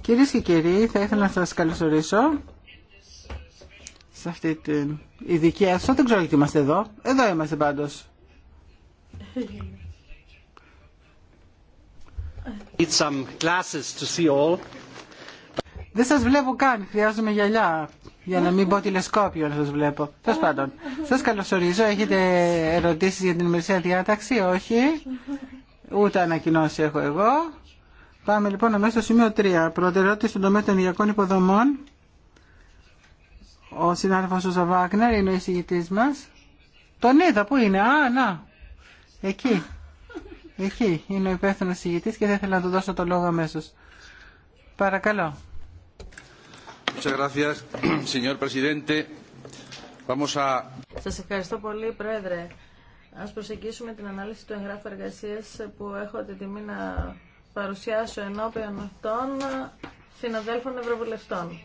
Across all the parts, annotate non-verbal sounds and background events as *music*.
Κυρίες και κύριοι, θα ήθελα να σας καλωσορίσω σε αυτή την ειδική αίθουσα. Δεν ξέρω γιατί είμαστε εδώ. Εδώ είμαστε πάντως. Δεν σας βλέπω καν. Χρειάζομαι γυαλιά για να μην πω τηλεσκόπιο να σας βλέπω. Τέλος πάντων, σας καλωσορίζω. Έχετε ερωτήσεις για την ημερησία διάταξη, όχι. Ούτε ανακοινώσει έχω εγώ. Πάμε λοιπόν μέσα στο σημείο 3. Προτεραιότητα στον τομέα των υγειακών υποδομών. Ο συνάδελφος ο Ζαβάκνερ είναι ο εισηγητής μας. Τον είδα, πού είναι, α, να, εκεί, εκεί είναι ο υπεύθυνο εισηγητής και δεν θέλω να του δώσω το λόγο αμέσω. Παρακαλώ. Σας ευχαριστώ πολύ, Πρόεδρε. Ας προσεγγίσουμε την ανάλυση του εγγράφου εργασίας που έχω την τιμή να παρουσιάσω ενώπιον αυτών συναδέλφων ευρωβουλευτών.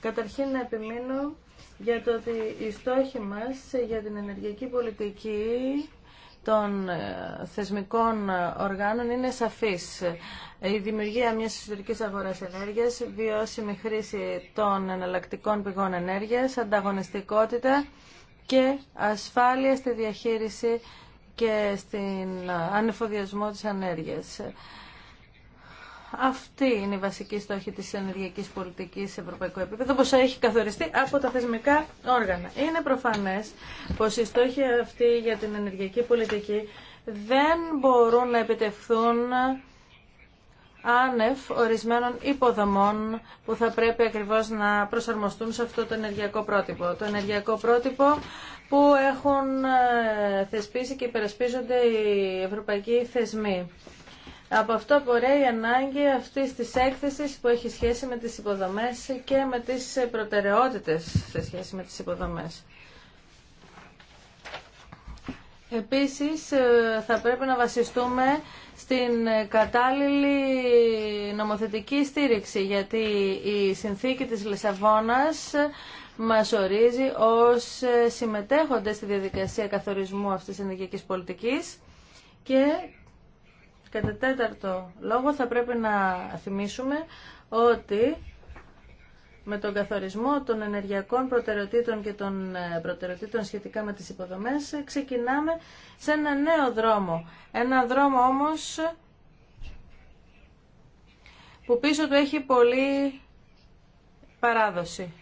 Καταρχήν να επιμείνω για το ότι οι στόχοι μας για την ενεργειακή πολιτική των ε, θεσμικών οργάνων είναι σαφής. Η δημιουργία μιας εσωτερικής αγοράς ενέργειας, βιώσιμη χρήση των εναλλακτικών πηγών ενέργειας, ανταγωνιστικότητα και ασφάλεια στη διαχείριση και στην ε, ανεφοδιασμό της ενέργειας. Αυτή είναι η βασική στόχη της ενεργειακής πολιτικής σε ευρωπαϊκό επίπεδο, όπως έχει καθοριστεί από τα θεσμικά όργανα. Είναι προφανές πως οι στόχοι αυτοί για την ενεργειακή πολιτική δεν μπορούν να επιτευχθούν άνευ ορισμένων υποδομών που θα πρέπει ακριβώς να προσαρμοστούν σε αυτό το ενεργειακό πρότυπο. Το ενεργειακό πρότυπο που έχουν ε, θεσπίσει και υπερασπίζονται οι ευρωπαϊκοί θεσμοί. Από αυτό απορρέει η ανάγκη αυτή τη έκθεση που έχει σχέση με τι υποδομέ και με τι προτεραιότητε σε σχέση με τι υποδομέ. Επίσης ε, θα πρέπει να βασιστούμε στην κατάλληλη νομοθετική στήριξη γιατί η συνθήκη της Λισαβόνας μας ορίζει ως ε, συμμετέχοντες στη διαδικασία καθορισμού αυτής της ενεργειακή πολιτικής και Κατά τέταρτο λόγο θα πρέπει να θυμίσουμε ότι με τον καθορισμό των ενεργειακών προτεραιοτήτων και των ε, προτεραιοτήτων σχετικά με τις υποδομές ε, ξεκινάμε σε ένα νέο δρόμο. Ένα δρόμο όμως που πίσω του έχει πολύ παράδοση.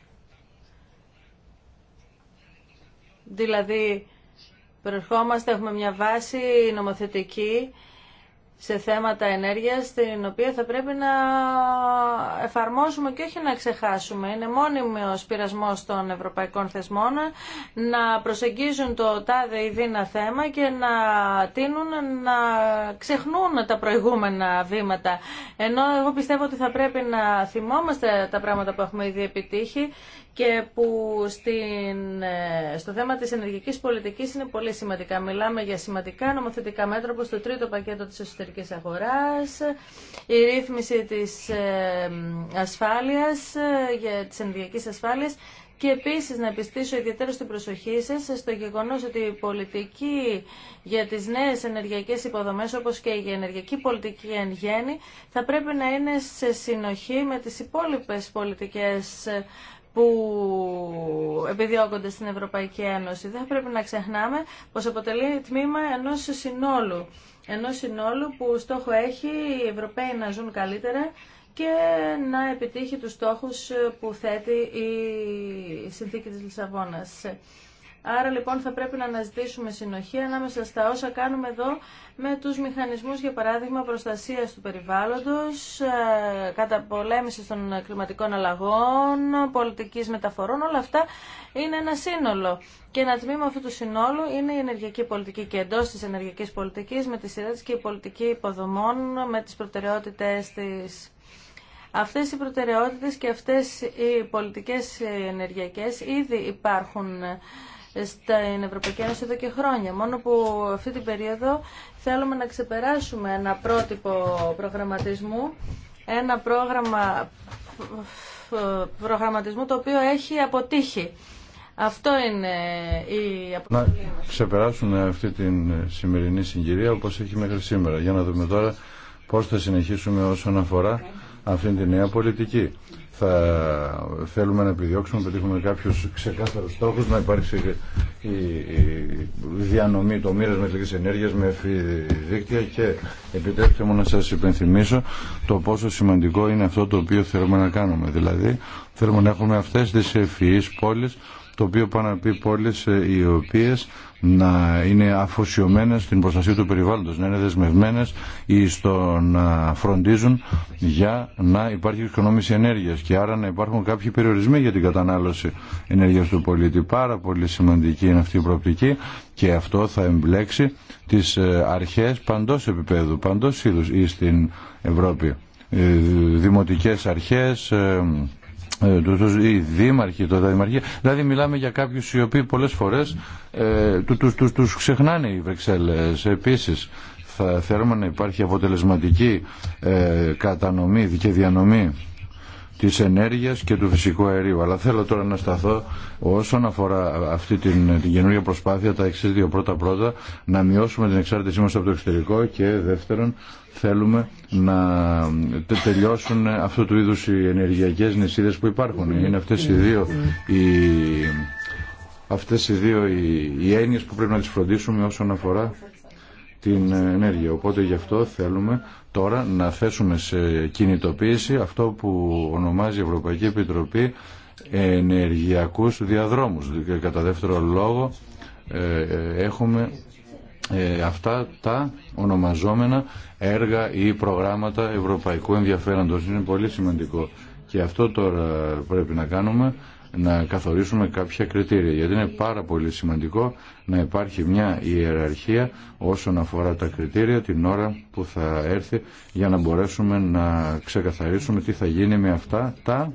Δηλαδή προερχόμαστε, έχουμε μια βάση νομοθετική σε θέματα ενέργειας, την οποία θα πρέπει να εφαρμόσουμε και όχι να ξεχάσουμε. Είναι ο πειρασμός των ευρωπαϊκών θεσμών να προσεγγίζουν το τάδε ή δίνα θέμα και να τίνουν να ξεχνούν τα προηγούμενα βήματα. Ενώ εγώ πιστεύω ότι θα πρέπει να θυμόμαστε τα πράγματα που έχουμε ήδη επιτύχει και που ε, στο θέμα της ενεργικής πολιτικής είναι πολύ σημαντικά. Μιλάμε για σημαντικά νομοθετικά μέτρα όπως το τρίτο πακέτο της εσωτερικής αγοράς, η ρύθμιση της ε, ασφάλειας, ε, για, της ενεργειακής ασφάλειας και επίσης να επιστήσω ιδιαίτερα στην προσοχή σας στο γεγονός ότι η πολιτική για τις νέες ενεργειακές υποδομές όπως και η ενεργειακή πολιτική εν γέννη θα πρέπει να είναι σε συνοχή με τις υπόλοιπες πολιτικές που επιδιώκονται στην Ευρωπαϊκή Ένωση. Δεν θα πρέπει να ξεχνάμε πως αποτελεί τμήμα ενός συνόλου. Ενός συνόλου που στόχο έχει οι Ευρωπαίοι να ζουν καλύτερα και να επιτύχει τους στόχους που θέτει η συνθήκη της Λισαβόνας. Άρα λοιπόν θα πρέπει να αναζητήσουμε συνοχή ανάμεσα στα όσα κάνουμε εδώ με τους μηχανισμούς για παράδειγμα προστασίας του περιβάλλοντος, ε, καταπολέμησης των κλιματικών αλλαγών, πολιτικής μεταφορών, όλα αυτά είναι ένα σύνολο. Και ένα τμήμα αυτού του συνόλου είναι η ενεργειακή πολιτική και εντό τη ενεργειακή πολιτική με τη σειρά τη και η πολιτική υποδομών με τι προτεραιότητέ τη. Αυτές οι προτεραιότητες και αυτές οι πολιτικές ενεργειακές ήδη υπάρχουν ε, στην Ευρωπαϊκή Ένωση εδώ και χρόνια. Μόνο που αυτή την περίοδο θέλουμε να ξεπεράσουμε ένα πρότυπο προγραμματισμού, ένα πρόγραμμα προγραμματισμού το οποίο έχει αποτύχει. Αυτό είναι η αποτυχία Να ξεπεράσουμε αυτή την σημερινή συγκυρία όπως έχει μέχρι σήμερα. Για να δούμε τώρα πώς θα συνεχίσουμε όσον αφορά αυτή τη νέα πολιτική θα θέλουμε να επιδιώξουμε, να πετύχουμε κάποιους ξεκάθαρους στόχους, να υπάρξει η, διανομή, των μοίρα Μετρική ενέργεια με δίκτυα και επιτρέψτε μου να σας υπενθυμίσω το πόσο σημαντικό είναι αυτό το οποίο θέλουμε να κάνουμε. Δηλαδή θέλουμε να έχουμε αυτές τις ευφυείς πόλεις, το οποίο πάνε να πει πόλεις ε, οι οποίες να είναι αφοσιωμένε στην προστασία του περιβάλλοντος, να είναι δεσμευμένε ή στο να φροντίζουν για να υπάρχει οικονόμηση ενέργειας και άρα να υπάρχουν κάποιοι περιορισμοί για την κατανάλωση ενέργειας του πολίτη. Πάρα πολύ σημαντική είναι αυτή η προοπτική και αυτό θα εμπλέξει τις ε, αρχές παντός επίπεδου, παντός είδου ή στην Ευρώπη. Ε, δημοτικές αρχές, ε, ε, οι δήμαρχοι, το δημαρχία. Δηλαδή μιλάμε για κάποιους οι οποίοι πολλές φορές ε, τους, τους, τους ξεχνάνε οι Βρυξέλλες. Επίσης θα θέλουμε να υπάρχει αποτελεσματική ε, κατανομή και διανομή της ενέργειας και του φυσικού αερίου. Αλλά θέλω τώρα να σταθώ όσον αφορά αυτή την, την καινούργια προσπάθεια τα εξή δύο πρώτα πρώτα να μειώσουμε την εξάρτησή μας από το εξωτερικό και δεύτερον θέλουμε να τελειώσουν αυτού του είδους οι ενεργειακές νησίδες που υπάρχουν. Είναι αυτές οι δύο οι, αυτές οι, δύο, οι, έννοιες που πρέπει να τις φροντίσουμε όσον αφορά την ενέργεια. Οπότε γι' αυτό θέλουμε τώρα να θέσουμε σε κινητοποίηση αυτό που ονομάζει η Ευρωπαϊκή Επιτροπή ενεργειακούς διαδρόμους. Κατά δεύτερο λόγο ε, ε, έχουμε ε, αυτά τα ονομαζόμενα έργα ή προγράμματα ευρωπαϊκού ενδιαφέροντος. Είναι πολύ σημαντικό. Και αυτό τώρα πρέπει να κάνουμε να καθορίσουμε κάποια κριτήρια. Γιατί είναι πάρα πολύ σημαντικό να υπάρχει μια ιεραρχία όσον αφορά τα κριτήρια την ώρα που θα έρθει για να μπορέσουμε να ξεκαθαρίσουμε τι θα γίνει με αυτά τα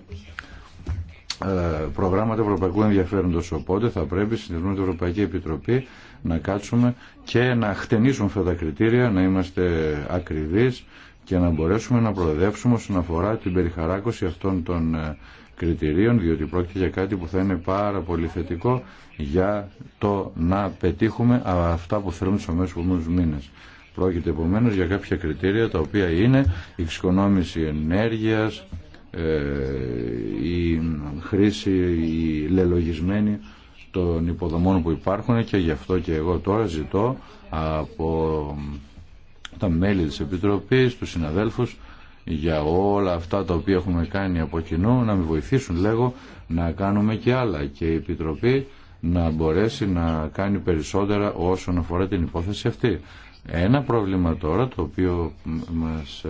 ε, προγράμματα ευρωπαϊκού ενδιαφέροντος. Οπότε θα πρέπει συνεργούμε την Ευρωπαϊκή Επιτροπή να κάτσουμε και να χτενίσουμε αυτά τα κριτήρια, να είμαστε ακριβείς και να μπορέσουμε να προοδεύσουμε όσον αφορά την περιχαράκωση αυτών των ε, κριτηρίων διότι πρόκειται για κάτι που θα είναι πάρα πολύ θετικό για το να πετύχουμε αυτά που θέλουμε στους αμέσους μήνες. Πρόκειται επομένω για κάποια κριτήρια τα οποία είναι η εξοικονόμηση ενέργειας, ε, η χρήση, η λελογισμένη των υποδομών που υπάρχουν και γι' αυτό και εγώ τώρα ζητώ από τα μέλη της Επιτροπής, τους συναδέλφους για όλα αυτά τα οποία έχουμε κάνει από κοινού να με βοηθήσουν λέγω να κάνουμε και άλλα και η Επιτροπή να μπορέσει να κάνει περισσότερα όσον αφορά την υπόθεση αυτή. Ένα πρόβλημα τώρα το οποίο μας ε,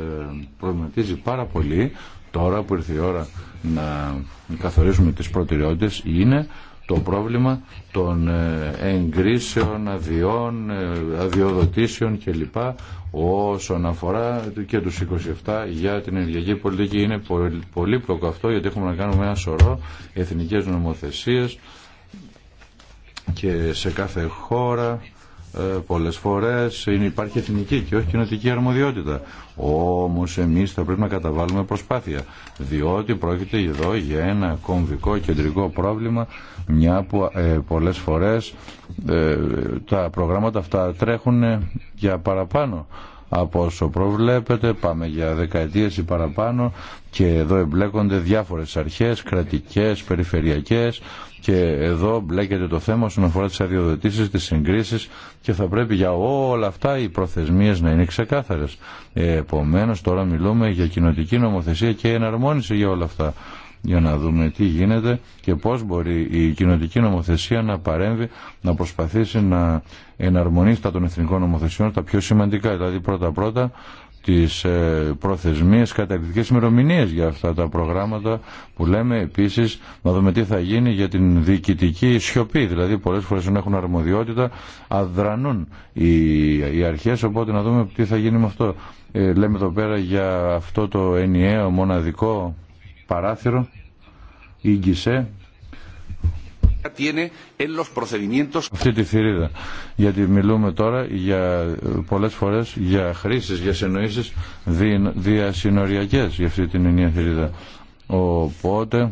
προβληματίζει πάρα πολύ τώρα που ήρθε η ώρα να καθορίσουμε τις προτεραιότητες είναι το πρόβλημα των ε, εγκρίσεων, αδειών, ε, αδειοδοτήσεων κλπ. όσον αφορά και τους 27 για την ενεργειακή πολιτική. Είναι πολύπλοκο αυτό γιατί έχουμε να κάνουμε ένα σωρό εθνικές νομοθεσίες και σε κάθε χώρα ε, πολλές φορές υπάρχει εθνική και όχι κοινωτική αρμοδιότητα. Όμως εμείς θα πρέπει να καταβάλουμε προσπάθεια, διότι πρόκειται εδώ για ένα κομβικό κεντρικό πρόβλημα, μια που ε, πολλές φορές ε, τα προγράμματα αυτά τρέχουν για παραπάνω από όσο προβλέπετε, πάμε για δεκαετίες ή παραπάνω και εδώ εμπλέκονται διάφορες αρχές, κρατικές, περιφερειακές και εδώ μπλέκεται το θέμα όσον αφορά τι αδειοδοτήσει, τι συγκρίσεις και θα πρέπει για όλα αυτά οι προθεσμίε να είναι ξεκάθαρες. Επομένω, τώρα μιλούμε για κοινοτική νομοθεσία και εναρμόνιση για όλα αυτά για να δούμε τι γίνεται και πώ μπορεί η κοινοτική νομοθεσία να παρέμβει, να προσπαθήσει να εναρμονίσει τα των εθνικών νομοθεσιών τα πιο σημαντικά. Δηλαδή πρώτα-πρώτα τις ε, προθεσμίες καταληκτικές ημερομηνίε για αυτά τα προγράμματα που λέμε επίσης να δούμε τι θα γίνει για την διοικητική σιωπή δηλαδή πολλές φορές όταν έχουν αρμοδιότητα αδρανούν οι, αρχές οπότε να δούμε τι θα γίνει με αυτό ε, λέμε εδώ πέρα για αυτό το ενιαίο μοναδικό παράθυρο ήγισε. Αυτή τη θηρίδα. Γιατί μιλούμε τώρα για πολλές φορές για χρήσεις, για συνοήσεις διασυνοριακές για αυτή την ενιαία θηρίδα. Οπότε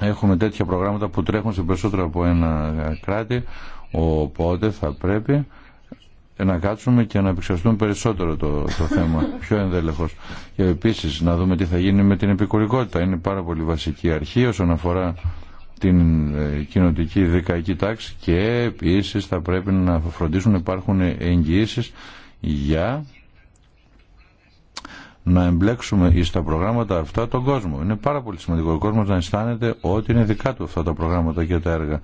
έχουμε τέτοια προγράμματα που τρέχουν σε περισσότερο από ένα κράτη οπότε θα πρέπει να κάτσουμε και να επεξεργαστούμε περισσότερο το, το θέμα, *laughs* πιο ενδέλεχος. Και επίσης να δούμε τι θα γίνει με την επικουρικότητα. Είναι πάρα πολύ βασική αρχή όσον αφορά την ε, κοινοτική δικαϊκή τάξη και επίσης θα πρέπει να φροντίσουν να υπάρχουν εγγυήσεις για να εμπλέξουμε στα προγράμματα αυτά τον κόσμο. Είναι πάρα πολύ σημαντικό ο κόσμος να αισθάνεται ότι είναι δικά του αυτά τα προγράμματα και τα έργα.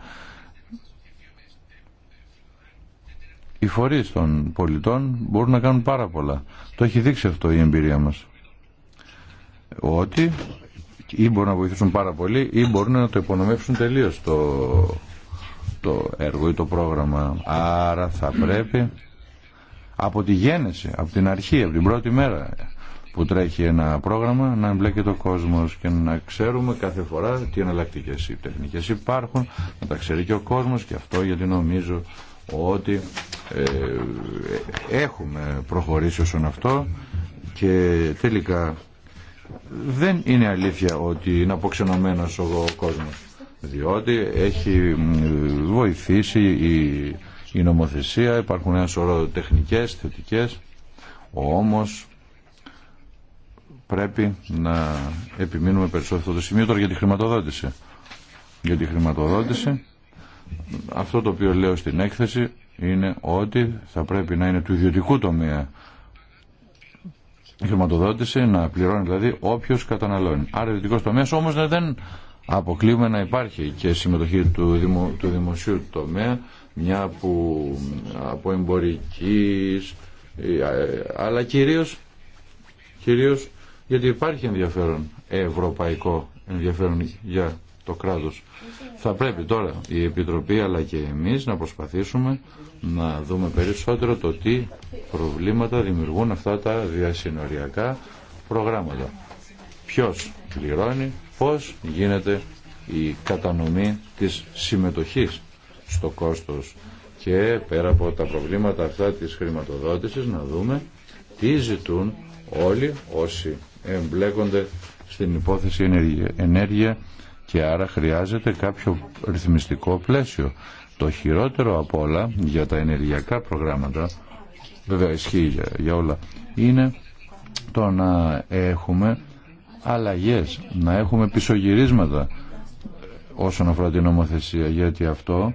Οι φορείς των πολιτών μπορούν να κάνουν πάρα πολλά. Το έχει δείξει αυτό η εμπειρία μας. Ότι ή μπορούν να βοηθήσουν πάρα πολύ ή μπορούν να το υπονομεύσουν τελείως το, το έργο ή το πρόγραμμα. Άρα θα πρέπει από τη γέννηση, από την αρχή, από την πρώτη μέρα που τρέχει ένα πρόγραμμα να εμπλέκεται ο κόσμος και να ξέρουμε κάθε φορά τι εναλλακτικέ τεχνικές υπάρχουν, να τα ξέρει και ο κόσμος και αυτό γιατί νομίζω ότι ε, ε, έχουμε προχωρήσει όσον αυτό και τελικά δεν είναι αλήθεια ότι είναι αποξενωμένος ο κόσμος διότι έχει βοηθήσει η, η νομοθεσία υπάρχουν ένα σωρό τεχνικές, θετικές όμως πρέπει να επιμείνουμε περισσότερο το σημείο τώρα για τη χρηματοδότηση για τη χρηματοδότηση αυτό το οποίο λέω στην έκθεση είναι ότι θα πρέπει να είναι του ιδιωτικού τομέα η χρηματοδότηση να πληρώνει δηλαδή όποιος καταναλώνει. Άρα ο τομέα τομέας όμως δεν αποκλείουμε να υπάρχει και συμμετοχή του, δημο, του δημοσίου τομέα μια που από εμπορική, αλλά κυρίω γιατί υπάρχει ενδιαφέρον ευρωπαϊκό ενδιαφέρον για το κράτος. Θα πρέπει τώρα η Επιτροπή αλλά και εμείς να προσπαθήσουμε να δούμε περισσότερο το τι προβλήματα δημιουργούν αυτά τα διασυνοριακά προγράμματα. Ποιος πληρώνει, πώς γίνεται η κατανομή της συμμετοχής στο κόστος και πέρα από τα προβλήματα αυτά της χρηματοδότησης να δούμε τι ζητούν όλοι όσοι εμπλέκονται στην υπόθεση ενέργεια και άρα χρειάζεται κάποιο ρυθμιστικό πλαίσιο. Το χειρότερο από όλα για τα ενεργειακά προγράμματα, βέβαια ισχύει για, όλα, είναι το να έχουμε αλλαγές, να έχουμε πισωγυρίσματα όσον αφορά την νομοθεσία, γιατί αυτό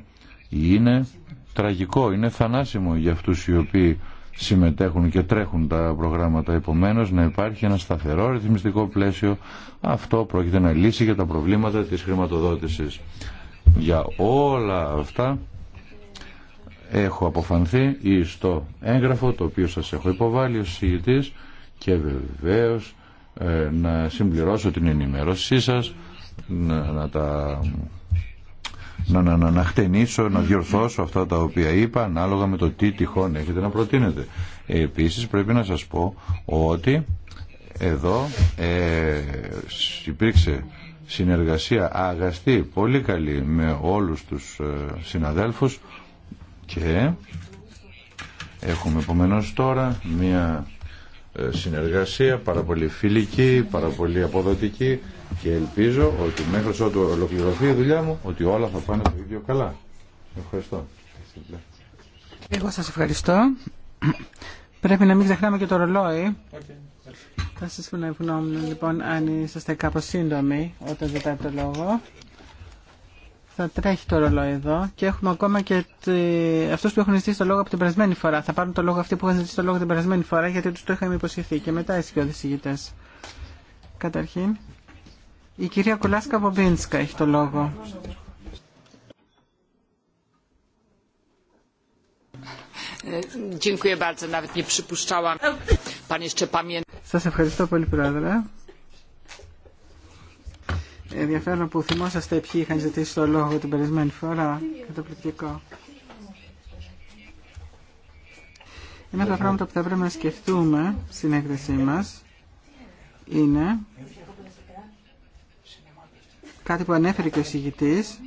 είναι τραγικό, είναι θανάσιμο για αυτούς οι οποίοι συμμετέχουν και τρέχουν τα προγράμματα. Επομένως να υπάρχει ένα σταθερό ρυθμιστικό πλαίσιο. Αυτό πρόκειται να λύσει για τα προβλήματα της χρηματοδότησης. Για όλα αυτά έχω αποφανθεί ή στο έγγραφο το οποίο σας έχω υποβάλει ως συγητής και βεβαίως ε, να συμπληρώσω την ενημέρωσή σας να, να τα να, να, να, να χτενίσω, να διορθώσω αυτά τα οποία είπα ανάλογα με το τι τυχόν έχετε να προτείνετε. Επίσης πρέπει να σας πω ότι εδώ ε, υπήρξε συνεργασία αγαστή, πολύ καλή με όλους τους ε, συναδέλφους και έχουμε επομένω τώρα μια ε, συνεργασία πάρα πολύ φιλική, πάρα πολύ αποδοτική και ελπίζω ότι μέχρι ότου ολοκληρωθεί η δουλειά μου ότι όλα θα πάνε το ίδιο καλά. Ευχαριστώ. Εγώ σας ευχαριστώ. Πρέπει να μην ξεχνάμε και το ρολόι. Okay. Θα σας ευγνώμουν λοιπόν αν είσαστε κάπως σύντομοι όταν ζητάτε το λόγο. Θα τρέχει το ρολόι εδώ και έχουμε ακόμα και τη... αυτούς που έχουν ζητήσει το λόγο από την περασμένη φορά. Θα πάρουν το λόγο αυτοί που έχουν ζητήσει το λόγο την περασμένη φορά γιατί τους το είχαμε υποσχεθεί και μετά οι σκιώδεις Καταρχήν η κυρία Κουλάσκα Κουλάσκα-Βομπίνσκα έχει το λόγο. Σας ευχαριστώ πολύ, Πρόεδρε. Ενδιαφέρον που θυμόσαστε ποιοι είχαν ζητήσει το λόγο την περισμένη φορά. Καταπληκτικό. Ένα από τα πράγματα που θα πρέπει να σκεφτούμε στην έκθεσή μας είναι κάτι που ανέφερε και ο συγητής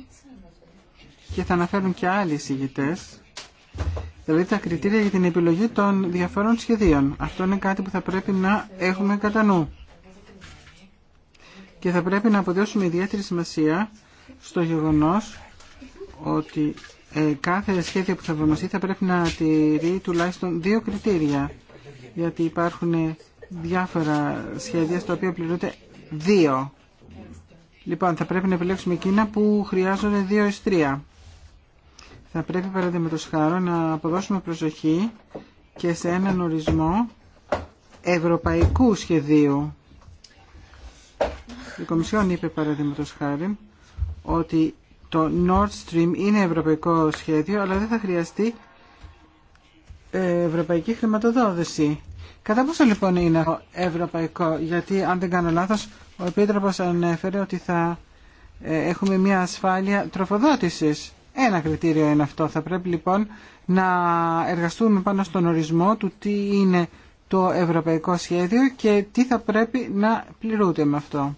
και θα αναφέρουν και άλλοι συγητές, δηλαδή τα κριτήρια για την επιλογή των διαφορών σχεδίων. Αυτό είναι κάτι που θα πρέπει να έχουμε κατά νου. Και θα πρέπει να αποδώσουμε ιδιαίτερη σημασία στο γεγονός ότι ε, κάθε σχέδιο που θα βοηθήσει θα πρέπει να τηρεί τουλάχιστον δύο κριτήρια. Γιατί υπάρχουν διάφορα σχέδια στα οποία πληρούνται δύο Λοιπόν, θα πρέπει να επιλέξουμε εκείνα που χρειάζονται 2 εις 3. Θα πρέπει παραδείγματο χάρη να αποδώσουμε προσοχή και σε έναν ορισμό ευρωπαϊκού σχεδίου. Η Κομισιόν είπε παραδείγματο χάρη ότι το Nord Stream είναι ευρωπαϊκό σχέδιο αλλά δεν θα χρειαστεί ε, ευρωπαϊκή χρηματοδότηση. Κατά πόσο λοιπόν είναι ευρωπαϊκό, γιατί αν δεν κάνω λάθος ο Επίτροπος ανέφερε ότι θα ε, έχουμε μια ασφάλεια τροφοδότησης. Ένα κριτήριο είναι αυτό. Θα πρέπει λοιπόν να εργαστούμε πάνω στον ορισμό του τι είναι το ευρωπαϊκό σχέδιο και τι θα πρέπει να πληρούνται με αυτό.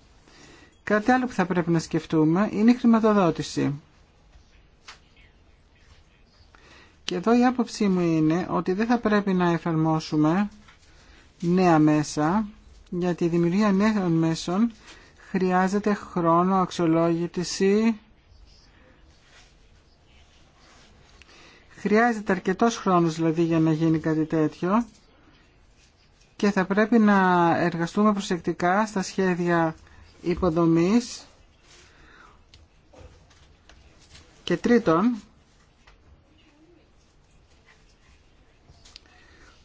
Κάτι άλλο που θα πρέπει να σκεφτούμε είναι η χρηματοδότηση. Και εδώ η άποψή μου είναι ότι δεν θα πρέπει να εφαρμόσουμε νέα μέσα για η δημιουργία νέων μέσων χρειάζεται χρόνο, αξιολόγηση, χρειάζεται αρκετός χρόνος δηλαδή για να γίνει κάτι τέτοιο και θα πρέπει να εργαστούμε προσεκτικά στα σχέδια υποδομής και τρίτον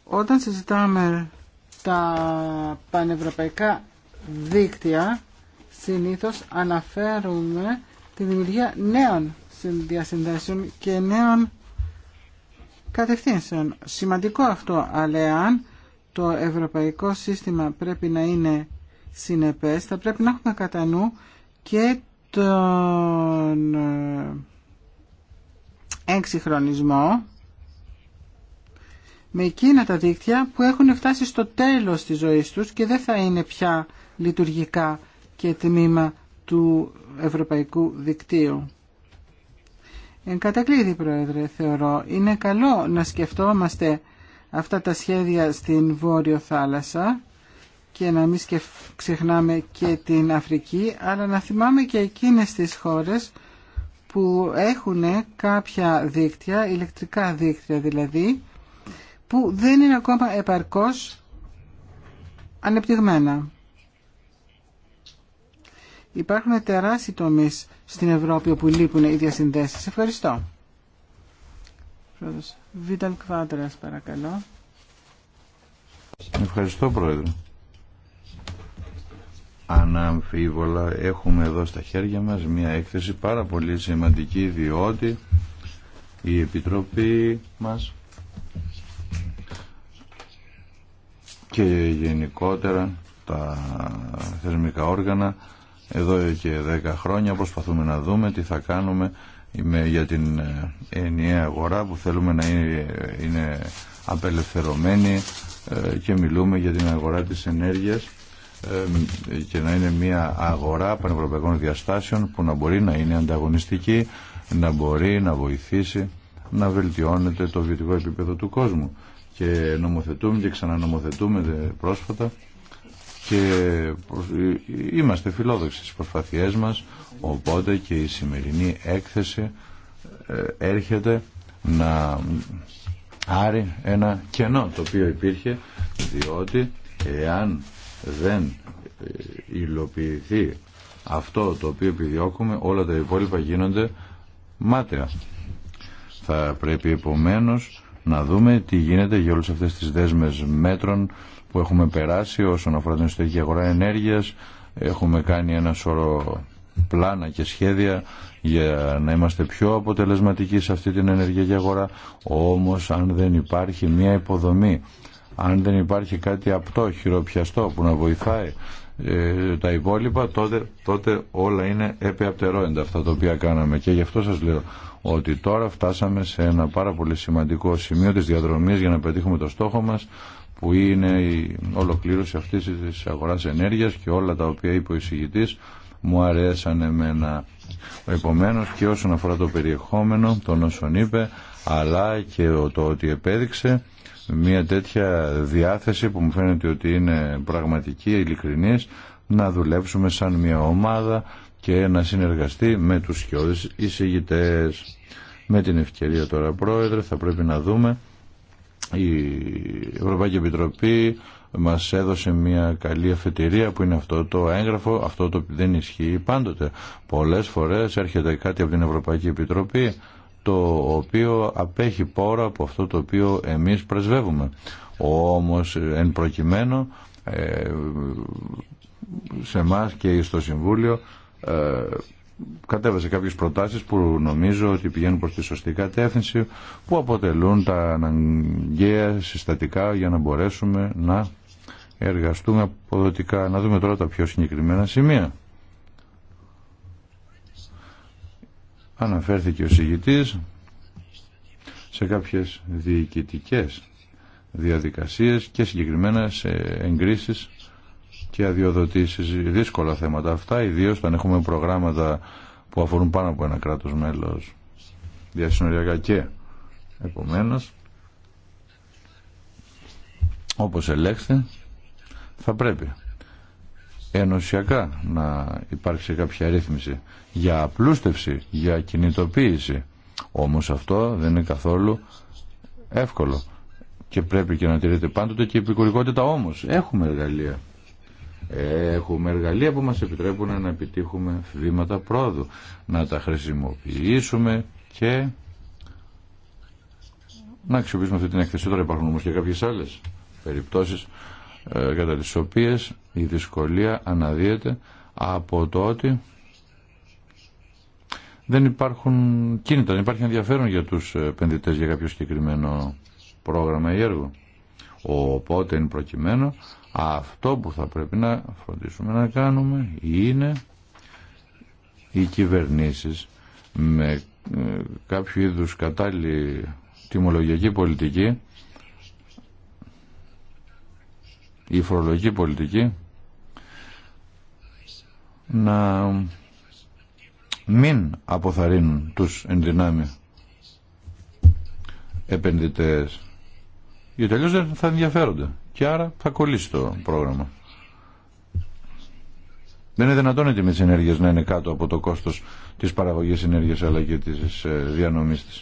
όταν συζητάμε στα πανευρωπαϊκά δίκτυα συνήθως αναφέρουμε τη δημιουργία νέων διασυνδέσεων και νέων κατευθύνσεων. Σημαντικό αυτό, αλλά το ευρωπαϊκό σύστημα πρέπει να είναι συνεπές, θα πρέπει να έχουμε κατά νου και τον ε, εξυγχρονισμό με εκείνα τα δίκτυα που έχουν φτάσει στο τέλος της ζωής τους και δεν θα είναι πια λειτουργικά και τμήμα του ευρωπαϊκού δικτύου. Εν κατακλείδη, Πρόεδρε, θεωρώ, είναι καλό να σκεφτόμαστε αυτά τα σχέδια στην Βόρειο Θάλασσα και να μην ξεχνάμε και την Αφρική, αλλά να θυμάμαι και εκείνες τις χώρες που έχουν κάποια δίκτυα, ηλεκτρικά δίκτυα δηλαδή, που δεν είναι ακόμα επαρκώς ανεπτυγμένα. Υπάρχουν τεράστιοι τομείς στην Ευρώπη όπου λείπουν οι διασυνδέσεις. Ευχαριστώ. Πρόεδρος. Βίταλ παρακαλώ. Ευχαριστώ, Πρόεδρε. Αναμφίβολα έχουμε εδώ στα χέρια μας μια έκθεση πάρα πολύ σημαντική διότι η Επιτροπή μας και γενικότερα τα θεσμικά όργανα εδώ και 10 χρόνια προσπαθούμε να δούμε τι θα κάνουμε για την ε, ενιαία αγορά που θέλουμε να είναι απελευθερωμένη ε, και μιλούμε για την αγορά της ενέργειας ε, και να είναι μια αγορά πανευρωπαϊκών διαστάσεων που να μπορεί να είναι ανταγωνιστική, να μπορεί να βοηθήσει να βελτιώνεται το βιωτικό επίπεδο του κόσμου και νομοθετούμε και ξανανομοθετούμε πρόσφατα και ε, είμαστε φιλόδοξοι στις προσπάθειές μας οπότε και η σημερινή έκθεση ε, έρχεται να άρει ένα κενό το οποίο υπήρχε διότι εάν δεν ε, υλοποιηθεί αυτό το οποίο επιδιώκουμε όλα τα υπόλοιπα γίνονται μάταια. θα πρέπει επομένως να δούμε τι γίνεται για όλε αυτές τις δέσμες μέτρων που έχουμε περάσει όσον αφορά την εσωτερική αγορά ενέργειας. Έχουμε κάνει ένα σωρό πλάνα και σχέδια για να είμαστε πιο αποτελεσματικοί σε αυτή την ενεργειακή αγορά. Όμως αν δεν υπάρχει μια υποδομή, αν δεν υπάρχει κάτι απτό, χειροπιαστό που να βοηθάει ε, τα υπόλοιπα, τότε, τότε όλα είναι επεαπτερόεντα αυτά τα οποία κάναμε. Και γι' αυτό σας λέω ότι τώρα φτάσαμε σε ένα πάρα πολύ σημαντικό σημείο της διαδρομής για να πετύχουμε το στόχο μας που είναι η ολοκλήρωση αυτής της αγοράς ενέργειας και όλα τα οποία είπε ο εισηγητής μου αρέσαν εμένα επομένως και όσον αφορά το περιεχόμενο των όσων είπε αλλά και το ότι επέδειξε μια τέτοια διάθεση που μου φαίνεται ότι είναι πραγματική, ειλικρινής να δουλέψουμε σαν μια ομάδα και να συνεργαστεί με τους σκιώδες εισηγητές. Με την ευκαιρία τώρα πρόεδρε θα πρέπει να δούμε η Ευρωπαϊκή Επιτροπή μας έδωσε μια καλή αφετηρία που είναι αυτό το έγγραφο, αυτό το δεν ισχύει πάντοτε. Πολλές φορές έρχεται κάτι από την Ευρωπαϊκή Επιτροπή το οποίο απέχει πόρα από αυτό το οποίο εμείς πρεσβεύουμε. Όμως εν προκειμένου ε, σε εμά και στο Συμβούλιο ε, κατέβασε κάποιες προτάσεις που νομίζω ότι πηγαίνουν προς τη σωστή κατεύθυνση που αποτελούν τα αναγκαία συστατικά για να μπορέσουμε να εργαστούμε αποδοτικά. Να δούμε τώρα τα πιο συγκεκριμένα σημεία. Αναφέρθηκε ο συγητής σε κάποιες διοικητικές διαδικασίες και συγκεκριμένα σε εγκρίσεις και αδειοδοτήσει δύσκολα θέματα αυτά, ιδίω όταν έχουμε προγράμματα που αφορούν πάνω από ένα κράτος μέλος διασυνοριακά και επομένω. όπως ελέγξτε θα πρέπει ενωσιακά να υπάρξει κάποια ρύθμιση για απλούστευση, για κινητοποίηση όμως αυτό δεν είναι καθόλου εύκολο και πρέπει και να τηρείται πάντοτε και η επικουρικότητα όμως έχουμε εργαλεία Έχουμε εργαλεία που μας επιτρέπουν να επιτύχουμε βήματα πρόοδου, να τα χρησιμοποιήσουμε και να αξιοποιήσουμε αυτή την έκθεση. Τώρα υπάρχουν όμως και κάποιες άλλες περιπτώσεις ε, κατά τις οποίες η δυσκολία αναδύεται από το ότι δεν υπάρχουν κίνητα, δεν υπάρχει ενδιαφέρον για τους επενδυτές για κάποιο συγκεκριμένο πρόγραμμα ή έργο. Οπότε, είναι προκειμένου, αυτό που θα πρέπει να φροντίσουμε να κάνουμε είναι οι κυβερνήσεις με ε, κάποιο είδους κατάλληλη τιμολογιακή πολιτική η φορολογική πολιτική να μην αποθαρρύνουν τους ενδυνάμει επενδυτές γιατί αλλιώς δεν θα ενδιαφέρονται και άρα θα κολλήσει το πρόγραμμα. Δεν είναι δυνατόν οι τιμή ενέργειας να είναι κάτω από το κόστος της παραγωγής ενέργεια αλλά και της ε, διανομή τη.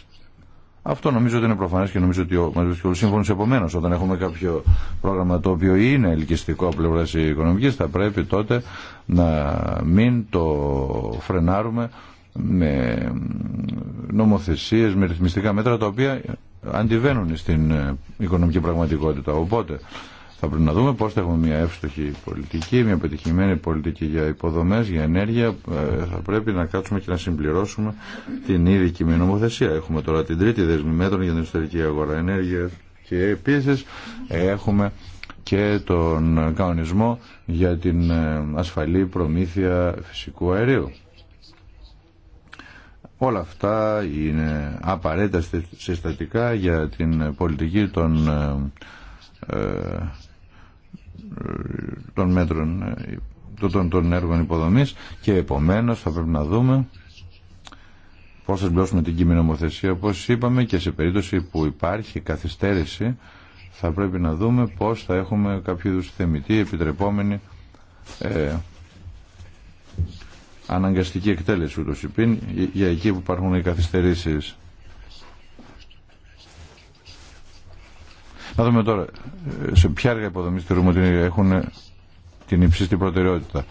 Αυτό νομίζω ότι είναι προφανέ και νομίζω ότι ο βρίσκει σύμφωνο. Επομένω, όταν έχουμε κάποιο πρόγραμμα το οποίο είναι ελκυστικό από πλευρά οικονομική, θα πρέπει τότε να μην το φρενάρουμε με νομοθεσίες, με ρυθμιστικά μέτρα τα οποία αντιβαίνουν στην ε, οικονομική πραγματικότητα. Οπότε θα πρέπει να δούμε πώς θα έχουμε μια εύστοχη πολιτική, μια πετυχημένη πολιτική για υποδομές, για ενέργεια. Ε, θα πρέπει να κάτσουμε και να συμπληρώσουμε την ήδη κοιμή νομοθεσία. Έχουμε τώρα την τρίτη δέσμη μέτρων για την ιστορική αγορά ενέργειας και επίσης έχουμε και τον κανονισμό για την ε, ασφαλή προμήθεια φυσικού αερίου. Όλα αυτά είναι απαραίτητα συστατικά για την πολιτική των, ε, ε, των μέτρων ε, των, των έργων υποδομής και επομένως θα πρέπει να δούμε πώς θα συμπλώσουμε την κείμενη νομοθεσία όπως είπαμε και σε περίπτωση που υπάρχει καθυστέρηση θα πρέπει να δούμε πώς θα έχουμε κάποιο είδους θεμητή επιτρεπόμενη αναγκαστική εκτέλεση του υπήν για εκεί που υπάρχουν οι καθυστερήσει. Να δούμε τώρα ε, σε ποια έργα υποδομή θεωρούμε ότι έχουν ε, την υψίστη προτεραιότητα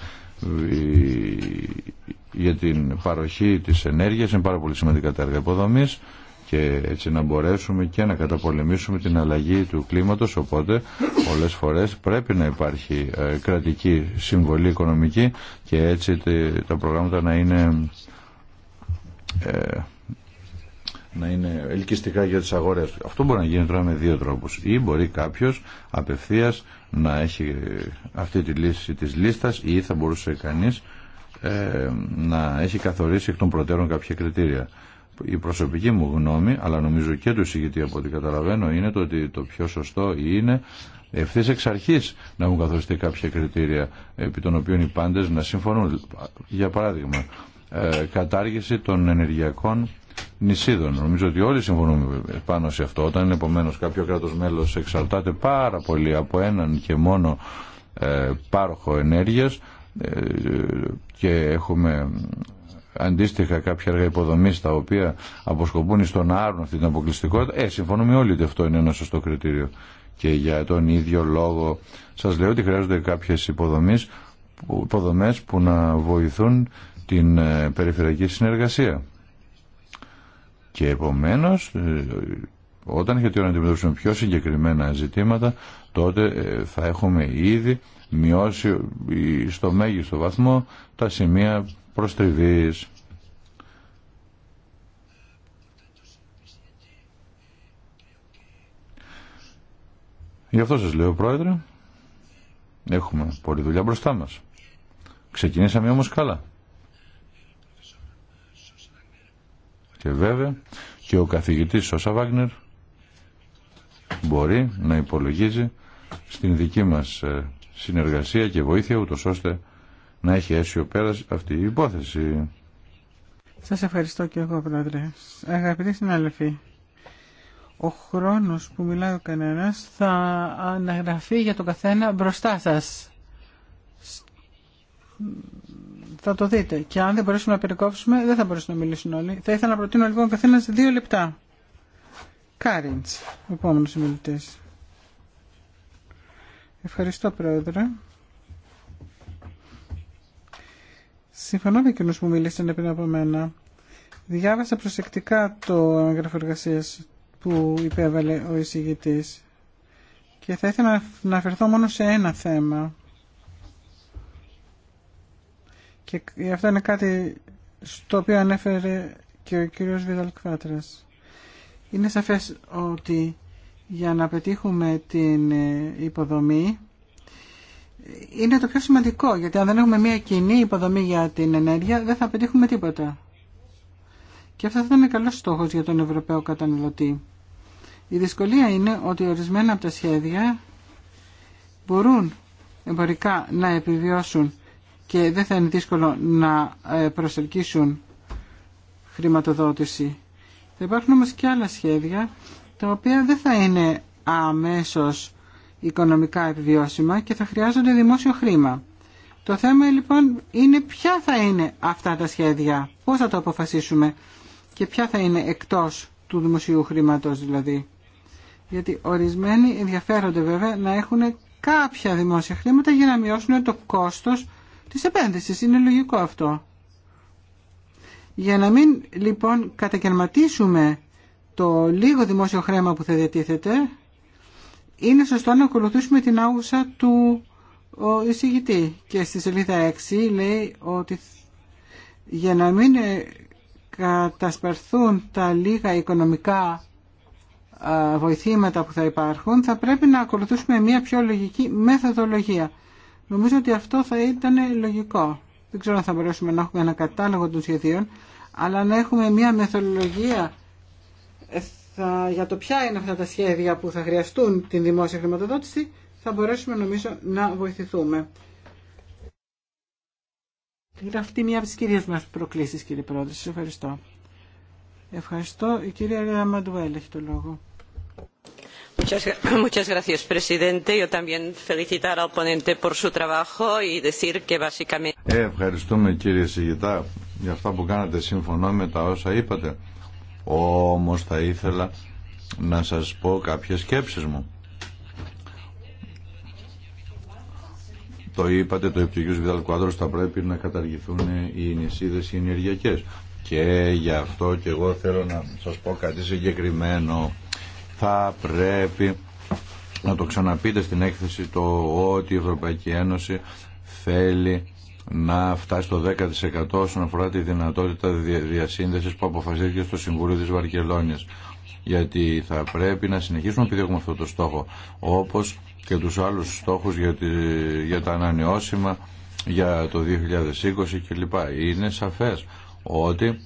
για την παροχή της ενέργειας είναι πάρα πολύ σημαντικά τα έργα υποδομής και έτσι να μπορέσουμε και να καταπολεμήσουμε την αλλαγή του κλίματος οπότε πολλές φορές πρέπει να υπάρχει ε, κρατική συμβολή οικονομική και έτσι τα προγράμματα να είναι ε, να είναι ελκυστικά για τις αγορές. Αυτό μπορεί να γίνει τώρα με δύο τρόπους. Ή μπορεί κάποιος απευθείας να έχει ε, αυτή τη λύση της λίστας ή θα μπορούσε κανείς να έχει καθορίσει εκ των προτέρων κάποια κριτήρια η προσωπική μου γνώμη, αλλά νομίζω και του συγκεκριτή από ό,τι καταλαβαίνω, είναι το ότι το πιο σωστό είναι ευθύ εξ αρχή να μου καθοριστεί κάποια κριτήρια επί των οποίων οι πάντε να συμφωνούν. Για παράδειγμα, ε, κατάργηση των ενεργειακών νησίδων. Νομίζω ότι όλοι συμφωνούμε πάνω σε αυτό. Όταν επομένω κάποιο κράτο μέλο εξαρτάται πάρα πολύ από έναν και μόνο ε, πάροχο ενέργειας ε, και έχουμε αντίστοιχα κάποια έργα τα οποία αποσκοπούν στο να άρουν αυτή την αποκλειστικότητα. Ε, συμφωνούμε όλοι ότι αυτό είναι ένα σωστό κριτήριο. Και για τον ίδιο λόγο σας λέω ότι χρειάζονται κάποιες υποδομές, που να βοηθούν την ε, περιφερειακή συνεργασία. Και επομένως, ε, όταν έχει να αντιμετωπίσουμε πιο συγκεκριμένα ζητήματα, τότε ε, θα έχουμε ήδη μειώσει στο μέγιστο βαθμό τα σημεία προστριβής. Γι' αυτό σας λέω, Πρόεδρε, έχουμε πολλή δουλειά μπροστά μας. Ξεκινήσαμε όμως καλά. Και βέβαια και ο καθηγητής Σώσα Βάγνερ μπορεί να υπολογίζει στην δική μας ε, συνεργασία και βοήθεια ούτως ώστε να έχει αίσιο πέρας αυτή η υπόθεση. Σας ευχαριστώ και εγώ, Πρόεδρε. Αγαπητοί συνάδελφοι, ο χρόνος που μιλάει ο κανένας θα αναγραφεί για τον καθένα μπροστά σας. Θα το δείτε. Και αν δεν μπορέσουμε να περικόψουμε, δεν θα μπορέσουν να μιλήσουν όλοι. Θα ήθελα να προτείνω λοιπόν ο καθένας δύο λεπτά. Κάριντς, επόμενος μιλητής. Ευχαριστώ, Πρόεδρε. Συμφωνώ με εκείνους που μιλήσανε πριν από μένα. Διάβασα προσεκτικά το έγγραφο εργασία που υπέβαλε ο εισηγητής και θα ήθελα να αφαιρθώ μόνο σε ένα θέμα. Και αυτό είναι κάτι στο οποίο ανέφερε και ο κύριος Βίδαλ Είναι σαφές ότι για να πετύχουμε την υποδομή είναι το πιο σημαντικό, γιατί αν δεν έχουμε μια κοινή υποδομή για την ενέργεια, δεν θα πετύχουμε τίποτα. Και αυτό θα είναι καλός στόχος για τον Ευρωπαίο καταναλωτή. Η δυσκολία είναι ότι ορισμένα από τα σχέδια μπορούν εμπορικά να επιβιώσουν και δεν θα είναι δύσκολο να ε, προσελκύσουν χρηματοδότηση. Θα υπάρχουν όμως και άλλα σχέδια τα οποία δεν θα είναι αμέσως οικονομικά επιβιώσιμα και θα χρειάζονται δημόσιο χρήμα. Το θέμα λοιπόν είναι ποια θα είναι αυτά τα σχέδια, πώς θα το αποφασίσουμε και ποια θα είναι εκτός του δημοσίου χρήματος δηλαδή. Γιατί ορισμένοι ενδιαφέρονται βέβαια να έχουν κάποια δημόσια χρήματα για να μειώσουν το κόστος της επένδυσης. Είναι λογικό αυτό. Για να μην λοιπόν κατακαιρματίσουμε το λίγο δημόσιο χρέμα που θα διατίθεται, είναι σωστό να ακολουθήσουμε την άγουσα του ο εισηγητή. Και στη σελίδα 6 λέει ότι για να μην ε, κατασπαρθούν τα λίγα οικονομικά βοηθήματα που θα υπάρχουν, θα πρέπει να ακολουθήσουμε μια πιο λογική μεθοδολογία. Νομίζω ότι αυτό θα ήταν λογικό. Δεν ξέρω αν θα μπορέσουμε να έχουμε ένα κατάλογο των σχεδίων, αλλά να έχουμε μια μεθοδολογία θα, για το ποια είναι αυτά τα σχέδια που θα χρειαστούν την δημόσια χρηματοδότηση, θα μπορέσουμε νομίζω να βοηθηθούμε. Είναι αυτή μια από τι κυρίες μα προκλήσει, κύριε Πρόεδρε. Σας ευχαριστώ. Ευχαριστώ. Η κυρία Μαντουέλ έχει το λόγο. *coughs* gracias, presidente, yo también felicitar al ponente por su trabajo y decir que básicamente. Ε, ευχαριστούμε κύριε Σιγητά για αυτά που κάνατε. Συμφωνώ με τα όσα είπατε. Όμως θα ήθελα να σας πω κάποιες σκέψεις μου. Το είπατε, το είπε ο Βιδάλ Κουάδρος, θα πρέπει να καταργηθούν οι νησίδες οι ενεργειακές. Και γι' αυτό και εγώ θέλω να σας πω κάτι συγκεκριμένο. Θα πρέπει να το ξαναπείτε στην έκθεση το ότι η Ευρωπαϊκή Ένωση θέλει να φτάσει το 10% όσον αφορά τη δυνατότητα διασύνδεσης που αποφασίστηκε στο Συμβούλιο της Βαρκελόνης. Γιατί θα πρέπει να συνεχίσουμε επειδή έχουμε αυτό το στόχο, όπως και τους άλλους στόχους για, τη, για τα ανανεώσιμα, για το 2020 κλπ. Είναι σαφές ότι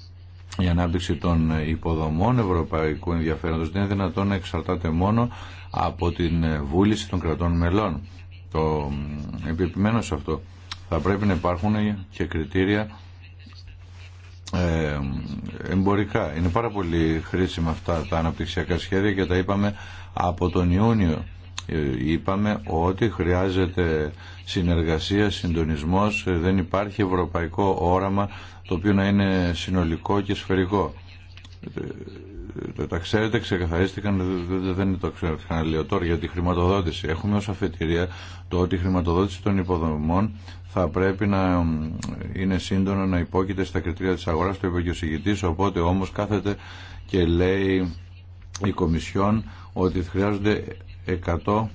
η ανάπτυξη των υποδομών ευρωπαϊκού ενδιαφέροντος δεν είναι δυνατόν να εξαρτάται μόνο από την βούληση των κρατών μελών. Το επιπημένω σε αυτό θα πρέπει να υπάρχουν και κριτήρια ε, εμπορικά. Είναι πάρα πολύ χρήσιμα αυτά τα αναπτυξιακά σχέδια και τα είπαμε από τον Ιούνιο. Ε, είπαμε ότι χρειάζεται συνεργασία, συντονισμός, ε, δεν υπάρχει ευρωπαϊκό όραμα το οποίο να είναι συνολικό και σφαιρικό τα ξέρετε, ξεκαθαρίστηκαν, δεν το ξαναλέω τώρα για τη χρηματοδότηση. Έχουμε ως αφετηρία το ότι η χρηματοδότηση των υποδομών θα πρέπει να είναι σύντονο να υπόκειται στα κριτήρια της αγοράς, του είπε οπότε όμως κάθεται και λέει η Κομισιόν ότι χρειάζονται 100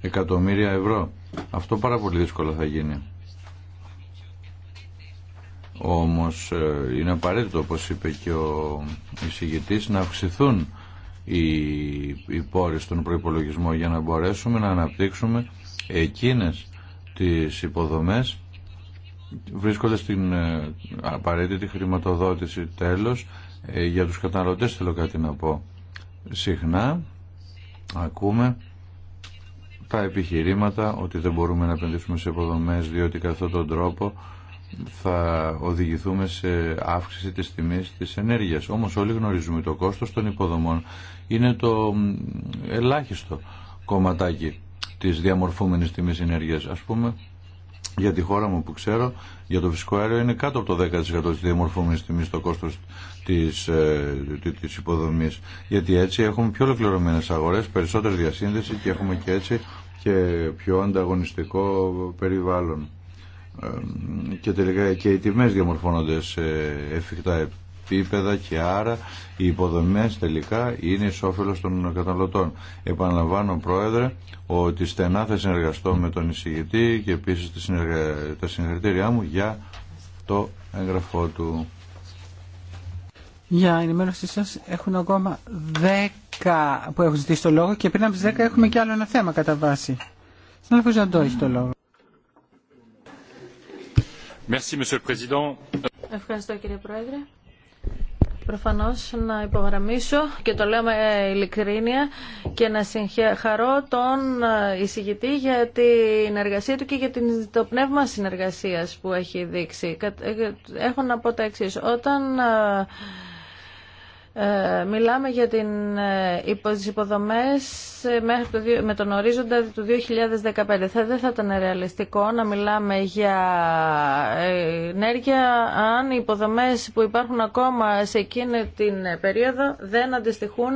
εκατομμύρια ευρώ. Αυτό πάρα πολύ δύσκολο θα γίνει. Όμως ε, είναι απαραίτητο, όπως είπε και ο εισηγητής, να αυξηθούν οι, οι πόροι στον προϋπολογισμό για να μπορέσουμε να αναπτύξουμε εκείνες τις υποδομές βρίσκοντας την ε, απαραίτητη χρηματοδότηση τέλος ε, για τους καταναλωτές θέλω κάτι να πω συχνά ακούμε τα επιχειρήματα ότι δεν μπορούμε να επενδύσουμε σε υποδομές διότι κατά τον τρόπο θα οδηγηθούμε σε αύξηση της τιμής της ενέργειας. Όμως όλοι γνωρίζουμε το κόστος των υποδομών είναι το ελάχιστο κομματάκι της διαμορφούμενης τιμής ενέργειας. Ας πούμε για τη χώρα μου που ξέρω, για το φυσικό αέριο είναι κάτω από το 10% της διαμορφούμενης τιμής το κόστος της, ε, της υποδομής. Γιατί έτσι έχουμε πιο ολοκληρωμένε αγορές, περισσότερη διασύνδεση και έχουμε και έτσι και πιο ανταγωνιστικό περιβάλλον. Ε, και τελικά και οι τιμές διαμορφώνονται σε εφικτά επίπεδα και άρα οι υποδομές τελικά είναι εις όφελος των καταναλωτών. Επαναλαμβάνω Πρόεδρε ότι στενά θα συνεργαστώ με τον εισηγητή και επίσης τα συγχαρητήριά μου για το έγγραφό του. Για ενημέρωσή σας έχουν ακόμα 10 που έχουν ζητήσει το λόγο και πριν από τις 10 έχουμε και άλλο ένα θέμα κατά βάση. Συνάδελφος το έχει το λόγο. Monsieur le Président. Ευχαριστώ κύριε Πρόεδρε. Προφανώς να υπογραμμίσω και το λέω με ειλικρίνεια και να συγχαρώ τον εισηγητή για την εργασία του και για το πνεύμα συνεργασίας που έχει δείξει. Ε, έχω να πω τα εξής. Όταν ε, ε, μιλάμε για την, ε, τις υποδομές ε, μέχρι το, με τον ορίζοντα του 2015. Θα, δεν θα ήταν ρεαλιστικό να μιλάμε για ενέργεια αν οι υποδομές που υπάρχουν ακόμα σε εκείνη την περίοδο δεν αντιστοιχούν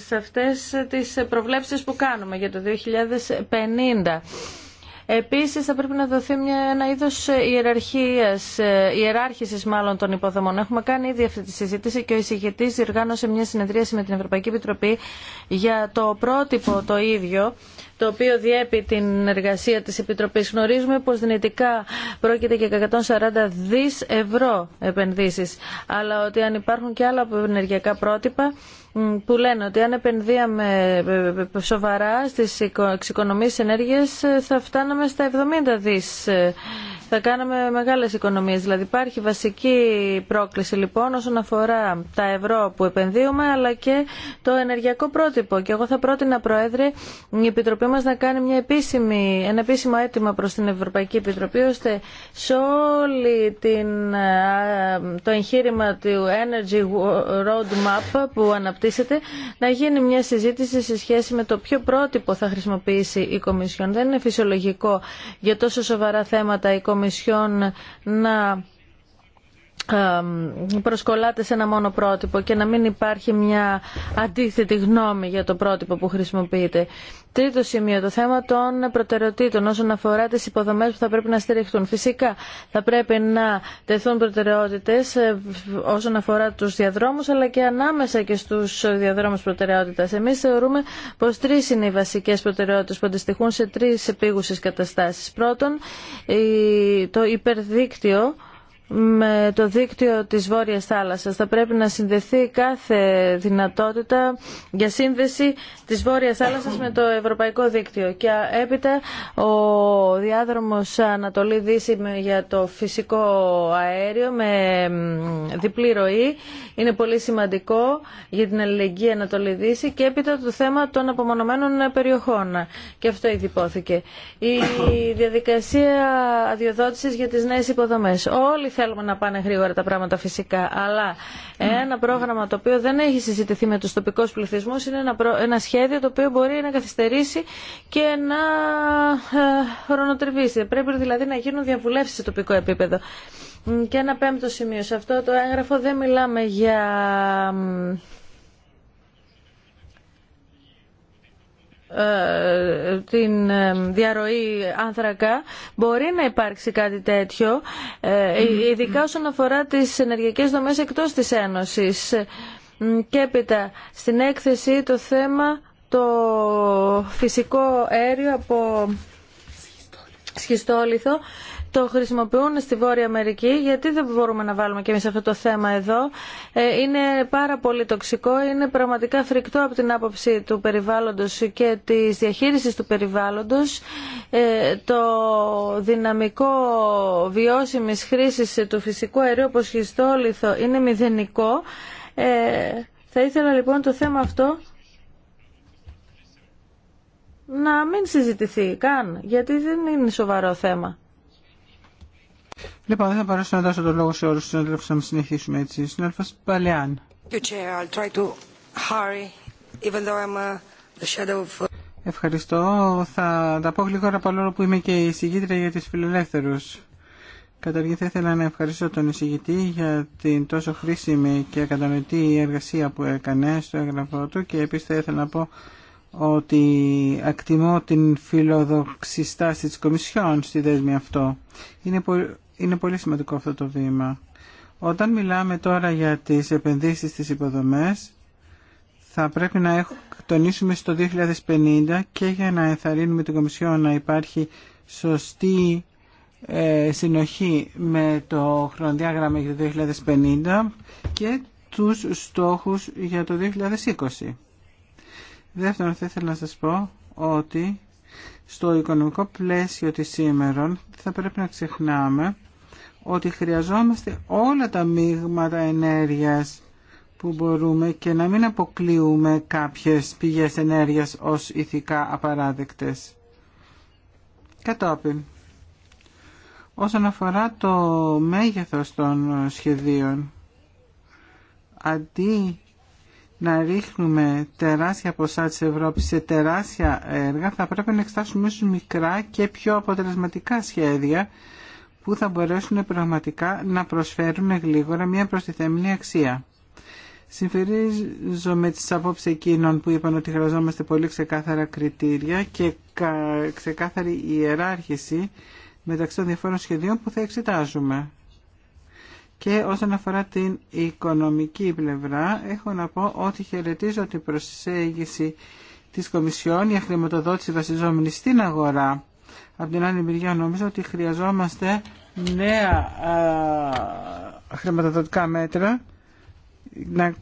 σε αυτές τις προβλέψεις που κάνουμε για το 2050. Επίσης θα πρέπει να δοθεί μια, ένα είδος ε, ιεραρχίας, ε, ιεράρχησης μάλλον των υποδομών. Έχουμε κάνει ήδη αυτή τη συζήτηση και ο εισηγητής διοργάνωσε μια συνεδρίαση με την Ευρωπαϊκή Επιτροπή για το πρότυπο το ίδιο το οποίο διέπει την εργασία της Επιτροπής. Γνωρίζουμε πως δυνητικά πρόκειται και 140 δις ευρώ επενδύσεις, αλλά ότι αν υπάρχουν και άλλα ενεργειακά πρότυπα, που λένε ότι αν επενδύαμε ε, ε, σοβαρά στις εξοικονομίες ενέργειας ε, θα φτάναμε στα 70 δις θα κάναμε μεγάλες οικονομίες. Δηλαδή υπάρχει βασική πρόκληση λοιπόν όσον αφορά τα ευρώ που επενδύουμε αλλά και το ενεργειακό πρότυπο. Και εγώ θα πρότεινα Προέδρε η Επιτροπή μας να κάνει μια επίσημη, ένα επίσημο αίτημα προς την Ευρωπαϊκή Επιτροπή ώστε σε όλη την, το εγχείρημα του Energy Roadmap που αναπτύσσεται να γίνει μια συζήτηση σε σχέση με το ποιο πρότυπο θα χρησιμοποιήσει η Κομισιόν. Δεν είναι φυσιολογικό για τόσο σοβαρά θέματα η Κομισιόν Κομισιόν να προσκολάται σε ένα μόνο πρότυπο και να μην υπάρχει μια αντίθετη γνώμη για το πρότυπο που χρησιμοποιείται. Τρίτο σημείο, το θέμα των προτεραιοτήτων όσον αφορά τις υποδομές που θα πρέπει να στηριχτούν. Φυσικά θα πρέπει να τεθούν προτεραιότητες ε, όσον αφορά τους διαδρόμους αλλά και ανάμεσα και στους διαδρόμους προτεραιότητας. Εμείς θεωρούμε πως τρεις είναι οι βασικές προτεραιότητες που αντιστοιχούν σε τρεις επίγουσες καταστάσεις. Πρώτον, το υπερδίκτυο με το δίκτυο της Βόρειας Θάλασσας. Θα πρέπει να συνδεθεί κάθε δυνατότητα για σύνδεση της Βόρειας Θάλασσας με το Ευρωπαϊκό Δίκτυο. Και έπειτα ο διάδρομος Ανατολή Δύση για το φυσικό αέριο με διπλή ροή είναι πολύ σημαντικό για την αλληλεγγύη Ανατολή Δύση και έπειτα το θέμα των απομονωμένων περιοχών. Και αυτό ήδη Η διαδικασία αδειοδότησης για τις νέες υποδομές θέλουμε να πάνε γρήγορα τα πράγματα φυσικά, αλλά ένα πρόγραμμα το οποίο δεν έχει συζητηθεί με του τοπικούς πληθυσμούς είναι ένα, ένα σχέδιο το οποίο μπορεί να καθυστερήσει και να ε, χρονοτριβήσει. Πρέπει δηλαδή να γίνουν διαβουλεύσει σε τοπικό επίπεδο. Και ένα πέμπτο σημείο. Σε αυτό το έγγραφο δεν μιλάμε για Ε, την ε, διαρροή άνθρακα μπορεί να υπάρξει κάτι τέτοιο ε, ειδικά όσον αφορά τις ενεργειακές δομές εκτός της Ένωσης και έπειτα στην έκθεση το θέμα το φυσικό αέριο από σχιστόλιθο το χρησιμοποιούν στη Βόρεια Αμερική, γιατί δεν μπορούμε να βάλουμε και εμείς αυτό το θέμα εδώ. Ε, είναι πάρα πολύ τοξικό, είναι πραγματικά φρικτό από την άποψη του περιβάλλοντος και της διαχείρισης του περιβάλλοντος. Ε, το δυναμικό βιώσιμης χρήσης του φυσικού αερίου, όπως χιστόλιθο, είναι μηδενικό. Ε, θα ήθελα λοιπόν το θέμα αυτό να μην συζητηθεί καν, γιατί δεν είναι σοβαρό θέμα. Λοιπόν, δεν θα μπορέσω να δώσω το λόγο σε όλους τους συνάδελφους να συνεχίσουμε έτσι. Συνάδελφος Παλαιάν. Uh, ευχαριστώ. Θα τα πω γλυκόρα παρόλο που είμαι και η εισηγήτρια για τις φιλελεύθερους. Καταρχήν θα ήθελα να ευχαριστώ τον εισηγητή για την τόσο χρήσιμη και κατανοητή εργασία που έκανε στο έγγραφό του και επίσης θα ήθελα να πω ότι ακτιμώ την φιλοδοξιστάση τη της Κομισιόν στη δέσμη αυτό. Είναι πολύ είναι πολύ σημαντικό αυτό το βήμα. Όταν μιλάμε τώρα για τις επενδύσεις στις υποδομές, θα πρέπει να τονίσουμε στο 2050 και για να ενθαρρύνουμε την Κομισιό να υπάρχει σωστή ε, συνοχή με το χρονοδιάγραμμα για το 2050 και τους στόχους για το 2020. Δεύτερον, θα ήθελα να σας πω ότι στο οικονομικό πλαίσιο της σήμερα θα πρέπει να ξεχνάμε ότι χρειαζόμαστε όλα τα μείγματα ενέργειας που μπορούμε και να μην αποκλείουμε κάποιες πηγές ενέργειας ως ηθικά απαράδεκτες. Κατόπιν, όσον αφορά το μέγεθος των σχεδίων, αντί να ρίχνουμε τεράστια ποσά της Ευρώπης σε τεράστια έργα, θα πρέπει να εξτάσουμε ίσως μικρά και πιο αποτελεσματικά σχέδια, που θα μπορέσουν πραγματικά να προσφέρουν γλίγορα μια προστιθέμενη αξία. Συμφερίζω με τις απόψεις εκείνων που είπαν ότι χρειαζόμαστε πολύ ξεκάθαρα κριτήρια και ξεκάθαρη ιεράρχηση μεταξύ των διαφόρων σχεδίων που θα εξετάζουμε. Και όσον αφορά την οικονομική πλευρά, έχω να πω ότι χαιρετίζω την προσέγγιση της Κομισιόν για χρηματοδότηση βασιζόμενη στην αγορά από την άλλη μεριά νομίζω ότι χρειαζόμαστε νέα χρηματοδοτικά μέτρα να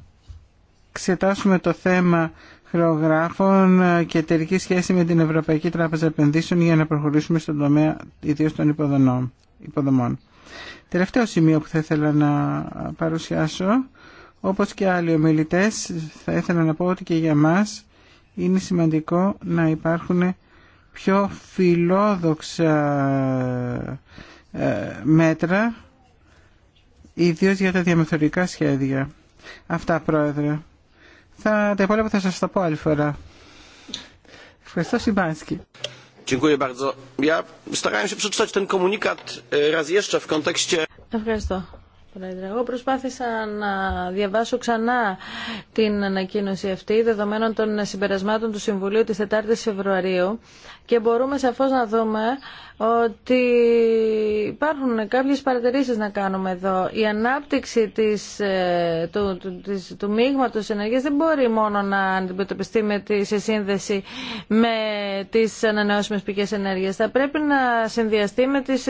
ξετάσουμε το θέμα χρεογράφων και εταιρική σχέση με την Ευρωπαϊκή Τράπεζα Επενδύσεων για να προχωρήσουμε στον τομέα ιδίω των υποδομών. Τελευταίο σημείο που θα ήθελα να παρουσιάσω, όπως και άλλοι ομιλητές, θα ήθελα να πω ότι και για μας είναι σημαντικό να υπάρχουν πιο φιλόδοξα ε, μέτρα ιδίως για τα διαμεθορικά σχέδια αυτά πρόεδρε θα, τα υπόλοιπα θα σας τα πω άλλη φορά ευχαριστώ Σιμπάνσκι Dziękuję bardzo. Ja starałem się przeczytać ten komunikat e, raz jeszcze w kontekście... Ευχαριστώ. Πρόεδρε. Εγώ προσπάθησα να διαβάσω ξανά την ανακοίνωση αυτή δεδομένων των συμπερασμάτων του Συμβουλίου της 4ης Φεβρουαρίου και μπορούμε σαφώς να δούμε ότι υπάρχουν κάποιες παρατηρήσεις να κάνουμε εδώ. Η ανάπτυξη της, ε, του, του, της, του μείγματος ενέργειας δεν μπορεί μόνο να αντιμετωπιστεί με τη, σε σύνδεση με τις ανανεώσιμες πηγές ενέργειας. Θα πρέπει να συνδυαστεί με τις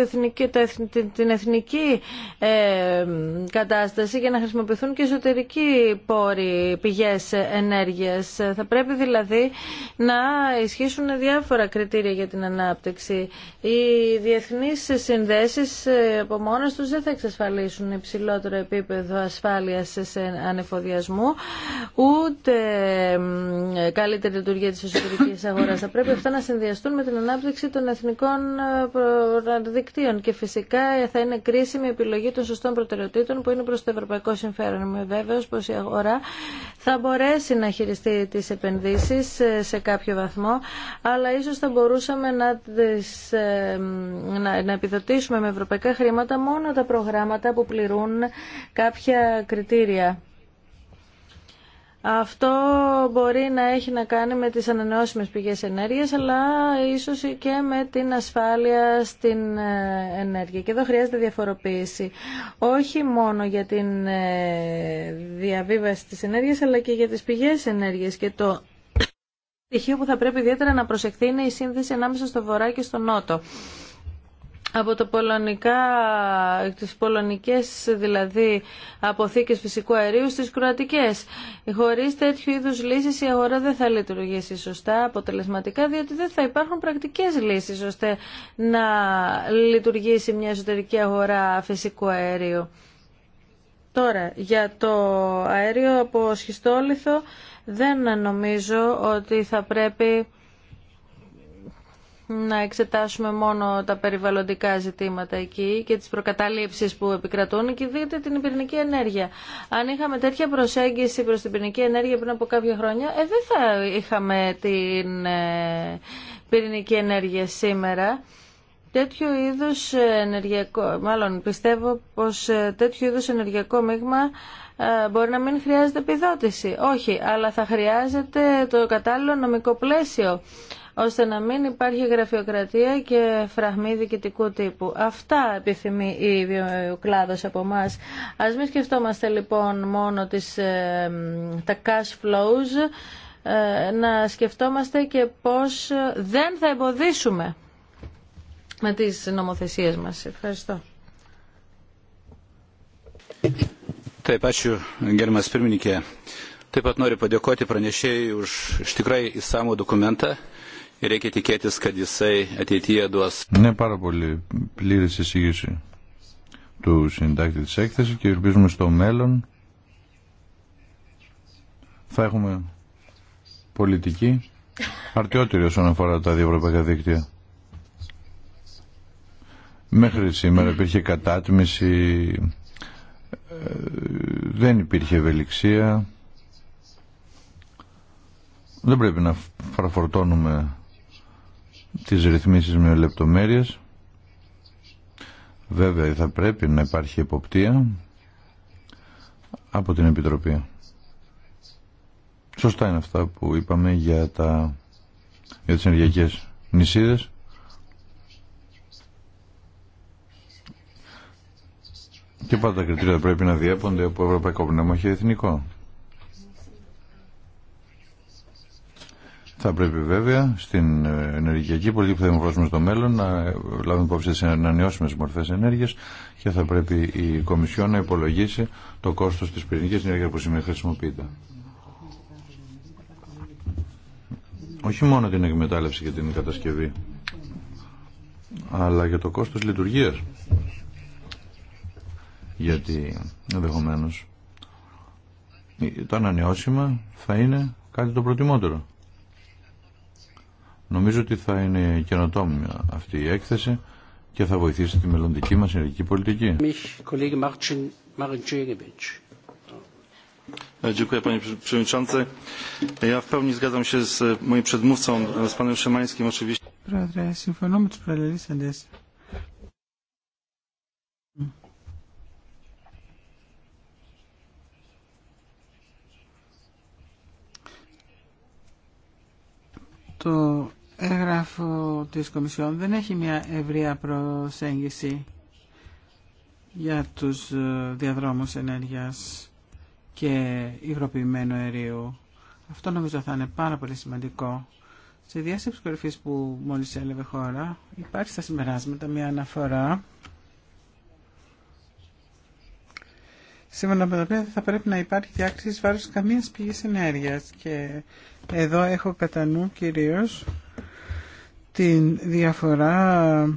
την εθνική ε, κατάσταση για να χρησιμοποιηθούν και εσωτερικοί πόροι, πηγές ενέργειας. Θα πρέπει δηλαδή να ισχύσουν διάφορα κριτήρια για την ανάπτυξη. Οι διεθνείς συνδέσεις ε, από μόνες τους δεν θα εξασφαλίσουν υψηλότερο επίπεδο ασφάλειας σε ανεφοδιασμού, ούτε καλύτερη λειτουργία της εσωτερικής αγοράς. Θα πρέπει αυτά να συνδυαστούν με την ανάπτυξη των εθνικών ε, δικτύων και φυσικά θα είναι κρίσιμη η επιλογή των σωστών προτεραιοτήτων που είναι προς το ευρωπαϊκό συμφέρον. Είμαι βέβαιος πως η αγορά θα μπορέσει να χειριστεί τις επενδύσεις ε, σε κάποιο βαθμό, αλλά ίσως θα μπορούσαμε να, ε, να, να επιδοτήσουμε με ευρωπαϊκά χρήματα μόνο τα προγράμματα που πληρούν κάποια κριτήρια. Αυτό μπορεί να έχει να κάνει με τις ανανεώσιμες πηγές ενέργειας, αλλά ίσως και με την ασφάλεια στην ε, ενέργεια. Και εδώ χρειάζεται διαφοροποίηση. Όχι μόνο για την ε, διαβίβαση της ενέργειας, αλλά και για τις πηγές ενέργειας. Και το στοιχείο που θα πρέπει ιδιαίτερα να προσεχθεί είναι η σύνδεση ανάμεσα στο βορρά και στο νότο από τα πολωνικά, τις πολωνικές δηλαδή αποθήκες φυσικού αερίου στις κροατικές. Χωρίς τέτοιου είδους λύσεις η αγορά δεν θα λειτουργήσει σωστά αποτελεσματικά διότι δεν θα υπάρχουν πρακτικές λύσεις ώστε να λειτουργήσει μια εσωτερική αγορά φυσικού αερίου. Τώρα, για το αέριο από σχιστόλιθο δεν νομίζω ότι θα πρέπει να εξετάσουμε μόνο τα περιβαλλοντικά ζητήματα εκεί και τις προκαταλήψεις που επικρατούν και δείτε την πυρηνική ενέργεια. Αν είχαμε τέτοια προσέγγιση προς την πυρηνική ενέργεια πριν από κάποια χρόνια, ε, δεν θα είχαμε την ε, πυρηνική ενέργεια σήμερα. Τέτοιο είδους ενεργειακό, μάλλον πιστεύω πως ε, τέτοιο είδους ενεργειακό μείγμα μπορεί να μην χρειάζεται επιδότηση. Όχι, αλλά θα χρειάζεται το κατάλληλο νομικό πλαίσιο ώστε να μην υπάρχει γραφειοκρατία και φραγμή διοικητικού τύπου. Αυτά επιθυμεί ο κλάδος από εμά. Ας μην σκεφτόμαστε λοιπόν μόνο τις, ε, τα cash flows, ε, να σκεφτόμαστε και πώς δεν θα εμποδίσουμε με τις νομοθεσίες μας. Ευχαριστώ. Taip, ačiū, gerimas pirmininkė. Taip noriu padėkoti pranešėjai už tikrai dokumentą reikia ναι, πάρα πολύ πλήρης εισηγήση του συντάκτη της έκθεσης και ελπίζουμε στο μέλλον θα έχουμε πολιτική αρτιότερη όσον αφορά τα δύο ευρωπαϊκά δίκτυα. Μέχρι σήμερα υπήρχε κατάτμιση, ε, δεν υπήρχε ευελιξία. Δεν πρέπει να φραφορτώνουμε τις ρυθμίσεις με λεπτομέρειες. Βέβαια θα πρέπει να υπάρχει εποπτεία από την Επιτροπή. Σωστά είναι αυτά που είπαμε για, τα, για τις ενεργειακές νησίδες. Και πάντα τα κριτήρια πρέπει να διέπονται από ευρωπαϊκό πνεύμα και εθνικό. Θα πρέπει βέβαια στην ε, ενεργειακή πολιτική που θα δημοφιλώσουμε στο μέλλον να ε, λάβουμε υπόψη τι ανανεώσιμε μορφέ ενέργεια και θα πρέπει η Κομισιόν να υπολογίσει το κόστο τη πυρηνική ενέργεια που σήμερα χρησιμοποιείται. Όχι μόνο την εκμετάλλευση και την κατασκευή, αλλά και το κόστος λειτουργίας. Γιατί ενδεχομένω τα ανανεώσιμα θα είναι κάτι το προτιμότερο. Νομίζω ότι θα είναι καινοτόμια αυτή η έκθεση και θα βοηθήσει τη μελλοντική μας ενεργική πολιτική. E, dziękuję panie przewodniczący. Ja w pełni zgadzam się z e, moim przedmówcą, e, z panem Szymańskim oczywiście. Πρόεδρε, έγγραφο της Κομισιόν δεν έχει μια ευρεία προσέγγιση για τους ε, διαδρόμους ενέργειας και υγροποιημένου αερίου. Αυτό νομίζω θα είναι πάρα πολύ σημαντικό. Σε διάσκεψη κορυφή που μόλις έλεγε χώρα υπάρχει στα συμπεράσματα μια αναφορά Σύμφωνα με τα οποία θα πρέπει να υπάρχει διάκριση βάρος καμίας πηγής ενέργειας και εδώ έχω κατά νου κυρίως την διαφορά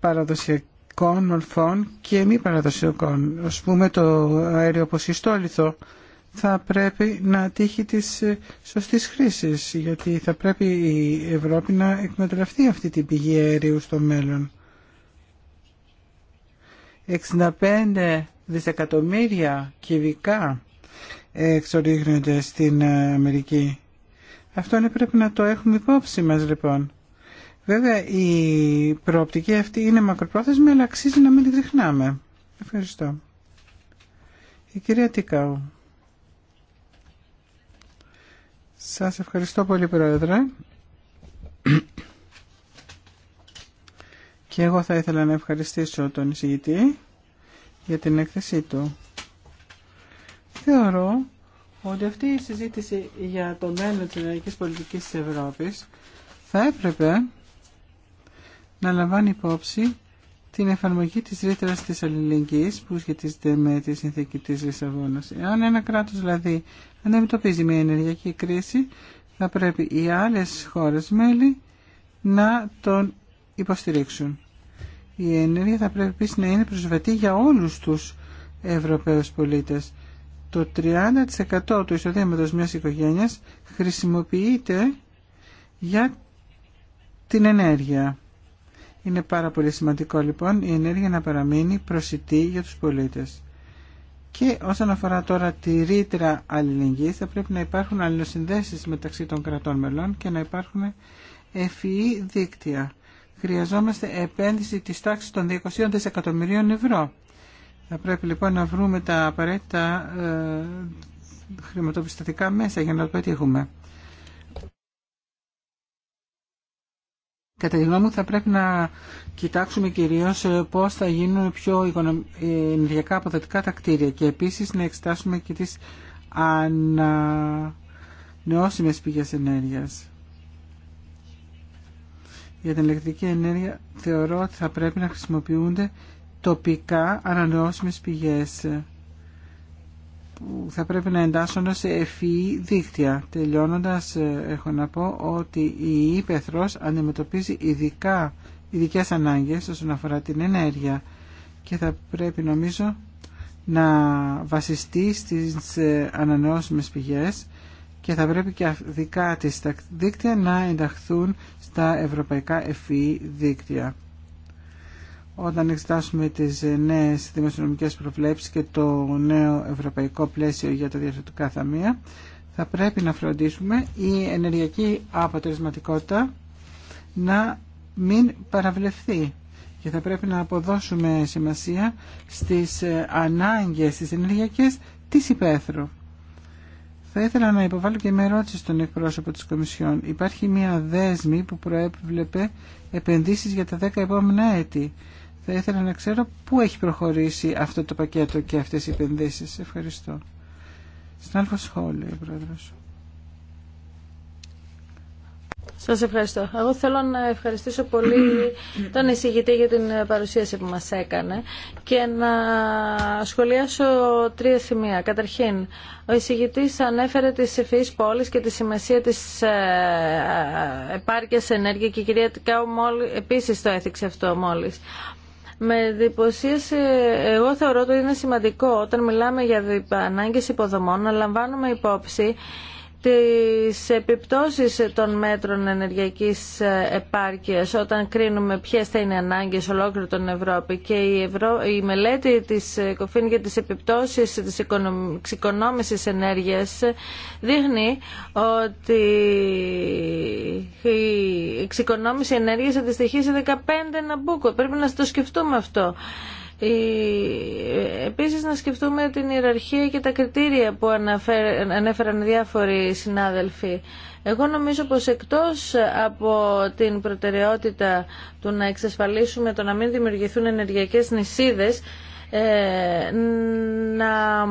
παραδοσιακών μορφών και μη παραδοσιακών. Α πούμε το αέριο ποσιστόλιθο θα πρέπει να τύχει της σωστής χρήσης γιατί θα πρέπει η Ευρώπη να εκμεταλλευτεί αυτή την πηγή αερίου στο μέλλον. 65 δισεκατομμύρια κυβικά εξορίγνονται στην Αμερική αυτό είναι πρέπει να το έχουμε υπόψη μας λοιπόν. Βέβαια η προοπτική αυτή είναι μακροπρόθεσμη αλλά αξίζει να μην την ξεχνάμε. Ευχαριστώ. Η κυρία Τικάου. Σας ευχαριστώ πολύ Πρόεδρε. Και εγώ θα ήθελα να ευχαριστήσω τον εισηγητή για την έκθεσή του. Θεωρώ ότι αυτή η συζήτηση για το μέλλον της ενεργικής πολιτικής της Ευρώπης θα έπρεπε να λαμβάνει υπόψη την εφαρμογή της ρήτρα της αλληλεγγύης που σχετίζεται με τη συνθήκη της Λισαβόνας. Εάν ένα κράτος δηλαδή αντιμετωπίζει μια ενεργειακή κρίση, θα πρέπει οι άλλες χώρες μέλη να τον υποστηρίξουν. Η ενέργεια θα πρέπει επίσης να είναι προσβατή για όλους τους Ευρωπαίους πολίτες το 30% του εισοδήματος μιας οικογένειας χρησιμοποιείται για την ενέργεια. Είναι πάρα πολύ σημαντικό λοιπόν η ενέργεια να παραμείνει προσιτή για τους πολίτες. Και όσον αφορά τώρα τη ρήτρα αλληλεγγύη, θα πρέπει να υπάρχουν αλληλοσυνδέσεις μεταξύ των κρατών μελών και να υπάρχουν ευφυή δίκτυα. Χρειαζόμαστε επένδυση της τάξης των 200 δισεκατομμυρίων ευρώ θα πρέπει λοιπόν να βρούμε τα απαραίτητα ε, χρηματοπιστωτικά μέσα για να το πετύχουμε. Κατά τη γνώμη μου θα πρέπει να κοιτάξουμε κυρίως ε, πώς θα γίνουν πιο ε, ενεργειακά αποδοτικά τα κτίρια και επίσης να εξετάσουμε και τις ανανεώσιμες πηγές ενέργειας. Για την ηλεκτρική ενέργεια θεωρώ ότι θα πρέπει να χρησιμοποιούνται τοπικά ανανεώσιμες πηγές που θα πρέπει να εντάσσονται σε ευφυή δίκτυα. Τελειώνοντας ε, έχω να πω ότι η Ήπεθρος αντιμετωπίζει ειδικά, ειδικές ανάγκες όσον αφορά την ενέργεια και θα πρέπει νομίζω να βασιστεί στις ε, ανανεώσιμες πηγές και θα πρέπει και δικά της δίκτυα να ενταχθούν στα ευρωπαϊκά ευφυή δίκτυα όταν εξετάσουμε τις νέες δημοσιονομικές προβλέψεις και το νέο ευρωπαϊκό πλαίσιο για τα διαστατικά θαμεία, θα πρέπει να φροντίσουμε η ενεργειακή αποτελεσματικότητα να μην παραβλεφθεί και θα πρέπει να αποδώσουμε σημασία στις ανάγκες της ενεργειακής της υπαίθρου. Θα ήθελα να υποβάλω και μια ερώτηση στον εκπρόσωπο της Κομισιόν. Υπάρχει μια δέσμη που προέβλεπε επενδύσεις για τα 10 επόμενα έτη. Θα ήθελα να ξέρω πού έχει προχωρήσει αυτό το πακέτο και αυτές οι επενδύσεις. Ευχαριστώ. στην Σχόλιο, ο Πρόεδρος. Σας ευχαριστώ. Εγώ θέλω να ευχαριστήσω πολύ *clears throat* τον εισηγητή για την παρουσίαση που μας έκανε και να σχολιάσω τρία σημεία. Καταρχήν, ο εισηγητή ανέφερε τις ευφυείς πόλεις και τη σημασία της ε, ε, ε, επάρκειας ενέργεια και η κυρία Τικάου επίσης το έθιξε αυτό μόλις με εντυπωσίασε, εγώ θεωρώ ότι είναι σημαντικό όταν μιλάμε για ανάγκε υποδομών να λαμβάνουμε υπόψη τις επιπτώσεις των μέτρων ενεργειακής επάρκειας όταν κρίνουμε ποιες θα είναι οι ανάγκες ολόκληρου των Ευρώπη και η, Ευρω... η μελέτη της ΕΚΟΦΗΝ για τις επιπτώσεις της εξοικονόμησης ενέργειας δείχνει ότι η εξοικονόμηση ενέργειας αντιστοιχεί σε 15 ναμπούκο. Πρέπει να το σκεφτούμε αυτό. Επίσης να σκεφτούμε την ιεραρχία και τα κριτήρια που ανέφεραν διάφοροι συνάδελφοι. Εγώ νομίζω πως εκτός από την προτεραιότητα του να εξασφαλίσουμε το να μην δημιουργηθούν ενεργειακές νησίδες, ε, να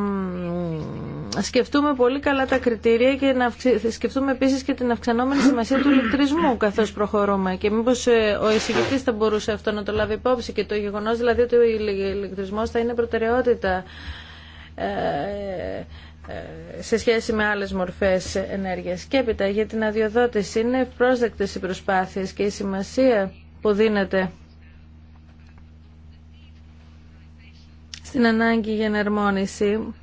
σκεφτούμε πολύ καλά τα κριτήρια και να σκεφτούμε επίσης και την αυξανόμενη σημασία του ηλεκτρισμού καθώς προχωρούμε και μήπως ε, ο εισηγητής θα μπορούσε αυτό να το λάβει υπόψη και το γεγονός δηλαδή ότι ο ηλεκτρισμός θα είναι προτεραιότητα ε, σε σχέση με άλλες μορφές ενέργειας. Και έπειτα για την αδειοδότηση είναι πρόσδεκτες οι προσπάθειες και η σημασία που δίνεται στην ανάγκη για εναρμόνιση.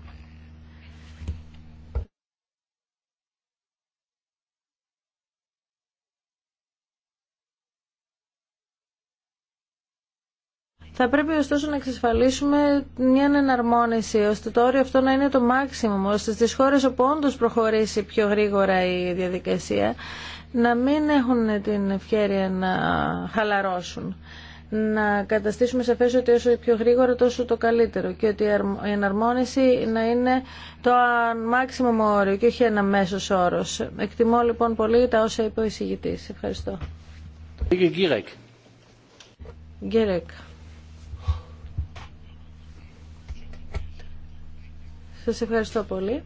Θα πρέπει ωστόσο να εξασφαλίσουμε μια εναρμόνιση, ώστε το όριο αυτό να είναι το μάξιμο, ώστε στις χώρες όπου όντω προχωρήσει πιο γρήγορα η διαδικασία, να μην έχουν την ευκαιρία να χαλαρώσουν να καταστήσουμε σαφέ ότι όσο πιο γρήγορα τόσο το καλύτερο και ότι η εναρμόνιση να είναι το μάξιμο όριο και όχι ένα μέσος όρος. Εκτιμώ λοιπόν πολύ τα όσα είπε ο εισηγητής. Ευχαριστώ. Γκίρεκ. Σας ευχαριστώ πολύ.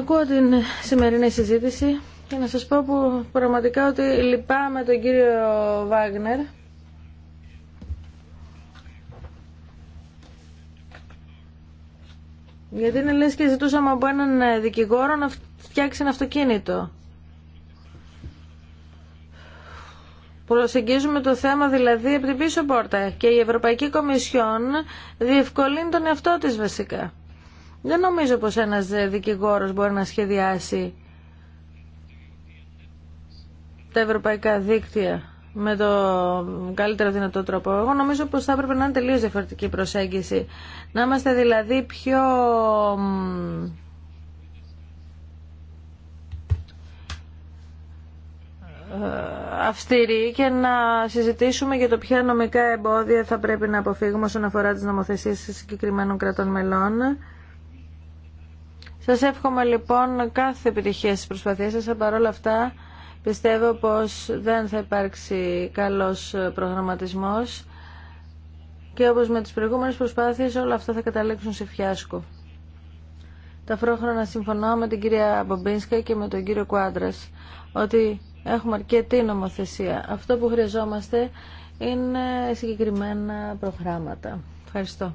Ακούω την σημερινή συζήτηση. Και να σας πω που πραγματικά ότι λυπάμαι τον κύριο Βάγνερ. Γιατί είναι λες και ζητούσαμε από έναν ε, δικηγόρο να φτιάξει ένα αυτοκίνητο. Προσεγγίζουμε το θέμα δηλαδή από την πίσω πόρτα και η Ευρωπαϊκή Κομισιόν διευκολύνει τον εαυτό της βασικά. Δεν νομίζω πως ένας ε, δικηγόρος μπορεί να σχεδιάσει τα ευρωπαϊκά δίκτυα με το καλύτερο δυνατό τρόπο. Εγώ νομίζω πως θα έπρεπε να είναι τελείως διαφορετική προσέγγιση. Να είμαστε δηλαδή πιο... Ε, αυστηροί και να συζητήσουμε για το ποια νομικά εμπόδια θα πρέπει να αποφύγουμε όσον αφορά τις νομοθεσίες συγκεκριμένων κρατών μελών. Σας εύχομαι λοιπόν κάθε επιτυχία στις προσπαθίες σας, παρόλα αυτά Πιστεύω πως δεν θα υπάρξει καλός προγραμματισμός και όπως με τις προηγούμενες προσπάθειες όλα αυτά θα καταλήξουν σε φιάσκο. Ταυτόχρονα συμφωνώ με την κυρία Μπομπίνσκα και με τον κύριο Κουάντρας ότι έχουμε αρκετή νομοθεσία. Αυτό που χρειαζόμαστε είναι συγκεκριμένα προγράμματα. Ευχαριστώ.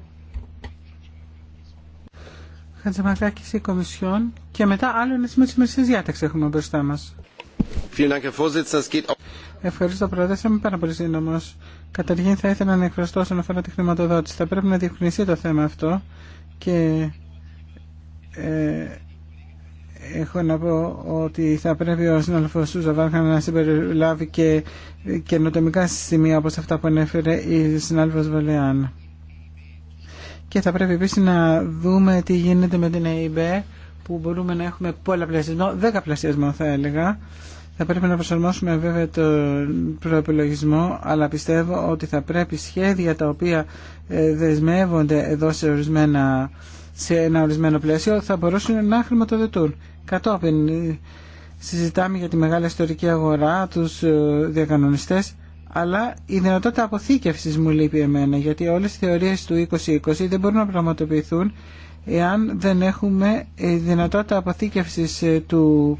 η και μετά άλλο ένα έχουμε Ευχαριστώ, Πρόεδρε. Είμαι πάρα πολύ σύντομο. Καταρχήν, θα ήθελα να εκφραστώ όσον αφορά τη χρηματοδότηση. Θα πρέπει να διευκρινιστεί το θέμα αυτό και ε, έχω να πω ότι θα πρέπει ο συνάδελφο Σούζα Βάρκα να συμπεριλάβει και καινοτομικά σημεία όπω αυτά που ανέφερε η συνάδελφο Βαλεάν. Και θα πρέπει επίση να δούμε τι γίνεται με την ΕΙΜΠΕ που μπορούμε να έχουμε πολλαπλασιασμό, δεκαπλασιασμό θα έλεγα θα πρέπει να προσαρμόσουμε βέβαια τον προεπιλογισμό, αλλά πιστεύω ότι θα πρέπει σχέδια τα οποία ε, δεσμεύονται εδώ σε, ορισμένα, σε ένα ορισμένο πλαίσιο θα μπορούσαν να χρηματοδοτούν. Κατόπιν ε, συζητάμε για τη μεγάλη ιστορική αγορά, τους ε, διακανονιστές, αλλά η δυνατότητα αποθήκευσης μου λείπει εμένα, γιατί όλες οι θεωρίες του 2020 δεν μπορούν να πραγματοποιηθούν εάν δεν έχουμε δυνατότητα αποθήκευσης του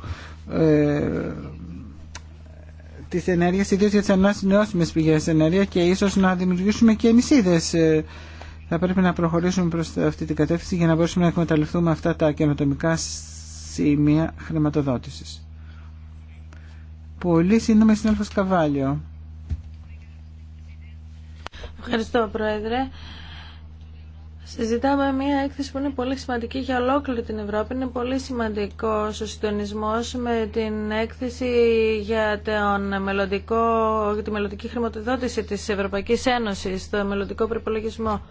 τις ενέργειες, ιδίω για τι ανανεώσιμες πηγέ ενέργεια και ίσω να δημιουργήσουμε και νησίδες. Ε, θα πρέπει να προχωρήσουμε προ αυτή την κατεύθυνση για να μπορέσουμε να εκμεταλλευτούμε αυτά τα καινοτομικά σημεία χρηματοδότηση. Πολύ σύντομα, συνάδελφο Καβάλιο. Ευχαριστώ, Πρόεδρε. Συζητάμε μια έκθεση που είναι πολύ σημαντική για ολόκληρη την Ευρώπη. Είναι πολύ σημαντικό ο συντονισμό με την έκθεση για τον μελλοντικό, τη μελλοντική χρηματοδότηση τη Ευρωπαϊκή Ένωση, το μελλοντικό προπολογισμό.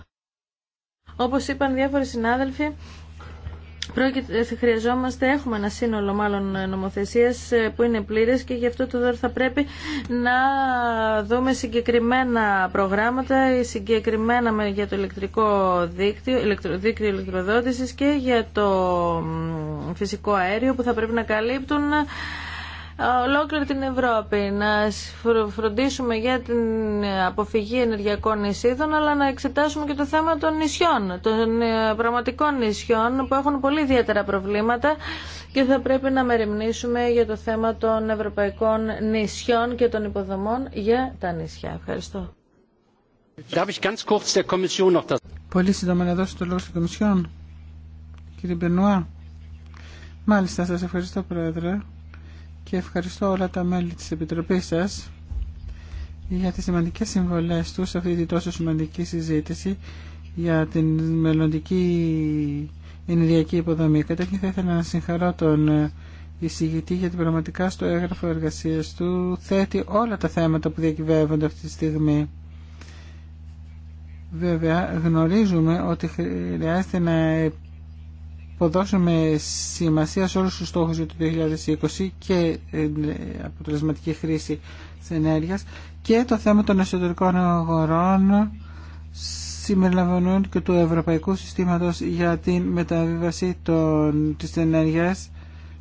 Όπω είπαν διάφοροι συνάδελφοι, Πρόκειται, χρειαζόμαστε, έχουμε ένα σύνολο μάλλον νομοθεσία ε, που είναι πλήρε και γι' αυτό το δώρο θα πρέπει να δούμε συγκεκριμένα προγράμματα, συγκεκριμένα για το ηλεκτρικό δίκτυο, ηλεκτρο, δίκτυο ηλεκτροδότησης και για το φυσικό αέριο που θα πρέπει να καλύπτουν ολόκληρη την Ευρώπη, να φροντίσουμε για την αποφυγή ενεργειακών νησίδων, αλλά να εξετάσουμε και το θέμα των νησιών, των ε, πραγματικών νησιών που έχουν πολύ ιδιαίτερα προβλήματα και θα πρέπει να μεριμνήσουμε για το θέμα των ευρωπαϊκών νησιών και των υποδομών για τα νησιά. Ευχαριστώ. Πολύ σύντομα να δώσω το λόγο στην Κομισιόν. Κύριε Μπενουά. Μάλιστα, σας ευχαριστώ Πρόεδρε και ευχαριστώ όλα τα μέλη της Επιτροπής σας για τις σημαντικές συμβολές τους σε αυτή τη τόσο σημαντική συζήτηση για την μελλοντική ενεργειακή υποδομή. Καταρχήν θα ήθελα να συγχαρώ τον εισηγητή γιατί πραγματικά στο έγγραφο εργασίας του θέτει όλα τα θέματα που διακυβεύονται αυτή τη στιγμή. Βέβαια γνωρίζουμε ότι χρειάζεται να δώσουμε σημασία σε όλους τους στόχους για το 2020 και ε, αποτελεσματική χρήση της ενέργειας και το θέμα των εσωτερικών αγορών συμμεριλαμβανούν και του Ευρωπαϊκού Συστήματος για την μεταβίβαση των, της ενέργειας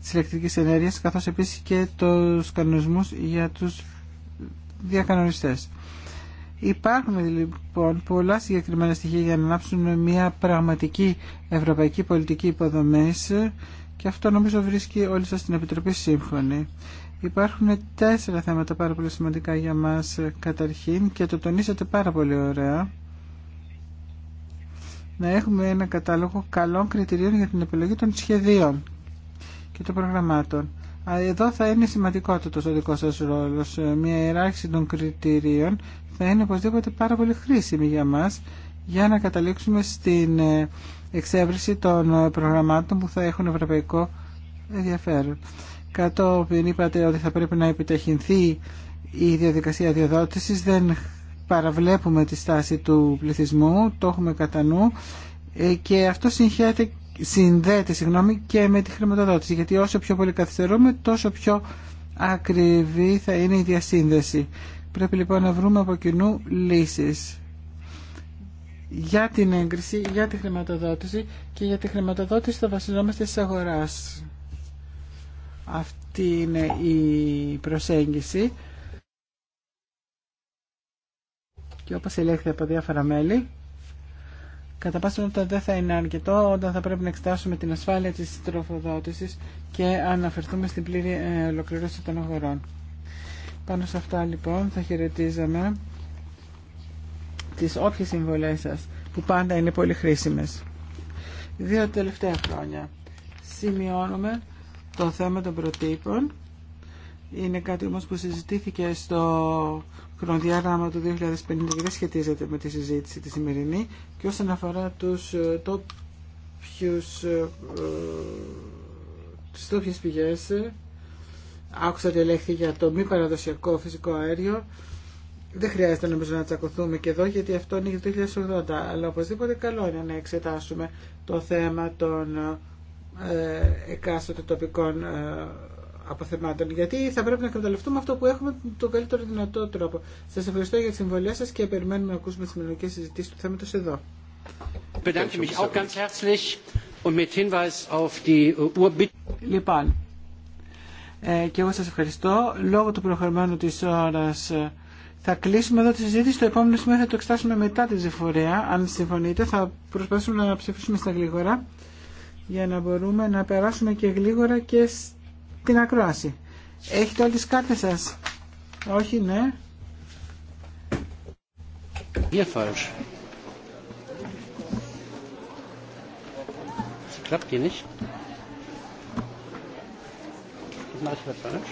της ηλεκτρικής ενέργειας καθώς επίσης και τους κανονισμούς για τους διακανονιστές. Υπάρχουν λοιπόν πολλά συγκεκριμένα στοιχεία για να ανάψουν μια πραγματική ευρωπαϊκή πολιτική υποδομή και αυτό νομίζω βρίσκει όλοι σας στην Επιτροπή σύμφωνη. Υπάρχουν τέσσερα θέματα πάρα πολύ σημαντικά για μας καταρχήν και το τονίσατε πάρα πολύ ωραία. Να έχουμε ένα κατάλογο καλών κριτηρίων για την επιλογή των σχεδίων και των προγραμμάτων. Εδώ θα είναι σημαντικότατος ο δικός σας ρόλος, ε, μια ιεράρχηση των κριτηρίων θα είναι οπωσδήποτε πάρα πολύ χρήσιμη για μας για να καταλήξουμε στην ε, εξέβριση των ε, προγραμμάτων που θα έχουν ευρωπαϊκό ενδιαφέρον. Κατόπιν είπατε ότι θα πρέπει να επιταχυνθεί η διαδικασία διαδότησης. Δεν παραβλέπουμε τη στάση του πληθυσμού, το έχουμε κατά νου ε, και αυτό συνδέεται συγγνώμη, και με τη χρηματοδότηση γιατί όσο πιο πολύ καθυστερούμε τόσο πιο ακριβή θα είναι η διασύνδεση. Πρέπει λοιπόν να βρούμε από κοινού λύσεις για την έγκριση, για τη χρηματοδότηση και για τη χρηματοδότηση θα βασιζόμαστε στις αγοράς. Αυτή είναι η προσέγγιση και όπως ελέγχθη από διάφορα μέλη κατά πάση όταν δεν θα είναι αρκετό όταν θα πρέπει να εξετάσουμε την ασφάλεια της τροφοδότησης και αναφερθούμε στην πλήρη ε, ολοκληρώση των αγορών. Πάνω σε αυτά λοιπόν θα χαιρετίζαμε τις όποιες συμβολές σας που πάντα είναι πολύ χρήσιμες. Δύο τελευταία χρόνια σημειώνουμε το θέμα των προτύπων. Είναι κάτι όμως που συζητήθηκε στο χρονοδιάγραμμα του 2050 και δεν σχετίζεται με τη συζήτηση τη σημερινή και όσον αφορά τους ε, τόπιους, ε, ε, τις τόπιες πηγές άκουσα ότι ελέγχθη για το μη παραδοσιακό φυσικό αέριο. Δεν χρειάζεται νομίζω να τσακωθούμε και εδώ γιατί αυτό είναι για το 2080. Αλλά οπωσδήποτε καλό είναι να εξετάσουμε το θέμα των ε, εκάστοτε τοπικών ε, αποθεμάτων. Γιατί θα πρέπει να καταλαβαίνουμε αυτό που έχουμε τον καλύτερο δυνατό τρόπο. Σα ευχαριστώ για τη συμβολία σα και περιμένουμε να ακούσουμε τι μελλοντικέ συζητήσει του θέματο εδώ. Ε, και εγώ σας ευχαριστώ. Λόγω του προχωρημένου της ώρας ε, θα κλείσουμε εδώ τη συζήτηση. Το επόμενο σημείο θα το εξετάσουμε μετά τη Ζεφορία, Αν συμφωνείτε θα προσπαθήσουμε να ψηφίσουμε στα γλίγορα για να μπορούμε να περάσουμε και γλίγορα και στην ακρόαση. Έχετε όλες τις κάρτες σας. Όχι, ναι nice research.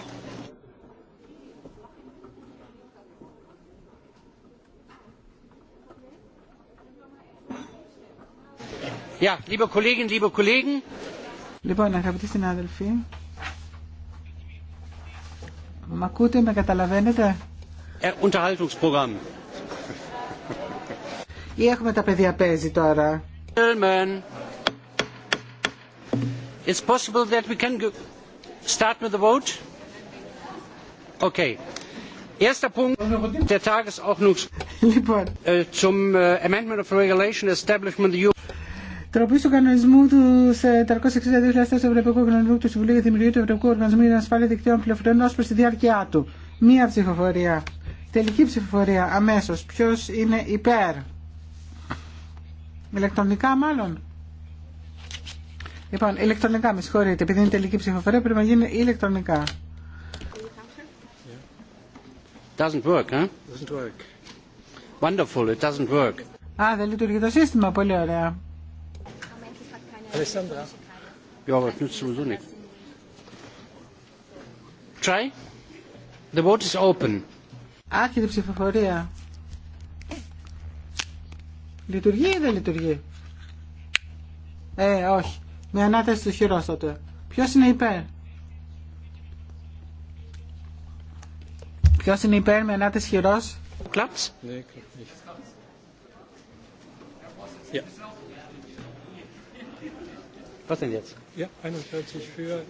Ja, liebe Kolleginnen, liebe Kollegen. Λοιπόν, αγαπητοί συνάδελφοι, μ' ακούτε, με καταλαβαίνετε. Ε, Unterhaltungsprogramm. Ή έχουμε τα παιδιά παίζει τώρα. It's possible that we can... Λοιπόν, äh, äh, Τροπή του κανονισμού του 462.000 ε, Ευρωπαϊκού Κοινωνικού του Συμβουλίου για τη Δημιουργία του Ευρωπαϊκού Οργανισμού για την Ασφάλεια Δικτύων Πληροφοριών ω προ τη διάρκεια του. Μία ψηφοφορία. Τελική ψηφοφορία αμέσω. Ποιο είναι υπέρ. Ηλεκτρονικά μάλλον. Λοιπόν, ηλεκτρονικά, με συγχωρείτε, επειδή είναι τελική ψηφοφορία, πρέπει να γίνει ηλεκτρονικά. Doesn't work, huh? Wonderful, it doesn't work. Α, δεν λειτουργεί το σύστημα, πολύ ωραία. Alessandra. Try. The vote is open. ψηφοφορία. Λειτουργεί ή δεν λειτουργεί. Ε, όχι με ανάθεση του τότε. Ποιος είναι υπέρ. Ποιος είναι υπέρ με ανάθεση χειρός. Κλαπς. 41 für.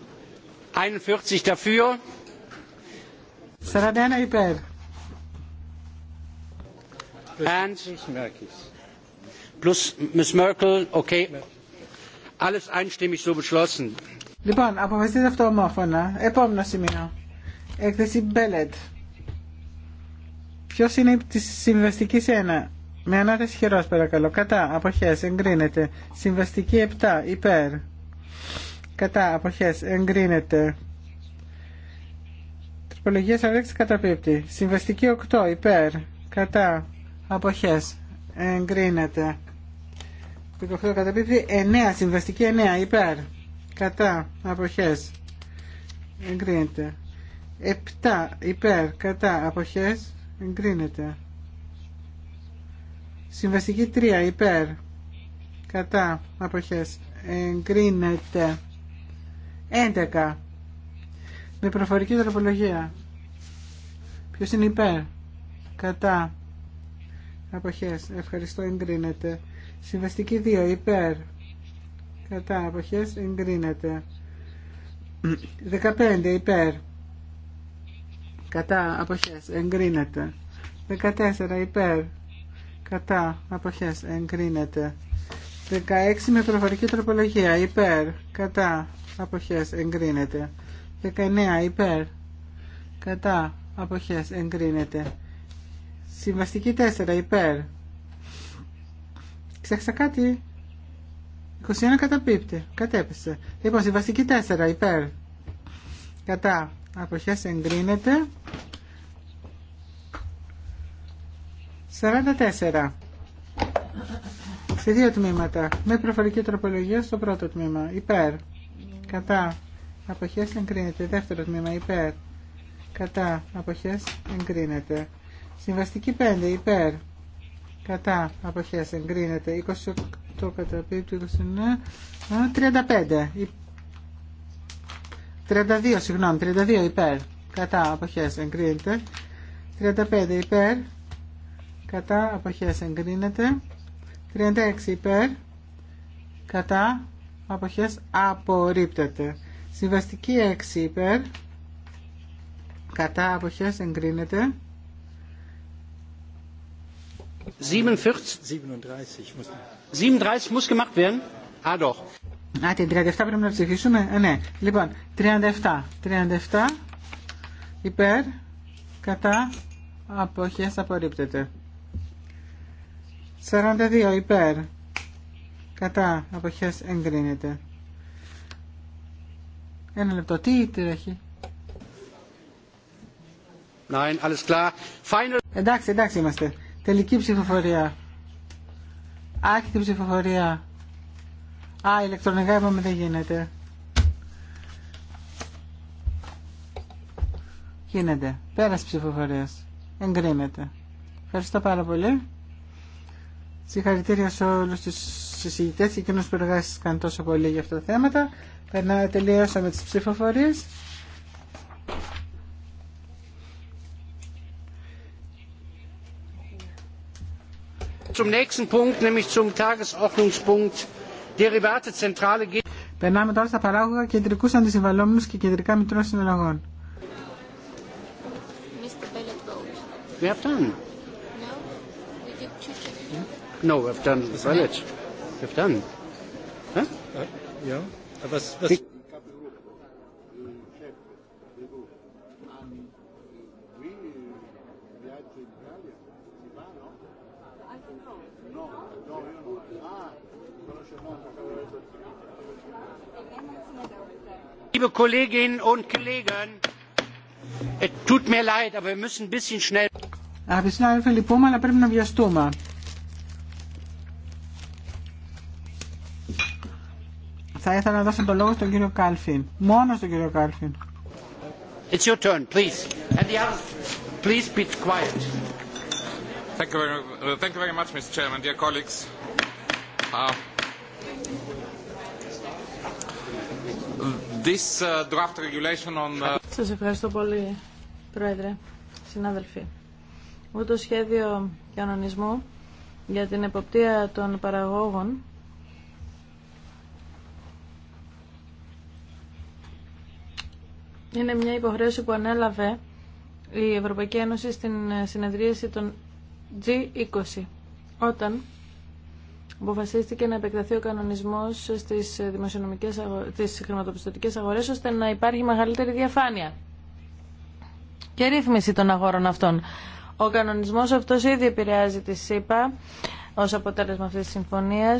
41 dafür. 41 υπέρ. And plus Miss Merkel, okay. Alles einstimmig so beschlossen. Λοιπόν, αποφασίστε αυτό ομόφωνα. Επόμενο σημείο. Έκθεση Μπέλετ. Ποιο είναι τη συμβαστική 1. Με ανάθεση χειρό παρακαλώ. Κατά. Αποχέ. Εγκρίνεται. Συμβαστική 7. Υπέρ. Κατά. Αποχέ. Εγκρίνεται. Τροπολογία 46 καταπίπτει. Συμβαστική 8. Υπέρ. Κατά. Αποχέ. Εγκρίνεται. 18 καταπίπτει 9 συμβαστική 9 υπέρ κατά αποχές εγκρίνεται 7 υπέρ κατά αποχές εγκρίνεται συμβαστική 3 υπέρ κατά αποχές εγκρίνεται 11 με προφορική τροπολογία ποιος είναι υπέρ κατά αποχές ευχαριστώ εγκρίνεται Συμβαστική 2 υπέρ. Κατά αποχές εγκρίνεται. 15 υπέρ. Κατά αποχές εγκρίνεται. 14 υπέρ. Κατά αποχές εγκρίνεται. 16 με προφορική τροπολογία υπέρ. Κατά αποχές εγκρίνεται. 19 υπέρ. Κατά αποχές εγκρίνεται. Συμβαστική 4 υπέρ Ξέχασα κάτι. 21 καταπίπτει. Κατέπεσε. Λοιπόν, συμβαστική 4 υπέρ. Κατά. Αποχές εγκρίνεται. 44. Σε δύο τμήματα. Με προφορική τροπολογία στο πρώτο τμήμα. Υπέρ. Κατά. Αποχές εγκρίνεται. Δεύτερο τμήμα. Υπέρ. Κατά. Αποχές εγκρίνεται. Συμβαστική 5. Υπέρ κατά αποχές εγκρίνεται 28 κατά 29 35 32 συγγνώμη 32 υπέρ κατά αποχές εγκρίνεται 35 υπέρ κατά αποχές εγκρίνεται 36 υπέρ κατά αποχές απορρίπτεται συμβαστική 6 υπέρ κατά αποχές εγκρίνεται 37 muss gemacht werden? Ah, την 37 πρέπει να ψηφίσουμε. Ε, ναι. Λοιπόν, 37. 37 υπέρ, κατά, αποχές απορρίπτεται. 42 υπέρ, κατά, αποχές εγκρίνεται. Ένα λεπτό. Τι τρέχει. Εντάξει, εντάξει είμαστε. Τελική ψηφοφορία. Άρχιτη ψηφοφορία. Α, ηλεκτρονικά είπαμε δεν γίνεται. Γίνεται. πέρασε ψηφοφορία. Εγκρίνεται. Ευχαριστώ πάρα πολύ. Συγχαρητήρια σε όλου του συζητητέ και εκείνου που εργάστηκαν τόσο πολύ για αυτά τα θέματα. Περνάμε τελειώσαμε τι ψηφοφορίε. zum nächsten Punkt, nämlich zum Tagesordnungspunkt Derivatezentrale. Περνάμε τώρα στα παράγωγα κεντρικούς αντισυμβαλόμενους και κεντρικά μητρών συναλλαγών. We have done. No, we did two No, we have done the village. We have done. Huh? Yeah. Was, was... Liebe Kolleginnen und Kollegen, es tut mir leid, aber wir müssen ein bisschen schnell. It's your turn, please. And the others, please be quiet. Thank you very, much, Mr. Chairman, dear colleagues. Uh, uh, Σας ευχαριστώ πολύ, Πρόεδρε, συνάδελφοι. Μου το σχέδιο κανονισμού για την εποπτεία των παραγόγων είναι μια υποχρέωση που ανέλαβε η Ευρωπαϊκή Ένωση στην συνεδρίαση των G20 όταν αποφασίστηκε να επεκταθεί ο κανονισμός στις, δημοσιονομικές χρηματοπιστωτικέ αγορές ώστε να υπάρχει μεγαλύτερη διαφάνεια και ρύθμιση των αγορών αυτών. Ο κανονισμός αυτός ήδη επηρεάζει τη ΣΥΠΑ ω αποτέλεσμα αυτή τη συμφωνία.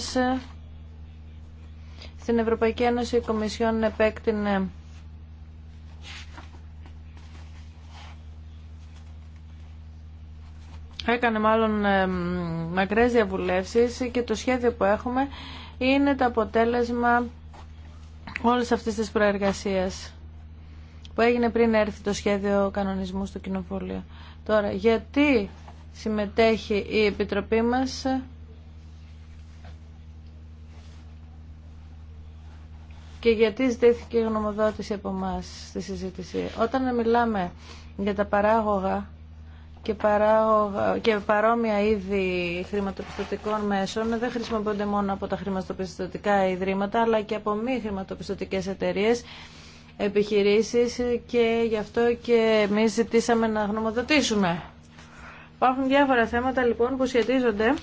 Στην Ευρωπαϊκή Ένωση η Κομισιόν επέκτηνε έκανε μάλλον ε, μακρές διαβουλεύσεις και το σχέδιο που έχουμε είναι το αποτέλεσμα όλης αυτής της προεργασία που έγινε πριν έρθει το σχέδιο κανονισμού στο Κοινοβούλιο. Τώρα, γιατί συμμετέχει η Επιτροπή μας και γιατί ζητήθηκε η γνωμοδότηση από εμά στη συζήτηση. Όταν μιλάμε για τα παράγωγα και, και παρόμοια είδη χρηματοπιστωτικών μέσων δεν χρησιμοποιούνται μόνο από τα χρηματοπιστωτικά ιδρύματα αλλά και από μη χρηματοπιστωτικές εταιρείες επιχειρήσεις και γι' αυτό και εμεί ζητήσαμε να γνωμοδοτήσουμε. Υπάρχουν διάφορα θέματα λοιπόν που σχετίζονται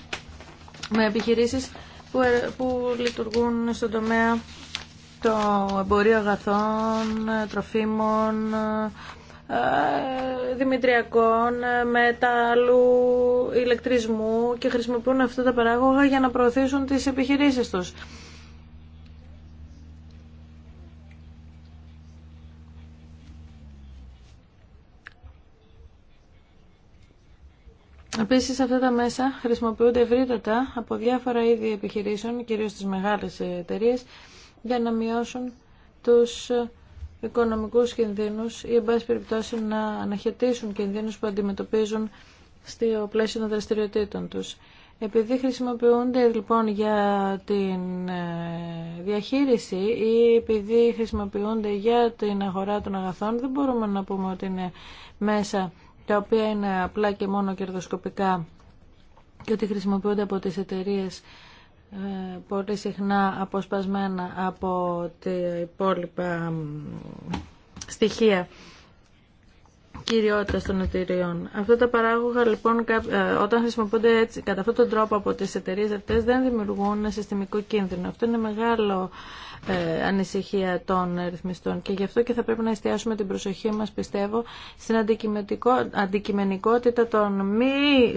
με επιχειρήσεις που, ε- που λειτουργούν στον τομέα το εμπορίο αγαθών, τροφίμων, ε, δημητριακών, ε, μετάλλου, ηλεκτρισμού και χρησιμοποιούν αυτά τα παράγωγα για να προωθήσουν τις επιχειρήσεις τους. Επίση, αυτά τα μέσα χρησιμοποιούνται ευρύτατα από διάφορα είδη επιχειρήσεων, κυρίως τις μεγάλες εταιρείε, για να μειώσουν τους ε, οικονομικούς κινδύνους ή εν πάση περιπτώσει να αναχαιτήσουν κινδύνους που αντιμετωπίζουν στο πλαίσιο των δραστηριοτήτων τους. Επειδή χρησιμοποιούνται λοιπόν για την ε, διαχείριση ή επειδή χρησιμοποιούνται για την αγορά των αγαθών, δεν μπορούμε να πούμε ότι είναι μέσα τα οποία είναι απλά και μόνο κερδοσκοπικά και ότι χρησιμοποιούνται από τις εταιρείες ε, πολύ συχνά αποσπασμένα από τα υπόλοιπα στοιχεία κυριότητας των εταιριών. Αυτά τα παράγωγα λοιπόν ε, όταν χρησιμοποιούνται έτσι, κατά αυτόν τον τρόπο από τις εταιρείες αυτές δεν δημιουργούν συστημικό κίνδυνο. Αυτό είναι μεγάλο ε, ανησυχία των ρυθμιστών και γι' αυτό και θα πρέπει να εστιάσουμε την προσοχή μας πιστεύω στην αντικειμενικότητα των μη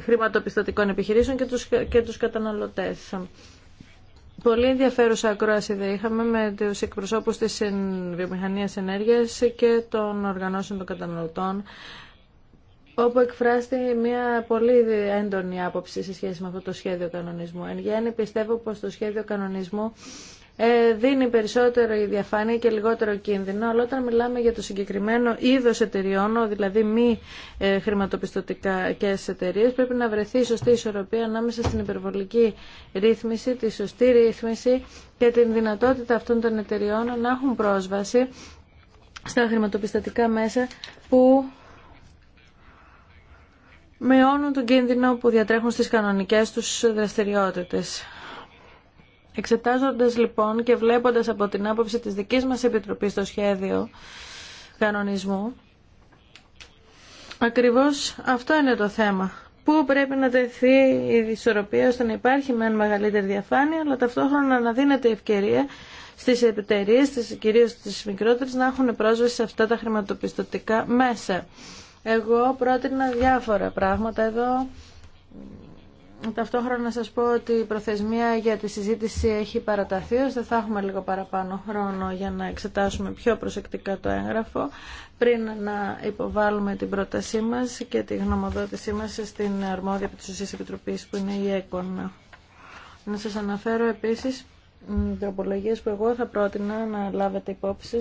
χρηματοπιστωτικών επιχειρήσεων και τους, και τους καταναλωτές. Πολύ ενδιαφέρουσα ακρόαση δεν είχαμε με τους εκπροσώπους της βιομηχανίας ενέργειας και των οργανώσεων των καταναλωτών όπου εκφράστη μια πολύ έντονη άποψη σε σχέση με αυτό το σχέδιο κανονισμού. Εν γέννη πιστεύω πως το σχέδιο κανονισμού ε, δίνει περισσότερο η διαφάνεια και λιγότερο κίνδυνο, αλλά όταν μιλάμε για το συγκεκριμένο είδος εταιριών, δηλαδή μη ε, χρηματοπιστωτικά εταιρείε, πρέπει να βρεθεί η σωστή ισορροπία ανάμεσα στην υπερβολική ρύθμιση, τη σωστή ρύθμιση και την δυνατότητα αυτών των εταιριών να έχουν πρόσβαση στα χρηματοπιστωτικά μέσα που μειώνουν τον κίνδυνο που διατρέχουν στις κανονικές τους δραστηριότητες. Εξετάζοντας λοιπόν και βλέποντας από την άποψη της δικής μας Επιτροπής το σχέδιο κανονισμού, ακριβώς αυτό είναι το θέμα. Πού πρέπει να τεθεί η ισορροπία ώστε να υπάρχει με μεγαλύτερη διαφάνεια, αλλά ταυτόχρονα να δίνεται ευκαιρία στις εταιρείε, κυρίως στις μικρότερες, να έχουν πρόσβαση σε αυτά τα χρηματοπιστωτικά μέσα. Εγώ πρότεινα διάφορα πράγματα εδώ Ταυτόχρονα να σας πω ότι η προθεσμία για τη συζήτηση έχει παραταθεί, ώστε θα έχουμε λίγο παραπάνω χρόνο για να εξετάσουμε πιο προσεκτικά το έγγραφο πριν να υποβάλουμε την πρότασή μας και τη γνωμοδότησή μας στην αρμόδια της Επιτροπής που είναι η ΕΚΟΝ. Να σας αναφέρω επίσης τροπολογίες που εγώ θα πρότεινα να λάβετε υπόψη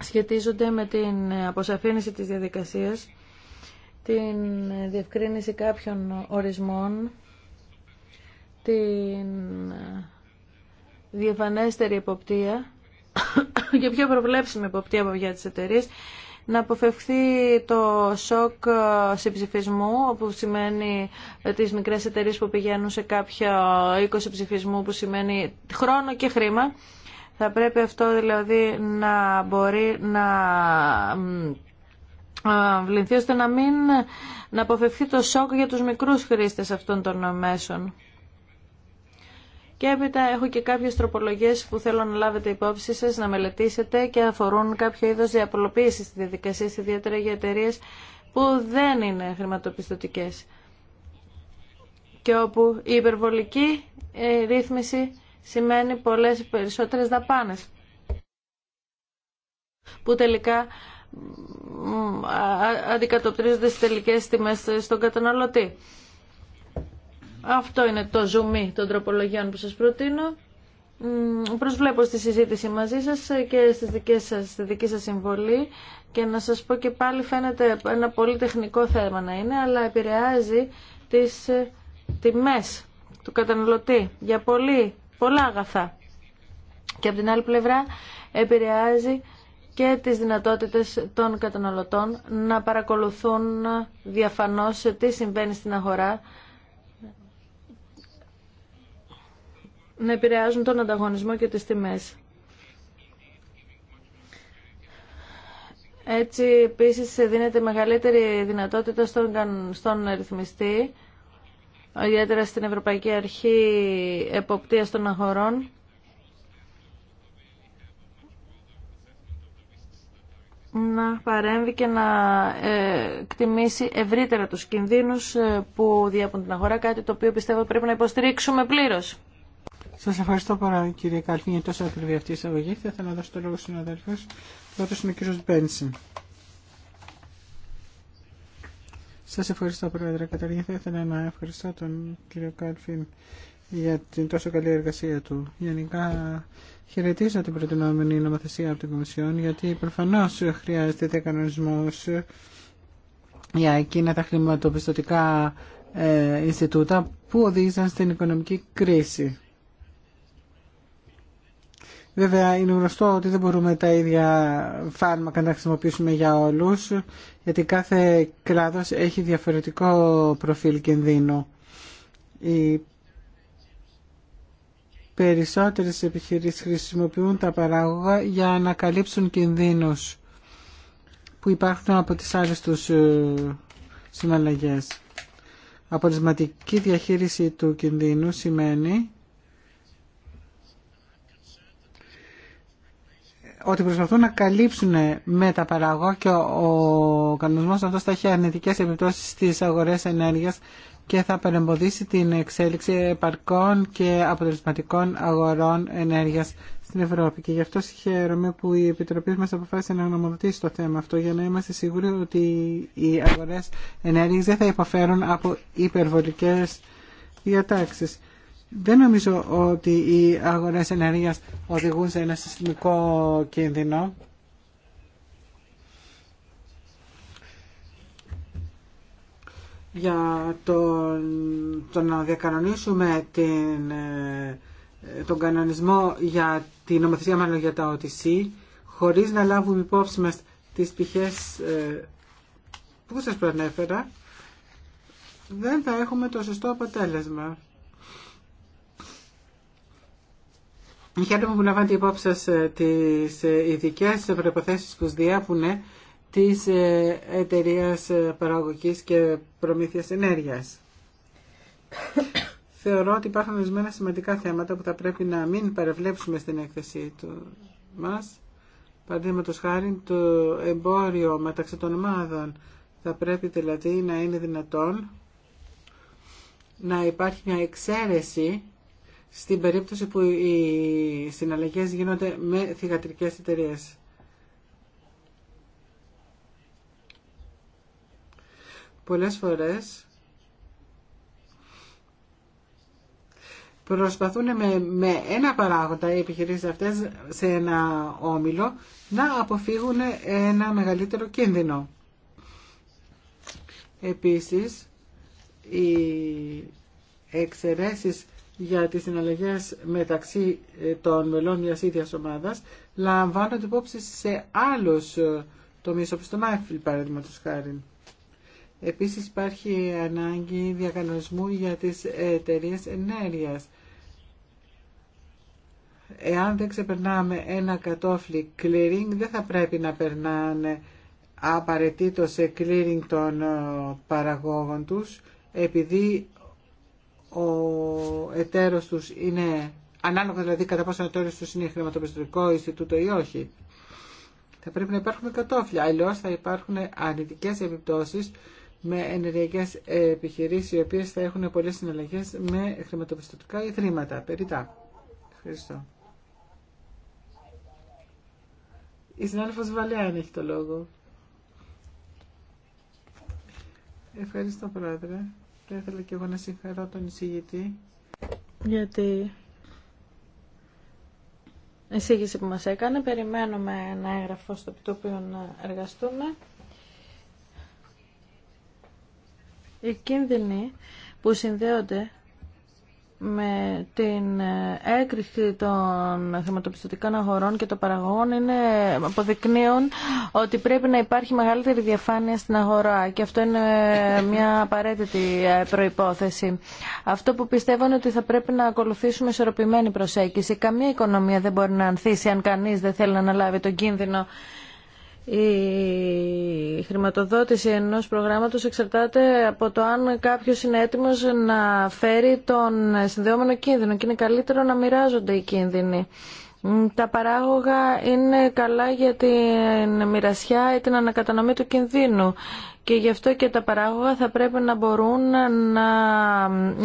σχετίζονται με την αποσαφήνιση της διαδικασίας την διευκρίνηση κάποιων ορισμών, την διαφανέστερη εποπτεία και πιο προβλέψιμη εποπτεία βια τις εταιρείες, να αποφευχθεί το σοκ ε, συμψηφισμού, όπου σημαίνει ε, τις μικρές εταιρείες που πηγαίνουν σε κάποιο οίκο συμψηφισμού, που σημαίνει χρόνο και χρήμα. Θα πρέπει αυτό δηλαδή να μπορεί να βληθεί ώστε να μην να αποφευθεί το σοκ για τους μικρούς χρήστες αυτών των μέσων. Και έπειτα έχω και κάποιες τροπολογίες που θέλω να λάβετε υπόψη σας, να μελετήσετε και αφορούν κάποιο είδος διαπλοποίησης στη διαδικασία, ιδιαίτερα για εταιρείε που δεν είναι χρηματοπιστωτικές και όπου η υπερβολική ε, ρύθμιση σημαίνει πολλές περισσότερες δαπάνες που τελικά αντικατοπτρίζονται στις τελικές τιμές στον καταναλωτή. Αυτό είναι το ζουμί των τροπολογιών που σας προτείνω. Προσβλέπω στη συζήτηση μαζί σας και στις δικές σας, στη δική σας συμβολή και να σας πω και πάλι φαίνεται ένα πολύ τεχνικό θέμα να είναι, αλλά επηρεάζει τις ε, τιμές του καταναλωτή για πολύ, πολλά αγαθά. Και από την άλλη πλευρά επηρεάζει και τις δυνατότητες των καταναλωτών να παρακολουθούν διαφανώς τι συμβαίνει στην αγορά, να επηρεάζουν τον ανταγωνισμό και τις τιμές. Έτσι, επίσης, δίνεται μεγαλύτερη δυνατότητα στον, στον ρυθμιστή, ιδιαίτερα στην Ευρωπαϊκή Αρχή Εποπτείας των Αγορών, να παρέμβει και να ε, εκτιμήσει ευρύτερα τους κινδύνους ε, που διέπουν την αγορά, κάτι το οποίο πιστεύω πρέπει να υποστηρίξουμε πλήρως. Σας ευχαριστώ πάρα κύριε Καλφίνη για τόσο ακριβή αυτή η εισαγωγή. Θα ήθελα να δώσω το λόγο στους συναδέλφους. Πρώτος είναι ο κύριος Μπένσιν. Σας ευχαριστώ Πρόεδρε. Καταρχήν θα ήθελα να ευχαριστώ τον κύριο Κάλφιν για την τόσο καλή εργασία του. Γενικά Χαιρετίζω την προτινόμενη νομοθεσία από την Κομισιόν, γιατί προφανώ χρειάζεται διακανονισμό για εκείνα τα χρηματοπιστωτικά ε, Ινστιτούτα που οδήγησαν στην οικονομική κρίση. Βέβαια είναι γνωστό ότι δεν μπορούμε τα ίδια φάρμακα να χρησιμοποιήσουμε για όλους γιατί κάθε κράτος έχει διαφορετικό προφίλ κινδύνου. Η περισσότερες επιχειρήσεις χρησιμοποιούν τα παράγωγα για να καλύψουν κινδύνους που υπάρχουν από τις άλλες τους ε, συναλλαγές. Απορρισματική διαχείριση του κινδύνου σημαίνει ότι προσπαθούν να καλύψουν με τα παράγωγα και ο, ο κανονισμός αυτός θα έχει αρνητικές επιπτώσεις στις αγορές ενέργειας και θα παρεμποδίσει την εξέλιξη επαρκών και αποτελεσματικών αγορών ενέργειας στην Ευρώπη. Και γι' αυτό χαίρομαι που η Επιτροπή μας αποφάσισε να γνωμοδοτήσει το θέμα αυτό για να είμαστε σίγουροι ότι οι αγορές ενέργειας δεν θα υποφέρουν από υπερβολικές διατάξεις. Δεν νομίζω ότι οι αγορές ενέργειας οδηγούν σε ένα συστημικό κίνδυνο. για το, να διακανονίσουμε ε, τον κανονισμό για την νομοθεσία μάλλον για τα OTC χωρίς να λάβουμε υπόψη μας τις πτυχές ε, που σας προανέφερα δεν θα έχουμε το σωστό αποτέλεσμα. Χαίρομαι που λαμβάνετε υπόψη σας ε, τις ειδικές προϋποθέσεις που διέπουνε της ε, εταιρείας ε, παραγωγής και προμήθειας ενέργειας. *coughs* Θεωρώ ότι υπάρχουν ορισμένα σημαντικά θέματα που θα πρέπει να μην παρευλέψουμε στην έκθεση του μας. Παραδείγματος χάρη το εμπόριο μεταξύ των ομάδων θα πρέπει δηλαδή να είναι δυνατόν να υπάρχει μια εξαίρεση στην περίπτωση που οι συναλλαγές γίνονται με θηγατρικές εταιρείες. Πολλές φορές προσπαθούν με, ένα παράγοντα οι επιχειρήσεις αυτές σε ένα όμιλο να αποφύγουν ένα μεγαλύτερο κίνδυνο. Επίσης, οι εξαιρέσεις για τις συναλλαγές μεταξύ των μελών μιας ίδιας ομάδας λαμβάνονται υπόψη σε άλλους τομείς, όπως το Μάιφλ, παραδείγματος χάρη. Επίσης υπάρχει ανάγκη διακανονισμού για τις εταιρείε ενέργειας. Εάν δεν ξεπερνάμε ένα κατόφλι clearing, δεν θα πρέπει να περνάνε απαραίτητο σε clearing των ε, παραγόγων τους, επειδή ο εταίρος τους είναι, ανάλογα δηλαδή κατά πόσο εταίρος τους είναι χρηματοπιστωτικό Ιστιτούτο ή όχι. Θα πρέπει να υπάρχουν κατόφλια, αλλιώς θα υπάρχουν αρνητικές επιπτώσεις με ενεργειακέ επιχειρήσεις οι οποίε θα έχουν πολλές συναλλαγέ με χρηματοπιστωτικά ιδρύματα. Περιτά. Ευχαριστώ. Η συνάδελφος βαλιαν έχει το λόγο. Ευχαριστώ πρόεδρε. Θα ήθελα και εγώ να συγχαρώ τον εισηγητή. Γιατί εισήγηση που μας έκανε. Περιμένουμε ένα έγγραφο στο οποίο να εργαστούμε. οι κίνδυνοι που συνδέονται με την έκρηξη των χρηματοπιστωτικών αγορών και των παραγωγών είναι, αποδεικνύουν ότι πρέπει να υπάρχει μεγαλύτερη διαφάνεια στην αγορά και αυτό είναι μια απαραίτητη ε, προϋπόθεση. Αυτό που πιστεύω είναι ότι θα πρέπει να ακολουθήσουμε ισορροπημένη προσέγγιση. Καμία οικονομία δεν μπορεί να ανθίσει αν κανείς δεν θέλει να αναλάβει τον κίνδυνο η χρηματοδότηση ενός προγράμματος εξαρτάται από το αν κάποιος είναι έτοιμος να φέρει τον συνδεόμενο κίνδυνο και είναι καλύτερο να μοιράζονται οι κίνδυνοι. Τα παράγωγα είναι καλά για την μοιρασιά ή την ανακατανομή του κινδύνου και γι' αυτό και τα παράγωγα θα πρέπει να μπορούν να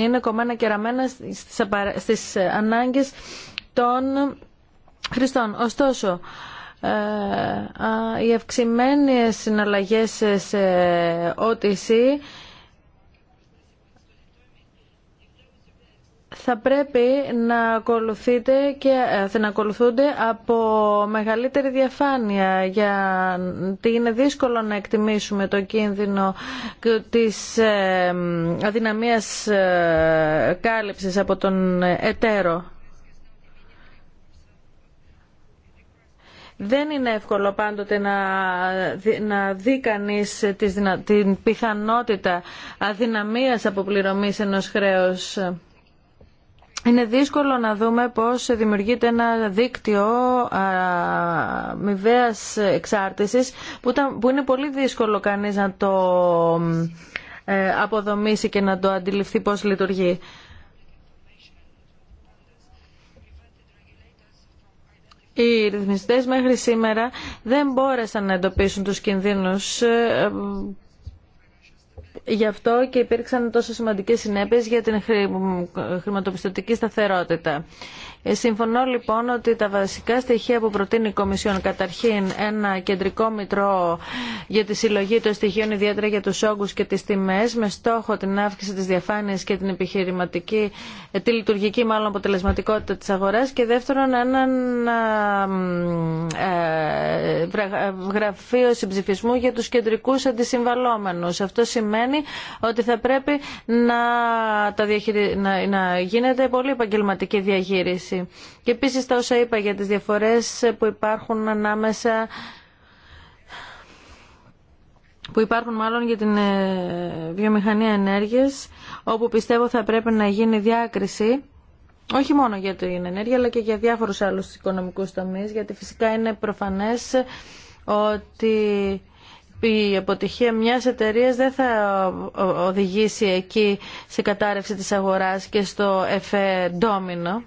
είναι κομμένα και ραμμένα στις ανάγκες των χρηστών. Ωστόσο, ε, οι αυξημένε συναλλαγές σε OTC θα πρέπει να, ακολουθείτε και, ε, θα να ακολουθούνται από μεγαλύτερη διαφάνεια γιατί είναι δύσκολο να εκτιμήσουμε το κίνδυνο της ε, αδυναμίας κάλυψης από τον εταίρο. Δεν είναι εύκολο πάντοτε να, δει κανεί την πιθανότητα αδυναμίας αποπληρωμής ενός χρέους. Είναι δύσκολο να δούμε πώς δημιουργείται ένα δίκτυο μηβαίας εξάρτησης που είναι πολύ δύσκολο κανείς να το ε, αποδομήσει και να το αντιληφθεί πώς λειτουργεί. οι ρυθμιστές μέχρι σήμερα δεν μπόρεσαν να εντοπίσουν τους κινδύνους ε, ε, Γι' αυτό και υπήρξαν τόσο σημαντικές συνέπειες για την ε, χρηματοπιστωτική σταθερότητα. Ε, συμφωνώ λοιπόν ότι τα βασικά στοιχεία που προτείνει η Κομισιόν, καταρχήν ένα κεντρικό μητρό για τη συλλογή των στοιχείων, ιδιαίτερα για τους όγκους και τις τιμές, με στόχο την αύξηση της διαφάνειας και την επιχειρηματική, ε, τη λειτουργική μάλλον αποτελεσματικότητα της αγοράς και δεύτερον έναν ε, γραφείο συμψηφισμού για τους κεντρικούς αντισυμβαλόμενους. Αυτό σημαίνει ότι θα πρέπει να, τα διαχειρι... να, να γίνεται πολύ επαγγελματική διαχείριση και επίσης τα όσα είπα για τις διαφορές που υπάρχουν ανάμεσα που υπάρχουν μάλλον για την ε, βιομηχανία ενέργειας, όπου πιστεύω θα πρέπει να γίνει διάκριση όχι μόνο για την ενέργεια, αλλά και για διάφορους άλλους οικονομικούς τομείς, γιατί φυσικά είναι προφανές ότι η αποτυχία μιας εταιρείας δεν θα οδηγήσει εκεί σε κατάρρευση της αγοράς και στο εφέ ντόμινο.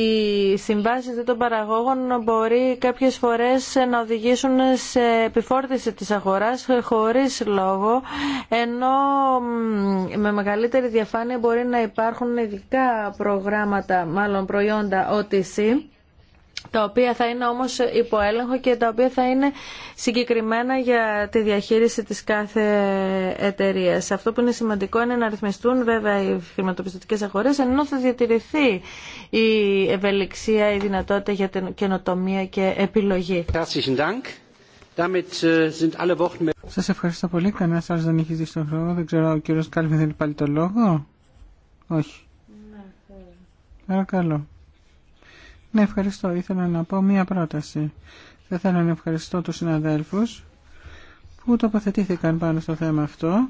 οι συμβάσεις των παραγόγων μπορεί κάποιες φορές να οδηγήσουν σε επιφόρτιση της αγοράς χωρίς λόγο, ενώ με μεγαλύτερη διαφάνεια μπορεί να υπάρχουν ειδικά προγράμματα, μάλλον προϊόντα OTC, τα οποία θα είναι όμως υποέλεγχο και τα οποία θα είναι συγκεκριμένα για τη διαχείριση της κάθε εταιρείας. Αυτό που είναι σημαντικό είναι να ρυθμιστούν βέβαια οι χρηματοπιστωτικές αγορές, ενώ θα διατηρηθεί η ευελιξία, η δυνατότητα για την καινοτομία και επιλογή. Äh, Σας ευχαριστώ πολύ. Κανένας άλλος δεν έχει δει στον Δεν ξέρω, ο κύριος Κάλβιν θέλει πάλι το λόγο. Όχι. Ναι, Παρακαλώ. Ναι, ευχαριστώ. Ήθελα να πω μία πρόταση. Θα ήθελα να ευχαριστώ τους συναδέλφους που τοποθετήθηκαν πάνω στο θέμα αυτό.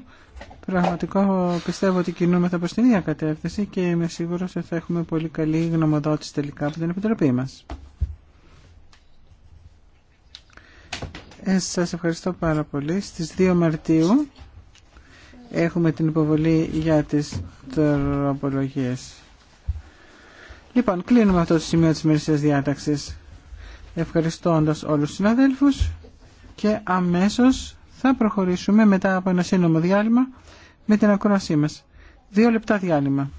Πραγματικό πιστεύω ότι κινούμεθα προς την ίδια κατεύθυνση και είμαι σίγουρος ότι θα έχουμε πολύ καλή γνωμοδότηση τελικά από την Επιτροπή μας. Ε, σας ευχαριστώ πάρα πολύ. Στις 2 Μαρτίου έχουμε την υποβολή για τις τροπολογίες. Λοιπόν, κλείνουμε αυτό το σημείο της μερικής διάταξης ευχαριστώντας όλους τους συναδέλφους και αμέσως θα προχωρήσουμε μετά από ένα σύνομο διάλειμμα με την ακρόασή μας. Δύο λεπτά διάλειμμα.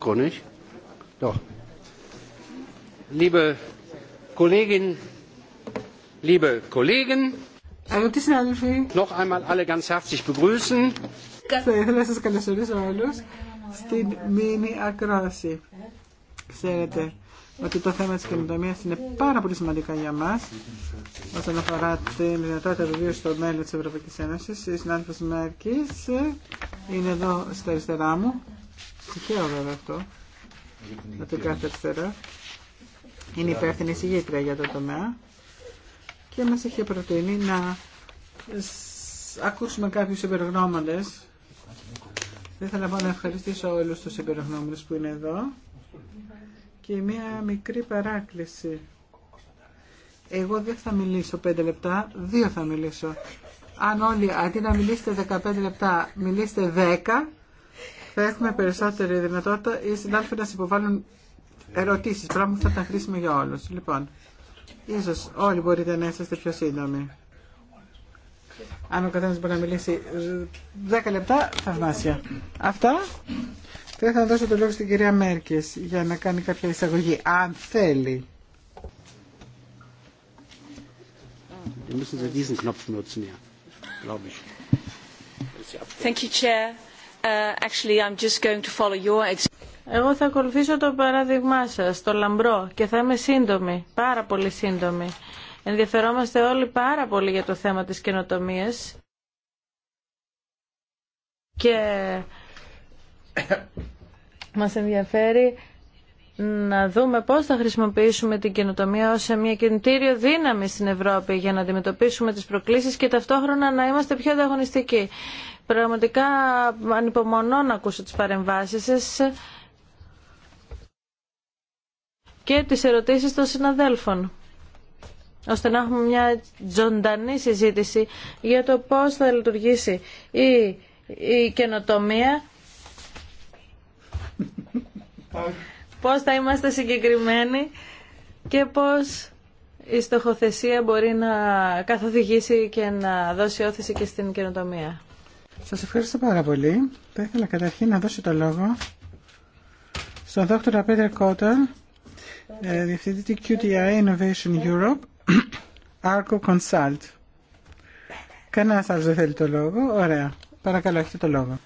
König. Doch. Liebe Kolleginnen, liebe Kollegen, noch einmal alle ganz herzlich begrüßen. Θα ήθελα να σας καλωσορίσω όλους στην μήνυ ακρόαση. Ξέρετε ότι το θέμα της καινοτομίας είναι πάρα πολύ σημαντικά για μας όσον αφορά τη δυνατότητα βιβλίου στο μέλλον της Ευρωπαϊκής Ένωσης. Η συνάδελφος Μέρκης είναι εδώ στα αριστερά μου Τυχαίο βέβαια αυτό. Να το κάθε αριστερά. Είναι υπεύθυνη συγγήτρια για το τομέα. Και μας είχε προτείνει να ακούσουμε κάποιους υπερογνώμονες. Δεν θα να ευχαριστήσω όλους τους υπερογνώμονες που είναι εδώ. Και μία μικρή παράκληση. Εγώ δεν θα μιλήσω πέντε λεπτά, δύο θα μιλήσω. Αν όλοι αντί να μιλήσετε 15 λεπτά, μιλήσετε 10, θα έχουμε περισσότερη δυνατότητα οι συνάδελφοι να υποβάλουν ερωτήσεις, πράγμα που θα ήταν χρήσιμο για όλους. Λοιπόν, ίσως όλοι μπορείτε να είσαστε πιο σύντομοι. Αν ο καθένας μπορεί να μιλήσει 10 λεπτά, θαυμάσια. Αυτά. Θα ήθελα να δώσω το λόγο στην κυρία Μέρκες για να κάνει κάποια εισαγωγή, αν θέλει. Thank you, Chair. Uh, actually, going to follow your Εγώ θα ακολουθήσω το παράδειγμά σας, το λαμπρό, και θα είμαι σύντομη, πάρα πολύ σύντομη. Ενδιαφερόμαστε όλοι πάρα πολύ για το θέμα της καινοτομίας. Και μας ενδιαφέρει να δούμε πώς θα χρησιμοποιήσουμε την καινοτομία ως μια κινητήριο δύναμη στην Ευρώπη για να αντιμετωπίσουμε τις προκλήσεις και ταυτόχρονα να είμαστε πιο ανταγωνιστικοί. Πραγματικά ανυπομονώ να ακούσω τις παρεμβάσεις και τις ερωτήσεις των συναδέλφων ώστε να έχουμε μια ζωντανή συζήτηση για το πώς θα λειτουργήσει η, η καινοτομία *laughs* πώς θα είμαστε συγκεκριμένοι και πώς η στοχοθεσία μπορεί να καθοδηγήσει και να δώσει όθηση και στην καινοτομία. Σας ευχαριστώ πάρα πολύ. Θα ήθελα καταρχήν να δώσω το λόγο στον δόκτωρα Πέτερ Κότερ, ε, διευθυντή QTI Innovation Europe, Arco Consult. Κανένα άλλο δεν θέλει το λόγο. Ωραία. Παρακαλώ, έχετε το λόγο.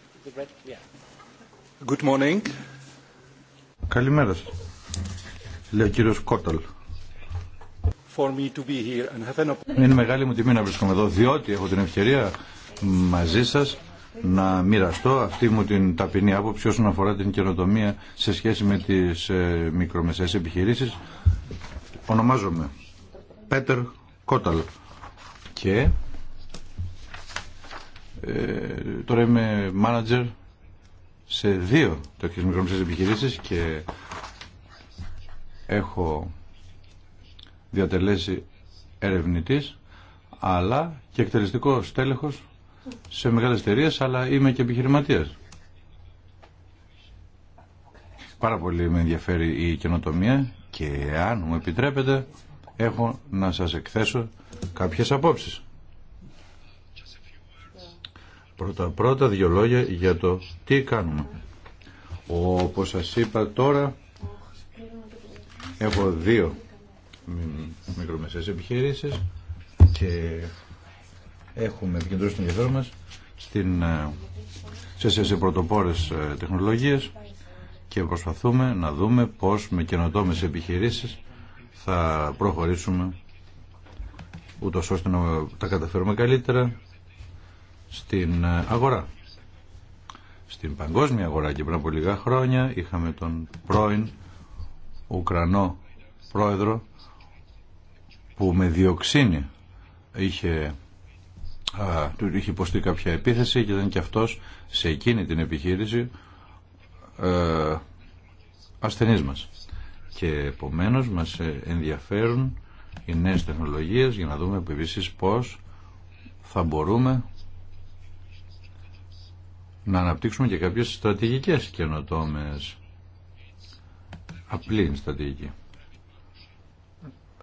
Good morning. Καλημέρα σας. Λέω κύριος Κόταλ. Είναι μεγάλη μου τιμή να βρίσκομαι εδώ, διότι έχω την ευκαιρία μαζί σας να μοιραστώ αυτή μου την ταπεινή άποψη όσον αφορά την καινοτομία σε σχέση με τις ε, μικρομεσαίες επιχειρήσεις. Ονομάζομαι Πέτερ Κόταλ και ε, τώρα είμαι μάνατζερ σε δύο τέτοιες μικρομεσαίες επιχειρήσεις και έχω διατελέσει ερευνητής αλλά και εκτελεστικό στέλεχος σε μεγάλες εταιρείε, αλλά είμαι και επιχειρηματίας. Πάρα πολύ με ενδιαφέρει η καινοτομία και αν μου επιτρέπετε έχω να σας εκθέσω κάποιες απόψεις. Πρώτα πρώτα δύο λόγια για το τι κάνουμε. Όπως σας είπα τώρα έχω δύο μικρομεσαίες επιχειρήσεις και έχουμε επικεντρώσει τον ενδιαφέρον μας στην, ε, σε, σε πρωτοπόρες ε, τεχνολογίες και προσπαθούμε να δούμε πώς με καινοτόμες επιχειρήσεις θα προχωρήσουμε ούτω ώστε να τα καταφέρουμε καλύτερα στην ε, αγορά. Στην παγκόσμια αγορά και πριν από λίγα χρόνια είχαμε τον πρώην Ουκρανό πρόεδρο που με διοξίνη είχε, α, υποστεί κάποια επίθεση και ήταν και αυτός σε εκείνη την επιχείρηση ε, ασθενής μας. Και επομένως μας ενδιαφέρουν οι νέες τεχνολογίες για να δούμε επίσης πώς θα μπορούμε να αναπτύξουμε και κάποιες στρατηγικές καινοτόμες απλή στρατηγική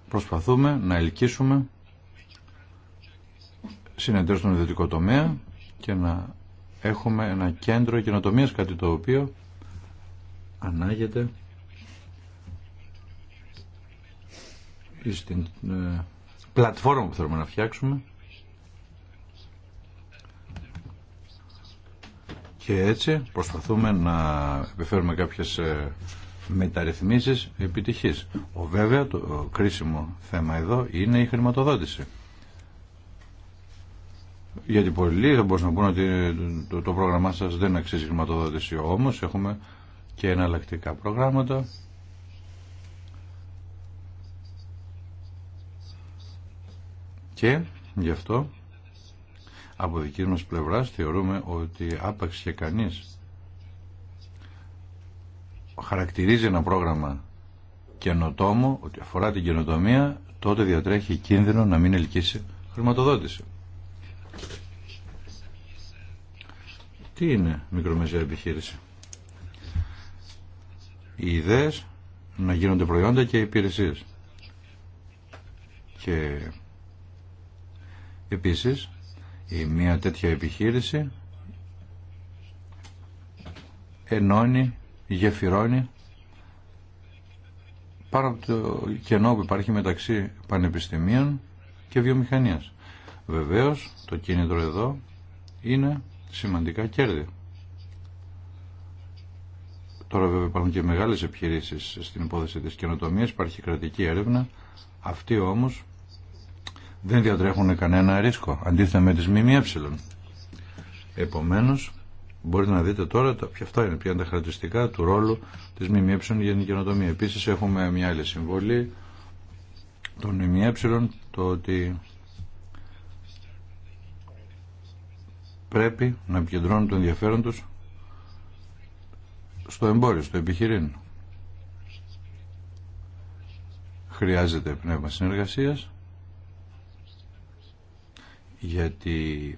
προσπαθούμε να ελκύσουμε συνεταίρους στον ιδιωτικό τομέα και να έχουμε ένα κέντρο καινοτομία κάτι το οποίο ανάγεται στην ε, πλατφόρμα που θέλουμε να φτιάξουμε Και έτσι προσπαθούμε να επιφέρουμε κάποιες ε, μεταρρυθμίσεις επιτυχής. Ο βέβαια το κρίσιμο θέμα εδώ είναι η χρηματοδότηση. Γιατί πολλοί θα μπορούσαν να πούνε ότι ε, το πρόγραμμά σας δεν αξίζει χρηματοδότηση. Όμως έχουμε και εναλλακτικά προγράμματα. Και γι' αυτό από δική μας πλευράς θεωρούμε ότι άπαξ και κανείς χαρακτηρίζει ένα πρόγραμμα καινοτόμο, ότι αφορά την καινοτομία, τότε διατρέχει κίνδυνο να μην ελκύσει χρηματοδότηση. Τι είναι μικρομεσαία επιχείρηση. Οι ιδέες να γίνονται προϊόντα και υπηρεσίες. Και επίσης η μία τέτοια επιχείρηση ενώνει, γεφυρώνει πάρα από το κενό που υπάρχει μεταξύ πανεπιστημίων και βιομηχανίας. Βεβαίως το κίνητρο εδώ είναι σημαντικά κέρδη. Τώρα βέβαια υπάρχουν και μεγάλες επιχειρήσεις στην υπόθεση της καινοτομίας, υπάρχει κρατική έρευνα. Αυτή όμως δεν διατρέχουν κανένα ρίσκο, αντίθετα με τις ΜΜΕ. Επομένως, μπορείτε να δείτε τώρα τα, ποια αυτά είναι, ποια είναι τα χαρακτηριστικά του ρόλου της ΜΜΕ για την καινοτομία. Επίσης, έχουμε μια άλλη συμβολή των ΜΜΕ, το ότι πρέπει να επικεντρώνουν το ενδιαφέρον τους στο εμπόριο, στο επιχειρήν. Χρειάζεται πνεύμα συνεργασίας γιατί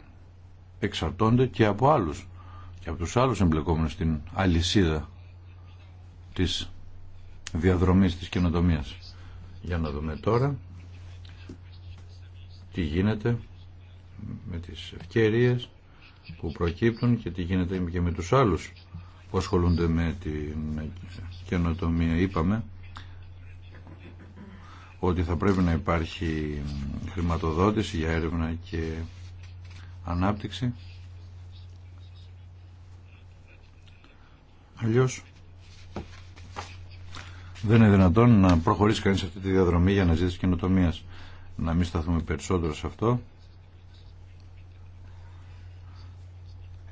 εξαρτώνται και από άλλους και από τους άλλους εμπλεκόμενους στην αλυσίδα της διαδρομής της καινοτομία. Για να δούμε τώρα τι γίνεται με τις ευκαιρίες που προκύπτουν και τι γίνεται και με τους άλλους που ασχολούνται με την καινοτομία. Είπαμε ότι θα πρέπει να υπάρχει χρηματοδότηση για έρευνα και ανάπτυξη. Αλλιώς δεν είναι δυνατόν να προχωρήσει κανείς αυτή τη διαδρομή για να ζήσει καινοτομία. Να μην σταθούμε περισσότερο σε αυτό.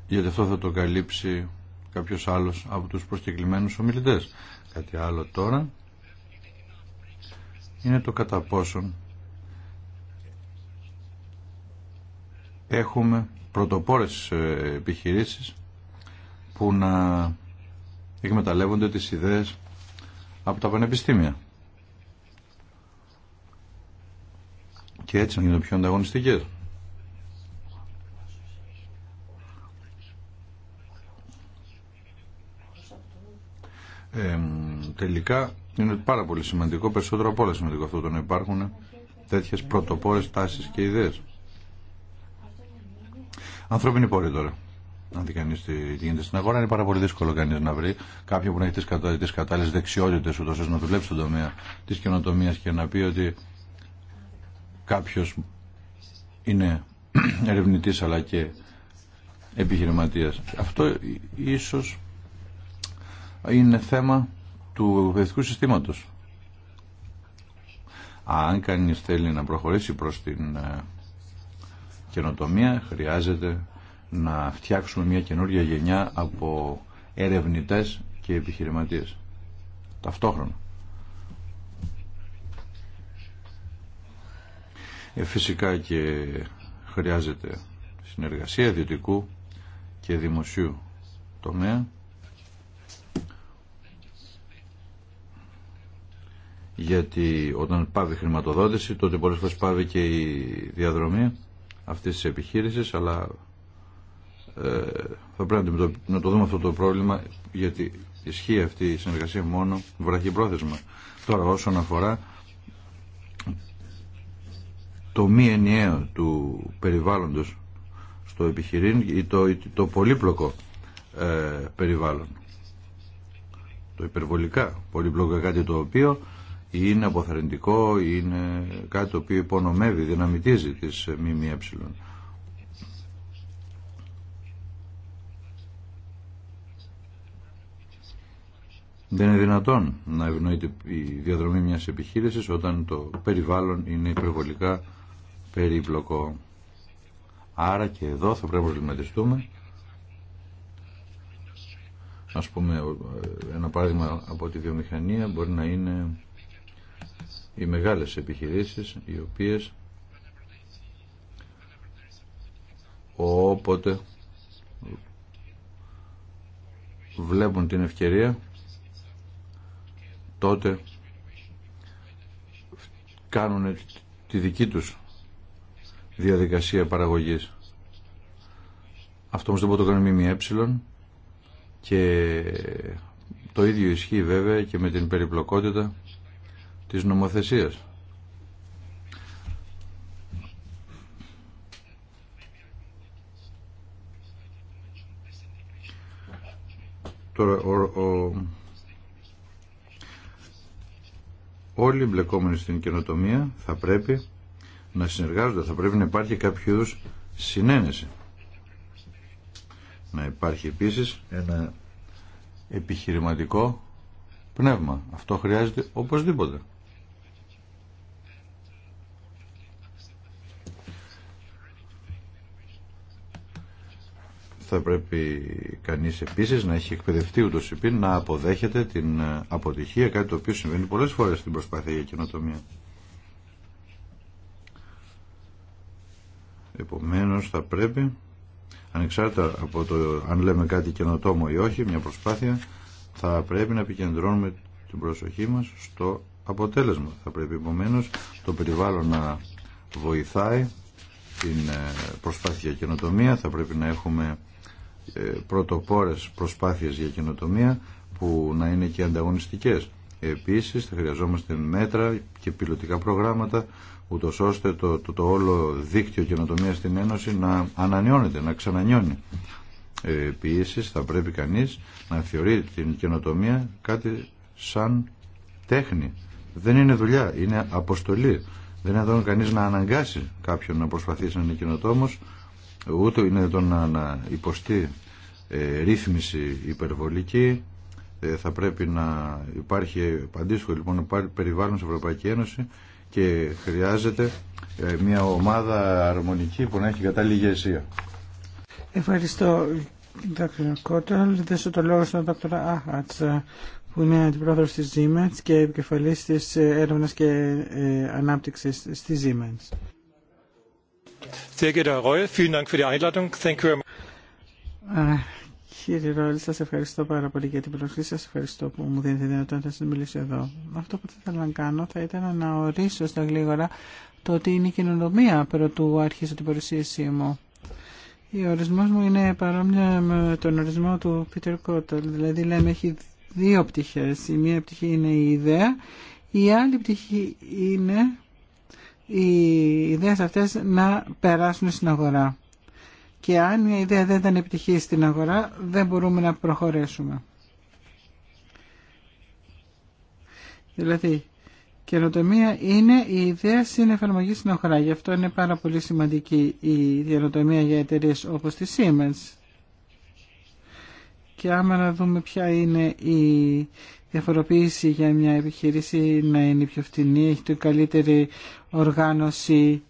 Γιατί αυτό θα το καλύψει κάποιος άλλος από τους προσκεκλημένους ομιλητές. Κάτι άλλο τώρα είναι το κατά πόσον έχουμε πρωτοπόρες ε, επιχειρήσεις που να εκμεταλλεύονται τις ιδέες από τα πανεπιστήμια. Και έτσι να γίνονται πιο ανταγωνιστικές. Ε, τελικά είναι πάρα πολύ σημαντικό, περισσότερο από όλα σημαντικό αυτό το να υπάρχουν τέτοιε πρωτοπόρε τάσει και ιδέε. Ανθρώπινη πόρη τώρα. Αν δει κανεί τι γίνεται στην αγορά, είναι πάρα πολύ δύσκολο κανεί να βρει κάποιον που να έχει τι κατάλληλε δεξιότητε, ούτω ώστε να δουλέψει στον τομέα τη καινοτομία και να πει ότι κάποιο είναι *clears throat* ερευνητή αλλά και επιχειρηματία. Αυτό ίσω είναι θέμα του εκπαιδευτικού συστήματος. Αν κάνει θέλει να προχωρήσει προς την ε, καινοτομία, χρειάζεται να φτιάξουμε μια καινούργια γενιά από ερευνητές και επιχειρηματίες. Ταυτόχρονα. Ε, φυσικά και χρειάζεται συνεργασία ιδιωτικού και δημοσίου τομέα γιατί όταν πάβει χρηματοδότηση τότε πολλές φορές πάβει και η διαδρομή αυτής της επιχείρησης αλλά ε, θα πρέπει να το δούμε αυτό το πρόβλημα γιατί ισχύει αυτή η συνεργασία μόνο πρόθεσμα. Τώρα όσον αφορά το μη ενιαίο του περιβάλλοντος στο επιχειρήν ή το, το πολύπλοκο ε, περιβάλλον. Το υπερβολικά πολύπλοκο κάτι το οποίο είναι αποθαρρυντικό, είναι κάτι το οποίο υπονομεύει, δυναμητίζει τις ΜΜΕ. Δεν είναι δυνατόν να ευνοείται η διαδρομή μιας επιχείρησης όταν το περιβάλλον είναι υπερβολικά περίπλοκο. Άρα και εδώ θα πρέπει να προβληματιστούμε. Ας πούμε ε, ένα παράδειγμα από τη βιομηχανία μπορεί να είναι οι μεγάλες επιχειρήσεις οι οποίες όποτε βλέπουν την ευκαιρία τότε κάνουν τη δική τους διαδικασία παραγωγής. Αυτό όμως δεν μπορεί να το κάνει ΜΜΕ ε και το ίδιο ισχύει βέβαια και με την περιπλοκότητα της νομοθεσίας. Τώρα, όλοι οι μπλεκόμενοι στην καινοτομία θα πρέπει να συνεργάζονται, θα πρέπει να υπάρχει κάποιο είδου συνένεση. Να υπάρχει επίσης ένα επιχειρηματικό πνεύμα. Αυτό χρειάζεται οπωσδήποτε. Θα πρέπει κανείς επίσης να έχει εκπαιδευτεί ούτως ή να αποδέχεται την αποτυχία, κάτι το οποίο συμβαίνει πολλές φορές στην προσπάθεια για καινοτομία. Επομένως θα πρέπει, ανεξάρτητα από το αν λέμε κάτι καινοτόμο ή όχι, μια προσπάθεια, θα πρέπει να επικεντρώνουμε την προσοχή μας στο αποτέλεσμα. Θα πρέπει επομένως το περιβάλλον να βοηθάει την ε, προσπάθεια καινοτομία, θα πρέπει να έχουμε ε, πρωτοπόρες προσπάθειες για καινοτομία που να είναι και ανταγωνιστικές. Επίσης θα χρειαζόμαστε μέτρα και πιλωτικά προγράμματα ούτω ώστε το, το, το, όλο δίκτυο καινοτομία στην Ένωση να ανανιώνεται, να ξανανιώνει. Ε, επίσης θα πρέπει κανείς να θεωρεί την καινοτομία κάτι σαν τέχνη. Δεν είναι δουλειά, είναι αποστολή. Δεν είναι κανείς να αναγκάσει κάποιον να προσπαθήσει να είναι καινοτόμος, Ούτε είναι το να, να υποστεί ε, ρύθμιση υπερβολική. Ε, θα πρέπει να υπάρχει αντίστοιχο λοιπόν περιβάλλον στην Ευρωπαϊκή Ένωση και χρειάζεται ε, μια ομάδα αρμονική που να έχει κατάλληλη ηγεσία. Ευχαριστώ. Δόκτωρα Κόταλ, δέσω το λόγο στον δόκτωρα Άχατσα, που είναι αντιπρόεδρος της Siemens και επικεφαλής της έρευνας και ανάπτυξης στη Siemens. Sehr geehrter Herr Reul, vielen Dank für die Einladung. Thank you very Κύριε Ρόλη, σα ευχαριστώ πάρα πολύ για την προσοχή Σα Ευχαριστώ που μου δίνετε δυνατότητα να σα μιλήσω εδώ. Αυτό που θα ήθελα να κάνω θα ήταν να ορίσω στα γλίγορα το ότι είναι η κοινωνία πρωτού αρχίσω την παρουσίασή μου. Ο ορισμό μου είναι παρόμοια με τον ορισμό του Πίτερ Κότολ. Δηλαδή λέμε έχει δύο πτυχέ. Η μία πτυχή είναι η ιδέα, η άλλη πτυχή είναι οι ιδέες αυτές να περάσουν στην αγορά. Και αν η ιδέα δεν ήταν επιτυχή στην αγορά, δεν μπορούμε να προχωρήσουμε. Δηλαδή, καινοτομία είναι η ιδέα εφαρμογή στην αγορά. Γι' αυτό είναι πάρα πολύ σημαντική η καινοτομία για εταιρείε όπως τη Siemens. Και άμα να δούμε ποια είναι η διαφοροποίηση για μια επιχείρηση να είναι πιο φτηνή, έχει την καλύτερη οργάνωση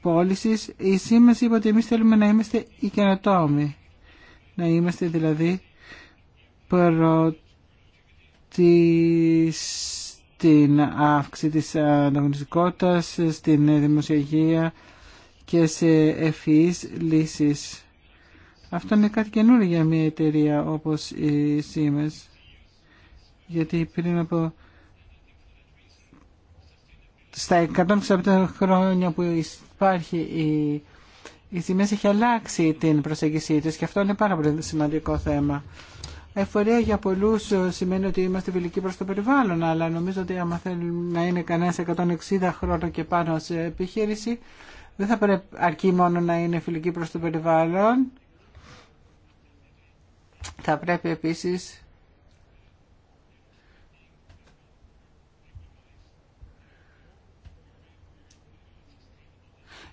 πώληση. Η ΣΥΜΕΣ είπε ότι εμεί θέλουμε να είμαστε οι καινοτόμοι. Να είμαστε δηλαδή πρώτοι στην αύξηση της ανταγωνιστικότητα στην δημοσιογεία και σε ευφυείς λύσεις. Αυτό είναι κάτι καινούργιο για μια εταιρεία όπως η Siemens γιατί πριν από στα 160 χρόνια που υπάρχει η, η είχε έχει αλλάξει την προσέγγιση της και αυτό είναι πάρα πολύ σημαντικό θέμα. Εφορία για πολλούς σημαίνει ότι είμαστε φιλικοί προς το περιβάλλον, αλλά νομίζω ότι άμα θέλει να είναι κανένα 160 χρόνια και πάνω σε επιχείρηση, δεν θα πρέπει αρκεί μόνο να είναι φιλική προς το περιβάλλον. Θα πρέπει επίσης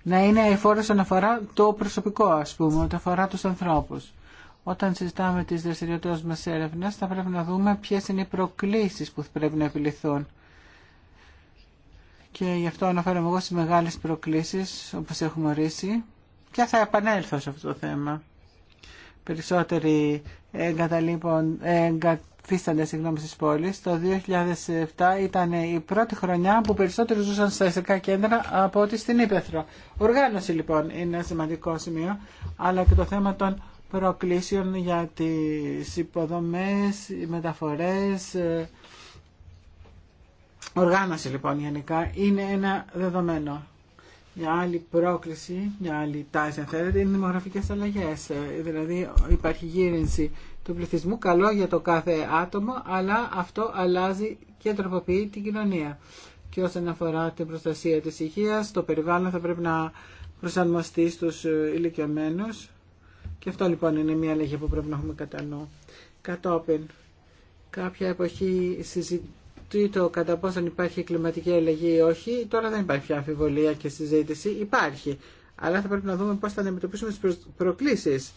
να είναι αηφόρο όσον αφορά το προσωπικό, α πούμε, όταν αφορά του ανθρώπου. Όταν συζητάμε τι δραστηριότητε μα έρευνα, θα πρέπει να δούμε ποιε είναι οι προκλήσει που πρέπει να επιληθούν. Και γι' αυτό αναφέρομαι εγώ στι μεγάλε προκλήσει, όπω έχουμε ορίσει, και θα επανέλθω σε αυτό το θέμα. Περισσότεροι εγκαταλείπων, εγκα, φύστανται συγγνώμη στις πόλεις. Το 2007 ήταν η πρώτη χρονιά που περισσότεροι ζούσαν στα αστικά κέντρα από ότι στην Ήπεθρο. Οργάνωση λοιπόν είναι ένα σημαντικό σημείο, αλλά και το θέμα των προκλήσεων για τις υποδομές, οι μεταφορές, ε, οργάνωση λοιπόν γενικά είναι ένα δεδομένο. Μια άλλη πρόκληση, μια άλλη τάση αν θέλετε, είναι οι δημογραφικές αλλαγές. Ε, δηλαδή υπάρχει γύρινση του πληθυσμού, καλό για το κάθε άτομο, αλλά αυτό αλλάζει και τροποποιεί την κοινωνία. Και όσον αφορά την προστασία της υγείας, το περιβάλλον θα πρέπει να προσαρμοστεί στους ε, ηλικιωμένους. Και αυτό λοιπόν είναι μια αλλαγή που πρέπει να έχουμε κατά νου. Κατόπιν, κάποια εποχή συζητεί το κατά πόσον υπάρχει κλιματική αλλαγή ή όχι. Τώρα δεν υπάρχει πια αμφιβολία και συζήτηση. Υπάρχει. Αλλά θα πρέπει να δούμε πώς θα αντιμετωπίσουμε τις προκλήσεις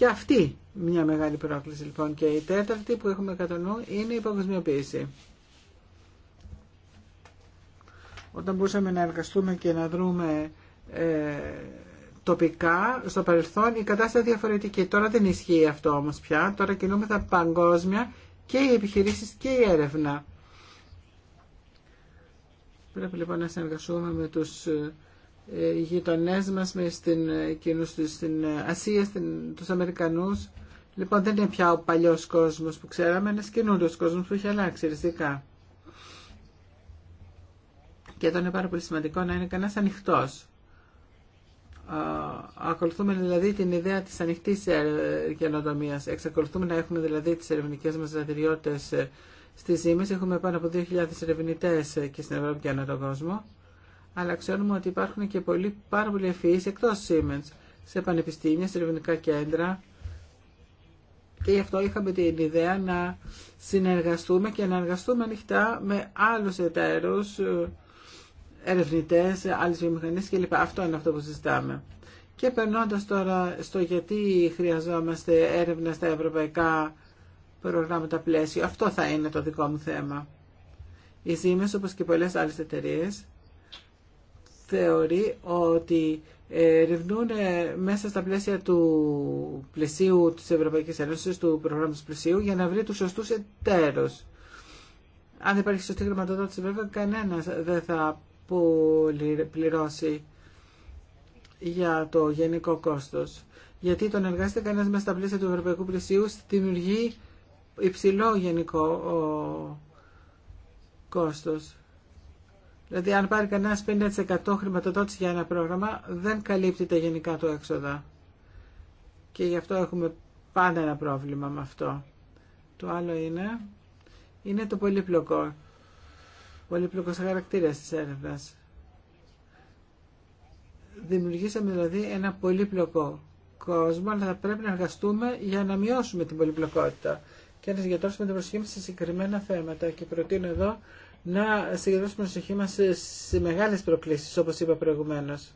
και αυτή μια μεγάλη πρόκληση λοιπόν. Και η τέταρτη που έχουμε κατά νου είναι η παγκοσμιοποίηση. Όταν μπορούσαμε να εργαστούμε και να δρούμε ε, τοπικά, στο παρελθόν η κατάσταση διαφορετική. Τώρα δεν ισχύει αυτό όμως πια. Τώρα κινούμεθα παγκόσμια και οι επιχειρήσεις και η έρευνα. Πρέπει λοιπόν να συνεργαστούμε με τους ε, οι ε, γειτονέ μα στην, ε, στην ε, Ασία, στην, Αμερικανού. Λοιπόν, δεν είναι πια ο παλιό κόσμο που ξέραμε, είναι καινούριο κόσμο που έχει αλλάξει ριζικά. Και εδώ είναι πάρα πολύ σημαντικό να είναι κανένα ανοιχτό. Ακολουθούμε δηλαδή την ιδέα τη ανοιχτή καινοτομία. Εξακολουθούμε να έχουμε δηλαδή τις ερευνητικέ μας δραστηριότητε στις Ζήμε. Έχουμε πάνω από 2.000 ερευνητέ και στην Ευρώπη και ανά τον κόσμο αλλά ξέρουμε ότι υπάρχουν και πολύ πάρα πολλοί ευφυείς εκτός Siemens σε πανεπιστήμια, σε ερευνητικά κέντρα και γι' αυτό είχαμε την ιδέα να συνεργαστούμε και να εργαστούμε ανοιχτά με άλλους εταίρους, ερευνητές, άλλες βιομηχανίες κλπ. Αυτό είναι αυτό που συζητάμε. Και περνώντα τώρα στο γιατί χρειαζόμαστε έρευνα στα ευρωπαϊκά προγράμματα πλαίσιο, αυτό θα είναι το δικό μου θέμα. Οι Siemens, όπως και πολλές άλλες εταιρείες, θεωρεί ότι ε, ερευνούν ε, μέσα στα πλαίσια του πλαισίου της Ευρωπαϊκής Ένωσης, του προγράμματος πλαισίου, για να βρει τους σωστούς εταίρους. Αν δεν υπάρχει σωστή χρηματοδότηση, βέβαια, κανένας δεν θα πληρώσει για το γενικό κόστος. Γιατί τον εργάζεται κανένας μέσα στα πλαίσια του ευρωπαϊκού πλαισίου, δημιουργεί υψηλό γενικό κόστος. Δηλαδή αν πάρει κανένα 50% χρηματοδότηση για ένα πρόγραμμα δεν καλύπτει τα γενικά του έξοδα. Και γι' αυτό έχουμε πάντα ένα πρόβλημα με αυτό. Το άλλο είναι, είναι το πολύπλοκο. Πολύπλοκος χαρακτήρα τη έρευνα. Δημιουργήσαμε δηλαδή ένα πολύπλοκο κόσμο, αλλά θα πρέπει να εργαστούμε για να μειώσουμε την πολυπλοκότητα και να συγκεντρώσουμε την προσοχή σε συγκεκριμένα θέματα. Και προτείνω εδώ να συγκεντρώσουμε την προσοχή μας σε μεγάλες προκλήσεις, όπως είπα προηγουμένως.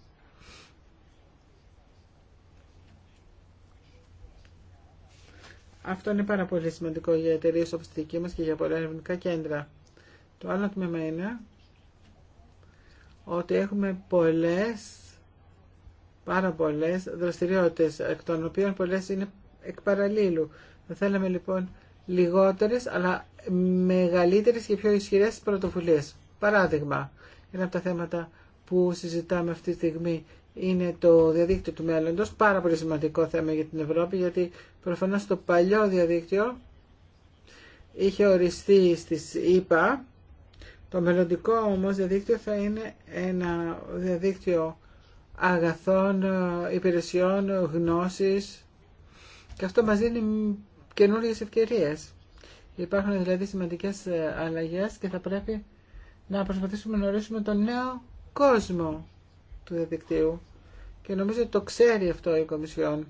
Αυτό είναι πάρα πολύ σημαντικό για εταιρείε όπως τη δική μας και για πολλά ερευνητικά κέντρα. Το άλλο τμήμα είναι ότι έχουμε πολλές, πάρα πολλές δραστηριότητες, εκ των οποίων πολλές είναι εκ παραλίλου. Θα θέλαμε λοιπόν Λιγότερε, αλλά μεγαλύτερε και πιο ισχυρέ πρωτοβουλίε. Παράδειγμα, ένα από τα θέματα που συζητάμε αυτή τη στιγμή είναι το διαδίκτυο του μέλλοντος, πάρα πολύ σημαντικό θέμα για την Ευρώπη, γιατί προφανώς το παλιό διαδίκτυο είχε οριστεί στις ΗΠΑ, το μελλοντικό όμως διαδίκτυο θα είναι ένα διαδίκτυο αγαθών, υπηρεσιών, γνώσης και αυτό μας δίνει Καινούριε ευκαιρίες. Υπάρχουν δηλαδή σημαντικές ε, αλλαγές και θα πρέπει να προσπαθήσουμε να ορίσουμε τον νέο κόσμο του διαδικτύου. Και νομίζω ότι το ξέρει αυτό η Κομισιόν.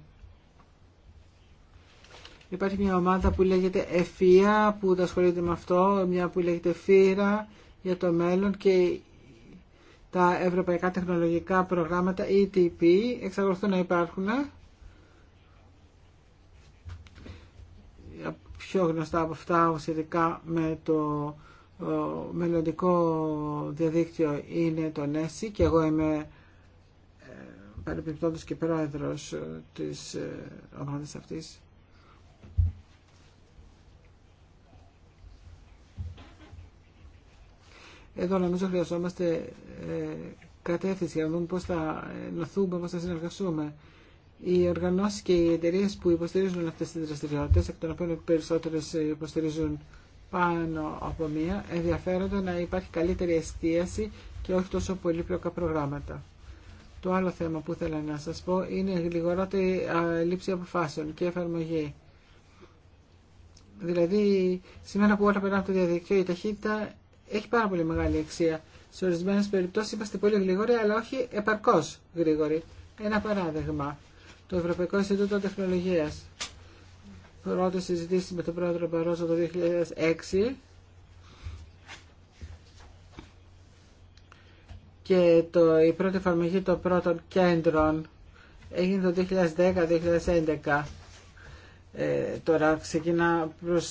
Υπάρχει μια ομάδα που λέγεται ΕΦΙΑ που ασχολείται με αυτό, μια που λέγεται ΦΥΡΑ για το μέλλον και τα ευρωπαϊκά τεχνολογικά προγράμματα ETP εξακολουθούν να υπάρχουν πιο γνωστά από αυτά σχετικά με το ε, μελλοντικό διαδίκτυο είναι το ΝΕΣΥ και εγώ είμαι ε, παρεμπιπτόντως και πρόεδρος ε, της ομάδας αυτής. Εδώ νομίζω χρειαζόμαστε κατεύθυνση για να δούμε πώς θα ενωθούμε, πώς θα συνεργαστούμε οι οργανώσει και οι εταιρείε που υποστηρίζουν αυτέ τι δραστηριότητε, εκ των οποίων οι περισσότερε υποστηρίζουν πάνω από μία, ενδιαφέρονται να υπάρχει καλύτερη εστίαση και όχι τόσο πολύπλοκα προγράμματα. Το άλλο θέμα που ήθελα να σα πω είναι η γλυγορότερη λήψη αποφάσεων και εφαρμογή. Δηλαδή, σήμερα που όλα περνάνε από το διαδικτύο, η ταχύτητα έχει πάρα πολύ μεγάλη αξία. Σε ορισμένε περιπτώσει είμαστε πολύ γρήγοροι, αλλά όχι επαρκώ γρήγοροι. Ένα παράδειγμα το Ευρωπαϊκό Ινστιτούτο Τεχνολογία Πρώτη συζήτηση με τον πρόεδρο Μπαρόζο το 2006 και το, η πρώτη εφαρμογή των πρώτων κέντρων έγινε το 2010-2011. Ε, τώρα ξεκινά προς...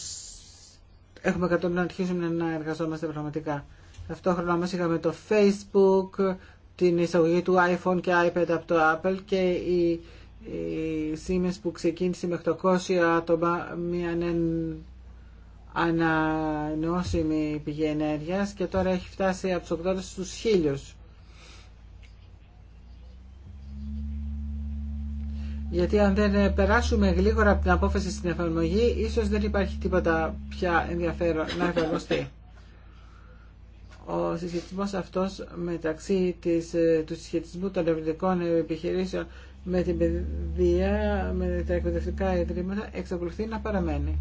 Έχουμε κατόπιν να αρχίσουμε να εργαζόμαστε πραγματικά. Ταυτόχρονα όμως είχαμε το Facebook, την εισαγωγή του iPhone και iPad από το Apple και η η Siemens που ξεκίνησε με 800 άτομα μια ανανεώσιμη πηγή ενέργειας και τώρα έχει φτάσει από τους 80 στους 1000. Γιατί αν δεν περάσουμε γλίγορα από την απόφαση στην εφαρμογή, ίσως δεν υπάρχει τίποτα πια ενδιαφέρον να εφαρμοστεί. Ο συσχετισμός αυτός μεταξύ της, του συσχετισμού των ευρωτικών επιχειρήσεων με την παιδεία, με τα εκπαιδευτικά ιδρύματα, εξακολουθεί να παραμένει.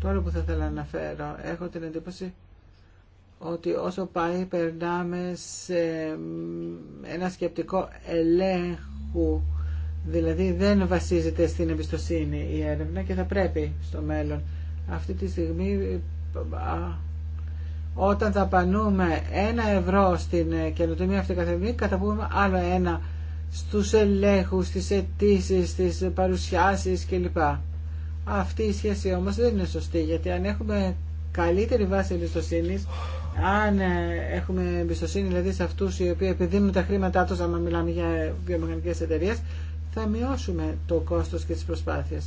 Τώρα που θα ήθελα να αναφέρω, έχω την εντύπωση ότι όσο πάει περνάμε σε ένα σκεπτικό ελέγχου, δηλαδή δεν βασίζεται στην εμπιστοσύνη η έρευνα και θα πρέπει στο μέλλον. Αυτή τη στιγμή όταν θα δαπανούμε ένα ευρώ στην ε, καινοτομία αυτή καθημερινή, καταβούμε άλλο ένα στους ελέγχους, στις αιτήσει, στις παρουσιάσεις κλπ. Αυτή η σχέση όμως δεν είναι σωστή, γιατί αν έχουμε καλύτερη βάση εμπιστοσύνη, αν ε, έχουμε εμπιστοσύνη δηλαδή σε αυτούς οι οποίοι επιδίνουν τα χρήματά τους, άμα μιλάμε για βιομηχανικές εταιρείες, θα μειώσουμε το κόστος και τις προσπάθειες.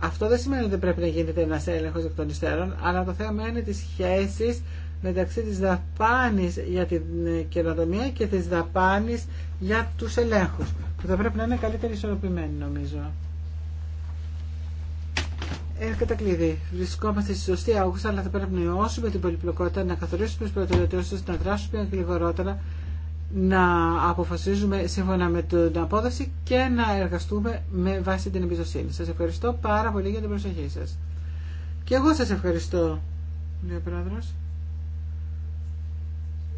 Αυτό δεν σημαίνει ότι δεν πρέπει να γίνεται ένα έλεγχο εκ των υστέρων, αλλά το θέμα είναι τι σχέσει μεταξύ τη δαπάνη για την ε, καινοτομία και τη δαπάνη για του ελέγχου. που θα πρέπει να είναι καλύτερη ισορροπημένη νομίζω. Έρχεται κλειδί. βρισκόμαστε στη σωστή άγουσα, αλλά θα πρέπει να νιώσουμε την πολυπλοκότητα, να καθορίσουμε τι προτεραιότητε να δράσουμε γλυγορότερα να αποφασίζουμε σύμφωνα με την απόδοση και να εργαστούμε με βάση την εμπιστοσύνη. Σας ευχαριστώ πάρα πολύ για την προσοχή σας. Και εγώ σας ευχαριστώ, κύριε Πρόεδρος.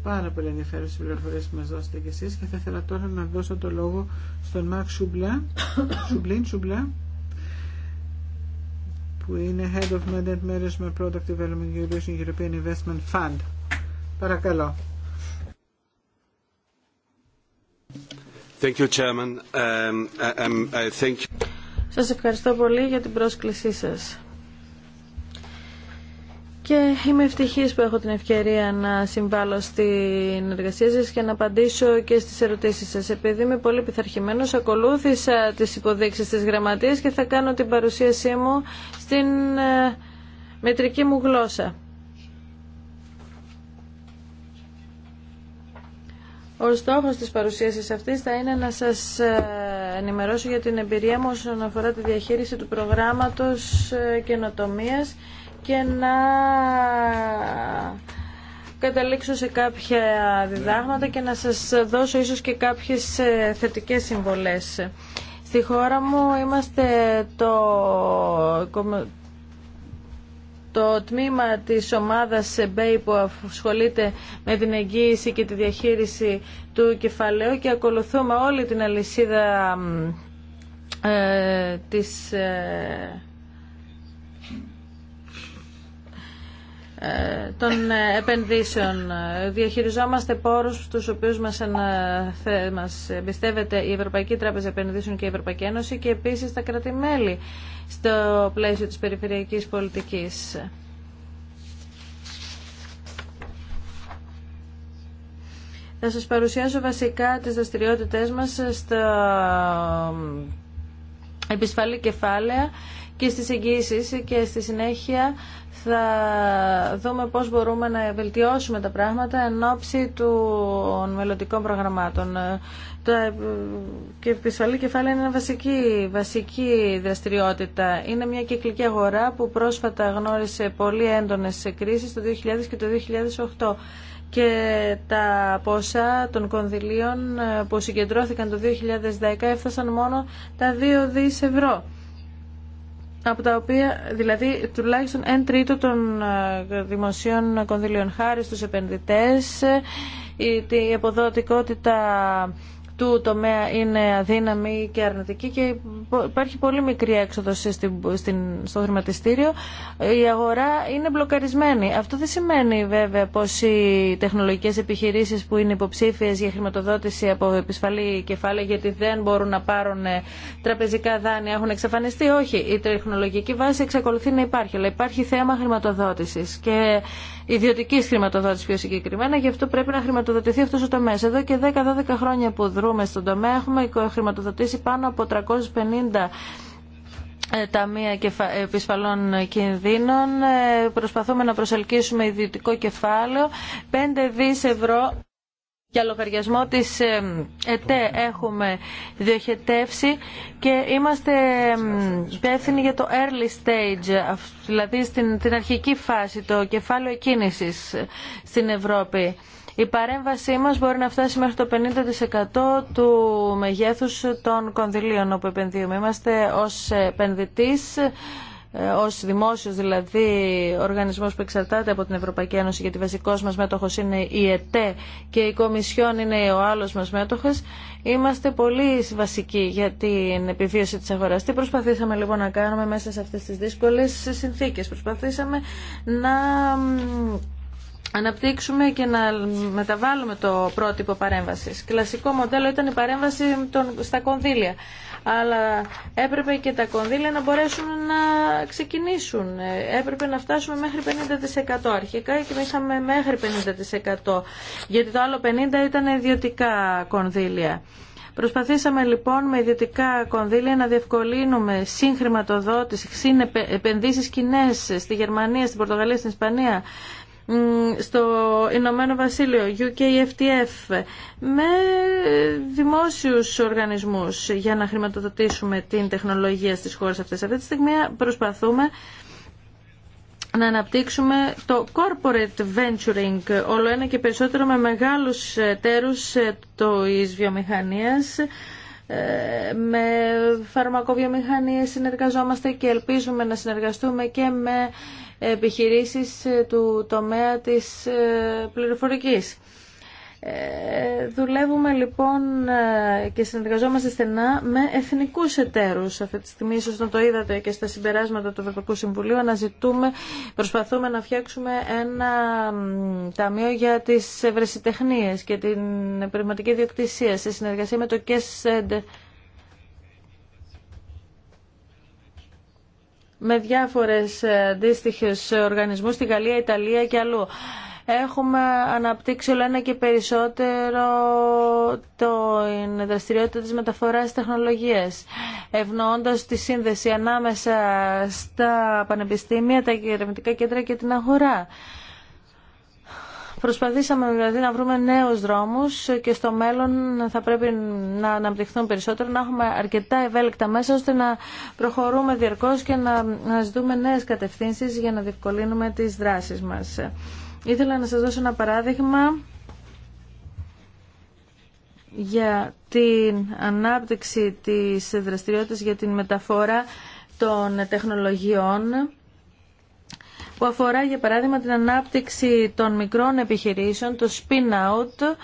Πάρα πολύ ενδιαφέρον οι πληροφορίε που μα δώσετε κι εσεί και θα ήθελα τώρα να δώσω το λόγο στον Μαρκ Σουμπλά, *coughs* Σουμπλίν Σουμπλά, που είναι Head of Management Management Product Development European Investment Fund. Παρακαλώ. Thank um, um, Σας ευχαριστώ πολύ για την πρόσκλησή σας. Και είμαι ευτυχής που έχω την ευκαιρία να συμβάλλω στην εργασία σας και να απαντήσω και στις ερωτήσεις σας. Επειδή είμαι πολύ πειθαρχημένος, ακολούθησα τις υποδείξεις της γραμματείας και θα κάνω την παρουσίασή μου στην ε, μετρική μου γλώσσα. Ο στόχος της παρουσίασης αυτής θα είναι να σας ε, ενημερώσω για την εμπειρία μου όσον αφορά τη διαχείριση του προγράμματος ε, καινοτομίας και να ε, καταλήξω σε κάποια διδάγματα και να σας δώσω ίσως και κάποιες θετικές συμβολές. Στη χώρα μου είμαστε το, το τμήμα της ομάδας ΕΜΠΕΙ που ασχολείται με την εγγύηση και τη διαχείριση του κεφαλαίου και ακολουθούμε όλη την αλυσίδα ε, της ε, των επενδύσεων. Διαχειριζόμαστε πόρους στους οποίους μας, μας εμπιστεύεται η Ευρωπαϊκή Τράπεζα Επενδύσεων και η Ευρωπαϊκή Ένωση και επίσης τα κρατημέλη στο πλαίσιο της περιφερειακής πολιτικής. Θα σας παρουσιάσω βασικά τις δραστηριότητές μας στα επισφαλή κεφάλαια και στις εγγύησεις και στη συνέχεια θα δούμε πώς μπορούμε να βελτιώσουμε τα πράγματα εν ώψη των μελλοντικών προγραμμάτων. Το και επισφαλή κεφάλαια είναι βασική, βασική δραστηριότητα. Είναι μια κυκλική αγορά που πρόσφατα γνώρισε πολύ έντονες κρίσεις το 2000 και το 2008 και τα ποσά των κονδυλίων που συγκεντρώθηκαν το 2010 έφτασαν μόνο τα 2 δις ευρώ από τα οποία, δηλαδή τουλάχιστον εν τρίτο των ε, δημοσίων κονδυλίων χάρη στους επενδυτές, η αποδοτικότητα του τομέα είναι αδύναμη και αρνητική και υπάρχει πολύ μικρή έξοδο στο χρηματιστήριο, η αγορά είναι μπλοκαρισμένη. Αυτό δεν σημαίνει βέβαια πως οι τεχνολογικές επιχειρήσεις που είναι υποψήφιες για χρηματοδότηση από επισφαλή κεφάλαια γιατί δεν μπορούν να πάρουν ε, τραπεζικά δάνεια έχουν εξαφανιστεί. Όχι, η τεχνολογική βάση εξακολουθεί να υπάρχει, αλλά υπάρχει θέμα χρηματοδότησης. Και ιδιωτική χρηματοδότηση πιο συγκεκριμένα. Γι' αυτό πρέπει να χρηματοδοτηθεί αυτό ο τομέα. Εδώ και 10-12 χρόνια που δρούμε στον τομέα έχουμε χρηματοδοτήσει πάνω από 350 ε, ταμεία επισφαλών κινδύνων. Ε, προσπαθούμε να προσελκύσουμε ιδιωτικό κεφάλαιο. 5 δις ευρώ για λογαριασμό της ε, ΕΤΕ έχουμε διοχετεύσει και είμαστε υπεύθυνοι για το early stage, δηλαδή στην την αρχική φάση, το κεφάλαιο κίνησης στην Ευρώπη. Η παρέμβασή μας μπορεί να φτάσει μέχρι το 50% του μεγέθους των κονδυλίων όπου επενδύουμε. Είμαστε ως επενδυτής ε, ως δημόσιος δηλαδή οργανισμός που εξαρτάται από την Ευρωπαϊκή Ένωση γιατί βασικός μας μέτοχος είναι η ΕΤΕ και η Κομισιόν είναι ο άλλος μας μέτοχος είμαστε πολύ βασικοί για την επιβίωση της αγοράς. Τι προσπαθήσαμε λοιπόν να κάνουμε μέσα σε αυτές τις δύσκολες συνθήκες. Προσπαθήσαμε να αναπτύξουμε και να μεταβάλουμε το πρότυπο παρέμβασης. Κλασικό μοντέλο ήταν η παρέμβαση στα κονδύλια. Αλλά έπρεπε και τα κονδύλια να μπορέσουν να ξεκινήσουν. Έπρεπε να φτάσουμε μέχρι 50% αρχικά και είχαμε μέχρι 50% γιατί το άλλο 50% ήταν ιδιωτικά κονδύλια. Προσπαθήσαμε λοιπόν με ιδιωτικά κονδύλια να διευκολύνουμε σύγχρηματοδότηση, επενδύσεις κοινέ στη Γερμανία, στην Πορτογαλία, στην Ισπανία στο Ηνωμένο Βασίλειο, UKFTF, με δημόσιους οργανισμούς για να χρηματοδοτήσουμε την τεχνολογία στις χώρες αυτές. Αυτή τη στιγμή προσπαθούμε να αναπτύξουμε το corporate venturing, όλο ένα και περισσότερο με μεγάλους τέρους της βιομηχανίας, ε, με φαρμακοβιομηχανίες συνεργαζόμαστε και ελπίζουμε να συνεργαστούμε και με επιχειρήσεις ε, του τομέα της ε, πληροφορικής. Ε, δουλεύουμε λοιπόν και συνεργαζόμαστε στενά με εθνικούς εταίρους αυτή τη στιγμή ίσως να το είδατε και στα συμπεράσματα του Ευρωπαϊκού Συμβουλίου αναζητούμε, προσπαθούμε να φτιάξουμε ένα ταμείο για τις ευρεσιτεχνίες και την πνευματική διοκτησία σε συνεργασία με το ΚΕΣΕΝΤ με διάφορες ε, αντίστοιχες οργανισμούς στη Γαλλία, Ιταλία και αλλού. Έχουμε αναπτύξει όλο ένα και περισσότερο την δραστηριότητα της μεταφοράς τεχνολογίας, ευνοώντας τη σύνδεση ανάμεσα στα πανεπιστήμια, τα ερευνητικά κέντρα και την αγορά. Προσπαθήσαμε δηλαδή να βρούμε νέους δρόμους και στο μέλλον θα πρέπει να αναπτυχθούν περισσότερο, να έχουμε αρκετά ευέλικτα μέσα ώστε να προχωρούμε διαρκώς και να, να ζητούμε νέες κατευθύνσεις για να διευκολύνουμε τις δράσεις μας. Ήθελα να σας δώσω ένα παράδειγμα για την ανάπτυξη της δραστηριότητας για την μεταφορά των τεχνολογιών που αφορά για παράδειγμα την ανάπτυξη των μικρών επιχειρήσεων, το spin-out,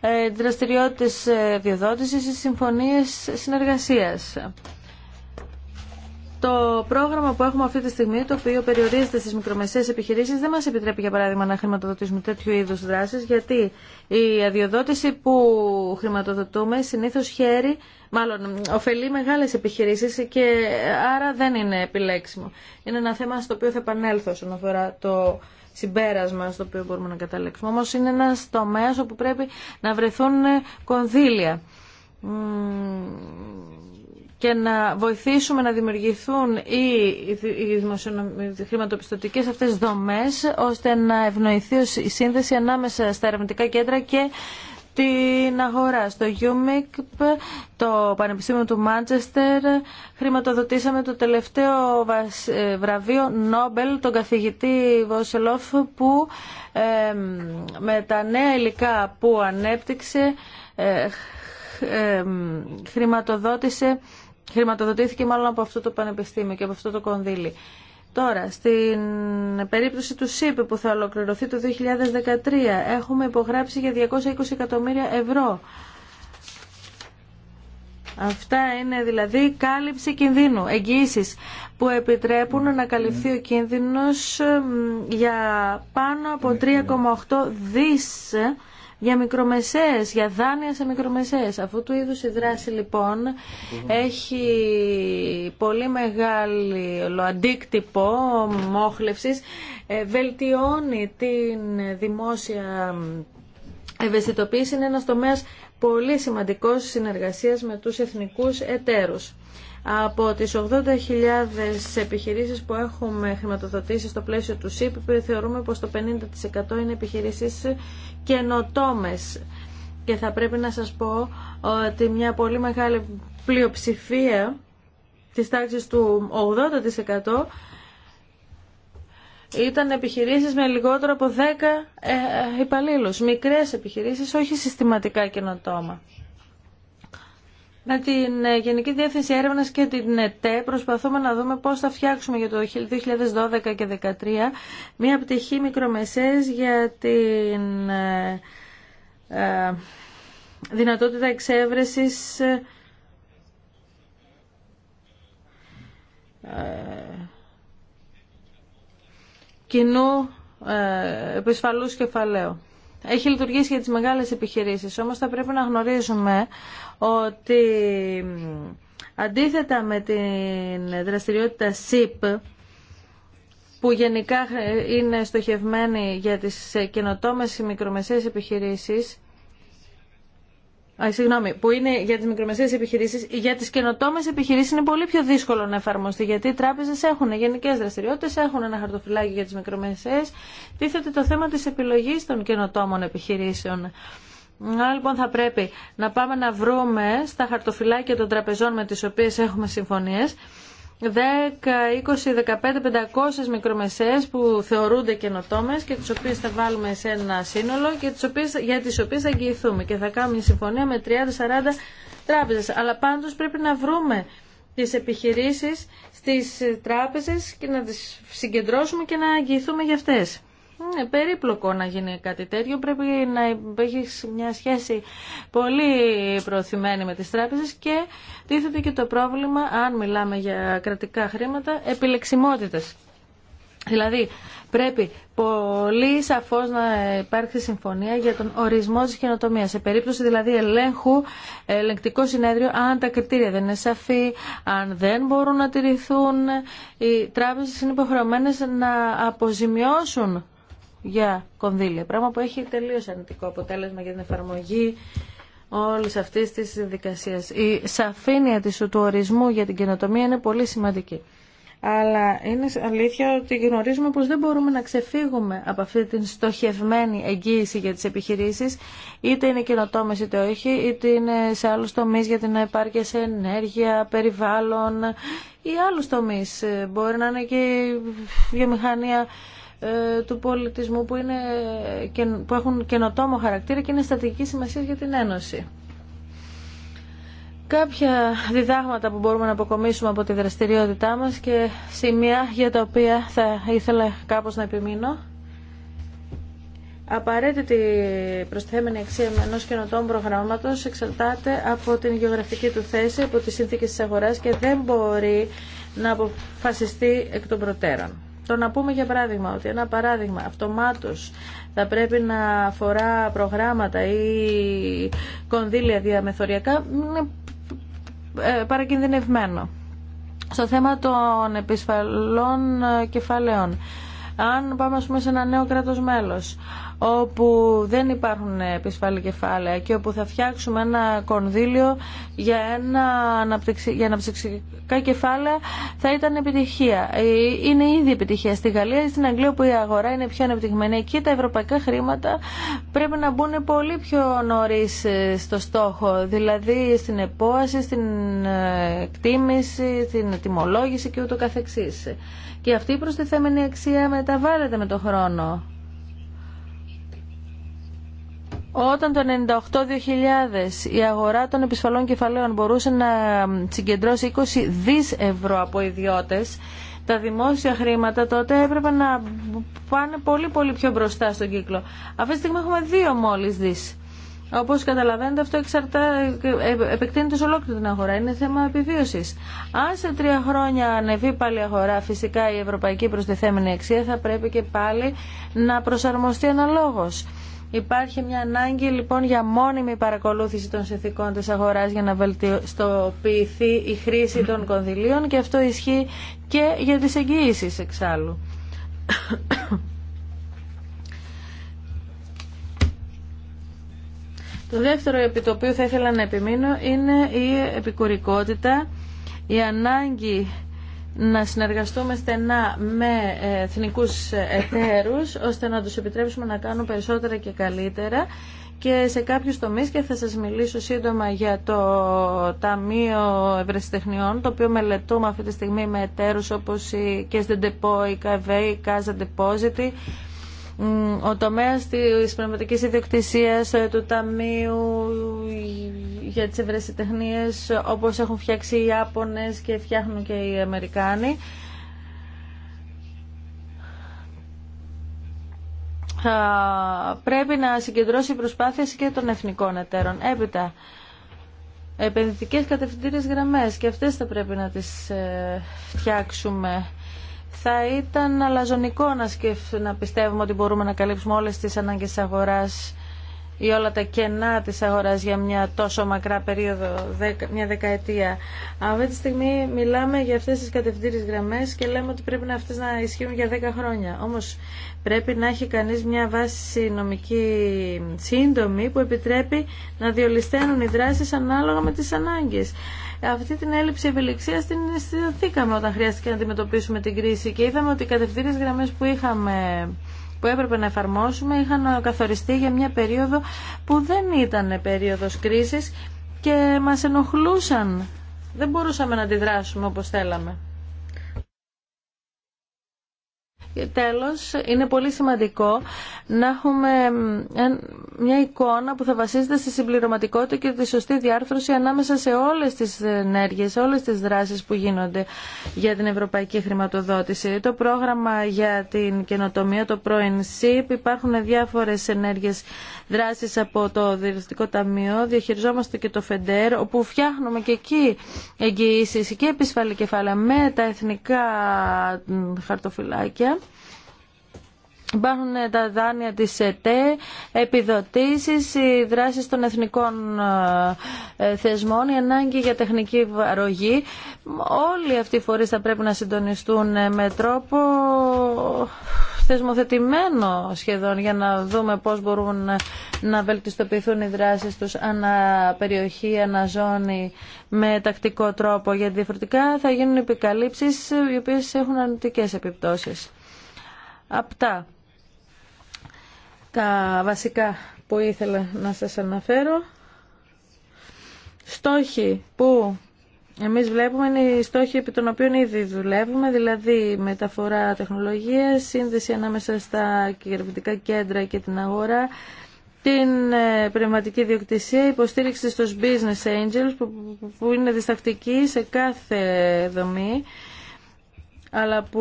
ε, δραστηριότητες ε, διοδότηση ή συμφωνίες συνεργασίας το πρόγραμμα που έχουμε αυτή τη στιγμή, το οποίο περιορίζεται στι μικρομεσαίες επιχειρήσει, δεν μα επιτρέπει, για παράδειγμα, να χρηματοδοτήσουμε τέτοιου είδους δράσεις, γιατί η αδειοδότηση που χρηματοδοτούμε συνήθω χαίρει, μάλλον ωφελεί μεγάλε επιχειρήσει και άρα δεν είναι επιλέξιμο. Είναι ένα θέμα στο οποίο θα επανέλθω όσον αφορά το συμπέρασμα στο οποίο μπορούμε να καταλέξουμε. Όμω, είναι ένα τομέα όπου πρέπει να βρεθούν κονδύλια και να βοηθήσουμε να δημιουργηθούν οι χρηματοπιστωτικές αυτές δομές ώστε να ευνοηθεί η σύνδεση ανάμεσα στα ερευνητικά κέντρα και την αγορά. Στο UMIC, το Πανεπιστήμιο του Μάντσεστερ, χρηματοδοτήσαμε το τελευταίο ε, βραβείο Νόμπελ, τον καθηγητή Βόσελοφ, που με τα νέα υλικά που ανέπτυξε ε, χρηματοδότησε χρηματοδοτήθηκε μάλλον από αυτό το πανεπιστήμιο και από αυτό το κονδύλι. Τώρα, στην περίπτωση του ΣΥΠ που θα ολοκληρωθεί το 2013, έχουμε υπογράψει για 220 εκατομμύρια ευρώ. Αυτά είναι δηλαδή κάλυψη κινδύνου, εγγύησεις που επιτρέπουν να καλυφθεί ο κίνδυνος για πάνω από 3,8 δις για μικρομεσαίες, για δάνεια σε μικρομεσαίες. Αφού του είδους η δράση λοιπόν έχει πολύ μεγάλο αντίκτυπο μόχλευσης, ε, βελτιώνει την δημόσια ευαισθητοποίηση, είναι ένας τομέας πολύ σημαντικός συνεργασίας με τους εθνικούς εταίρους. Από τις 80.000 επιχειρήσεις που έχουμε χρηματοδοτήσει στο πλαίσιο του ΣΥΠ, θεωρούμε πως το 50% είναι επιχειρήσεις καινοτόμες. Και θα πρέπει να σας πω ότι μια πολύ μεγάλη πλειοψηφία της τάξης του 80% ήταν επιχειρήσεις με λιγότερο από 10 ε, ε, υπαλλήλους. Μικρές επιχειρήσεις, όχι συστηματικά καινοτόμα με την ε, Γενική Διεύθυνση Έρευνα και την ΕΤΕ προσπαθούμε να δούμε πώ θα φτιάξουμε για το 2012 και 2013 μία πτυχή μικρομεσαίε για την ε, ε, δυνατότητα εξέβρεσης κοινού επισφαλούς κεφαλαίου έχει λειτουργήσει για τις μεγάλες επιχειρήσεις. Όμως θα πρέπει να γνωρίζουμε ότι αντίθετα με την δραστηριότητα SIP, που γενικά είναι στοχευμένη για τις καινοτόμες μικρομεσαίες επιχειρήσεις, α, συγγνώμη, που είναι για τις μικρομεσαίες επιχειρήσεις, για τις καινοτόμε επιχειρήσεις είναι πολύ πιο δύσκολο να εφαρμοστεί, γιατί οι τράπεζες έχουν γενικές δραστηριότητες, έχουν ένα χαρτοφυλάκι για τις μικρομεσαίες. Τίθεται το θέμα της επιλογής των καινοτόμων επιχειρήσεων. Άρα λοιπόν θα πρέπει να πάμε να βρούμε στα χαρτοφυλάκια των τραπεζών με τι οποίε έχουμε συμφωνίε. 10, 20, 15, 500 μικρομεσαίες που θεωρούνται καινοτόμες και τις οποίες θα βάλουμε σε ένα σύνολο και τις οποίες, για τις οποίες θα αγγιηθούμε και θα κάνουμε συμφωνία με 30-40 τράπεζες. Αλλά πάντως πρέπει να βρούμε τις επιχειρήσεις στις τράπεζες και να τις συγκεντρώσουμε και να αγγιηθούμε για αυτές. Είναι περίπλοκο να γίνει κάτι τέτοιο. Πρέπει να έχει μια σχέση πολύ προωθημένη με τις τράπεζες και τίθεται και το πρόβλημα, αν μιλάμε για κρατικά χρήματα, επιλεξιμότητας. Δηλαδή, πρέπει πολύ σαφώς να υπάρχει συμφωνία για τον ορισμό της καινοτομία. Σε περίπτωση δηλαδή ελέγχου, ελεγκτικό συνέδριο, αν τα κριτήρια δεν είναι σαφή, αν δεν μπορούν να τηρηθούν, οι τράπεζες είναι υποχρεωμένες να αποζημιώσουν για κονδύλια. Πράγμα που έχει τελείω αρνητικό αποτέλεσμα για την εφαρμογή όλη αυτή τη διαδικασία. Η σαφήνεια της του ορισμού για την καινοτομία είναι πολύ σημαντική. Αλλά είναι αλήθεια ότι γνωρίζουμε πως δεν μπορούμε να ξεφύγουμε από αυτή την στοχευμένη εγγύηση για τις επιχειρήσεις, είτε είναι καινοτόμες είτε όχι, είτε είναι σε άλλους τομείς για την επάρκεια σε ενέργεια, περιβάλλον ή άλλους τομείς. Μπορεί να είναι και η βιομηχανία ε, του πολιτισμού που, είναι, που έχουν καινοτόμο χαρακτήρα και είναι στατική σημασία για την Ένωση. Κάποια διδάγματα που μπορούμε να αποκομίσουμε από τη δραστηριότητά μας και σημεία για τα οποία θα ήθελα κάπως να επιμείνω. Απαραίτητη προσθέμενη αξία ενό καινοτόμου προγράμματο εξαρτάται από την γεωγραφική του θέση, από τις σύνθηκες της αγοράς και δεν μπορεί να αποφασιστεί εκ των προτέρων. Το να πούμε για παράδειγμα ότι ένα παράδειγμα αυτομάτως θα πρέπει να αφορά προγράμματα ή κονδύλια διαμεθοριακά είναι ε, παρακινδυνευμένο. Στο θέμα των επισφαλών ε, κεφαλαίων. Αν πάμε ας πούμε, σε ένα νέο κράτος μέλος όπου δεν υπάρχουν επισφαλή κεφάλαια και όπου θα φτιάξουμε ένα κονδύλιο για, ένα αναπτυξη... για αναπτυξιακά κεφάλαια θα ήταν επιτυχία. Ε, είναι ήδη επιτυχία στη Γαλλία ή στην Αγγλία όπου η αγορά είναι πιο ανεπτυγμένη. Εκεί τα ευρωπαϊκά χρήματα πρέπει να μπουν πολύ πιο νωρί ε, στο στόχο, δηλαδή στην επόαση, στην ε, εκτίμηση, στην τιμολόγηση και ούτω καθεξής. Και αυτή η προστιθέμενη αξία μεταβάλλεται με τον χρόνο. Όταν το 98-2000 η αγορά των επισφαλών κεφαλαίων μπορούσε να συγκεντρώσει 20 δις ευρώ από ιδιώτες, τα δημόσια χρήματα τότε έπρεπε να πάνε πολύ πολύ πιο μπροστά στον κύκλο. Αυτή τη στιγμή έχουμε δύο μόλις δις. Όπω καταλαβαίνετε αυτό εξαρτά, ε, ε, επεκτείνεται σε ολόκληρη την αγορά. Είναι θέμα επιβίωσης. Αν σε τρία χρόνια ανεβεί πάλι η αγορά, φυσικά η ευρωπαϊκή προστιθέμενη αξία θα πρέπει και πάλι να προσαρμοστεί αναλόγω. Υπάρχει μια ανάγκη λοιπόν για μόνιμη παρακολούθηση των συνθήκων της αγοράς για να βελτιστοποιηθεί η χρήση των κονδυλίων και αυτό ισχύει και για τις εγγύησεις εξάλλου. Το δεύτερο επί το οποίο θα ήθελα να επιμείνω είναι η επικουρικότητα, η ανάγκη να συνεργαστούμε στενά με εθνικούς εταίρους ώστε να τους επιτρέψουμε να κάνουν περισσότερα και καλύτερα και σε κάποιους τομείς και θα σας μιλήσω σύντομα για το Ταμείο Ευρεσιτεχνιών το οποίο μελετούμε αυτή τη στιγμή με εταίρους όπως η ΚΕΣ η ΚΑΒΕ, η ΚΑΖΑ ο τομέας της πνευματικής ιδιοκτησίας, ε, του Ταμείου ε, για τις ευρεσιτεχνίες, όπως έχουν φτιάξει οι Ιάπωνες και φτιάχνουν και οι Αμερικάνοι. πρέπει να συγκεντρώσει προσπάθειες και των εθνικών εταίρων. Έπειτα, επενδυτικές κατευθυντήριες γραμμές και αυτές θα πρέπει να τις ε, φτιάξουμε θα ήταν αλαζονικό να, να πιστεύουμε ότι μπορούμε να καλύψουμε όλες τις ανάγκες της αγοράς ή όλα τα κενά της αγοράς για μια τόσο μακρά περίοδο, μια δεκαετία. Αυτή τη στιγμή μιλάμε για αυτές τις κατευθύνσεις γραμμές και λέμε ότι πρέπει να αυτές να ισχύουν για δέκα χρόνια. Όμως πρέπει να έχει κανείς μια βάση νομική σύντομη που επιτρέπει να διολυσταίνουν οι δράσεις ανάλογα με τις ανάγκες αυτή την έλλειψη ευελιξία την αισθανθήκαμε όταν χρειάστηκε να αντιμετωπίσουμε την κρίση και είδαμε ότι οι κατευθύνε γραμμές που είχαμε που έπρεπε να εφαρμόσουμε είχαν καθοριστεί για μια περίοδο που δεν ήταν περίοδος κρίσης και μας ενοχλούσαν. Δεν μπορούσαμε να αντιδράσουμε όπως θέλαμε. Τέλος, είναι πολύ σημαντικό να έχουμε μια εικόνα που θα βασίζεται στη συμπληρωματικότητα και τη σωστή διάρθρωση ανάμεσα σε όλες τις ενέργειες, σε όλες τις δράσεις που γίνονται για την ευρωπαϊκή χρηματοδότηση. Το πρόγραμμα για την καινοτομία, το πρώην ΣΥΠ, υπάρχουν διάφορες ενέργειες δράσεις από το Διευθυντικό Ταμείο. Διαχειριζόμαστε και το ΦΕΝΤΕΡ, όπου φτιάχνουμε και εκεί εγγυήσει και επισφαλή κεφάλαια με τα εθνικά χαρτοφυλάκια. Υπάρχουν ε, τα δάνεια της ΕΤΕ, επιδοτήσεις, οι δράσεις των εθνικών ε, ε, θεσμών, η ανάγκη για τεχνική βαρογή. Όλοι αυτοί οι φορείς θα πρέπει να συντονιστούν με τρόπο θεσμοθετημένο σχεδόν για να δούμε πώς μπορούν να βελτιστοποιηθούν οι δράσεις τους ανά περιοχή, ανά ζώνη με τακτικό τρόπο γιατί διαφορετικά θα γίνουν επικαλύψεις οι οποίες έχουν αρνητικές επιπτώσεις. Αυτά τα βασικά που ήθελα να σας αναφέρω. Στόχοι που εμείς βλέπουμε είναι οι στόχοι επί των οποίων ήδη δουλεύουμε, δηλαδή μεταφορά τεχνολογίας, σύνδεση ανάμεσα στα κυβερνητικά κέντρα και την αγορά, την ε, πνευματική διοκτησία, υποστήριξη στους business angels που είναι διστακτική σε κάθε δομή αλλά που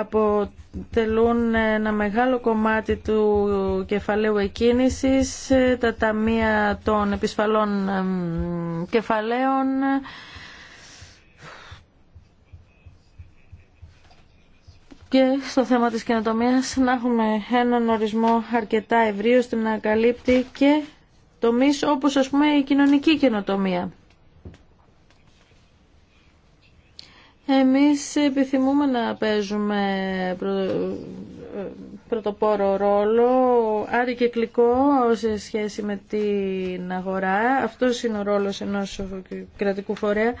αποτελούν ένα μεγάλο κομμάτι του κεφαλαίου εκκίνησης, ε, τα ταμεία των επισφαλών κεφαλαίων, και στο θέμα της καινοτομίας να έχουμε έναν ορισμό αρκετά ευρύ ώστε να καλύπτει και τομείς όπως ας πούμε η κοινωνική καινοτομία. Εμείς επιθυμούμε να παίζουμε πρωτοπόρο ρόλο, και κλικό σε σχέση με την αγορά. Αυτός είναι ο ρόλος ενός κρατικού φορέα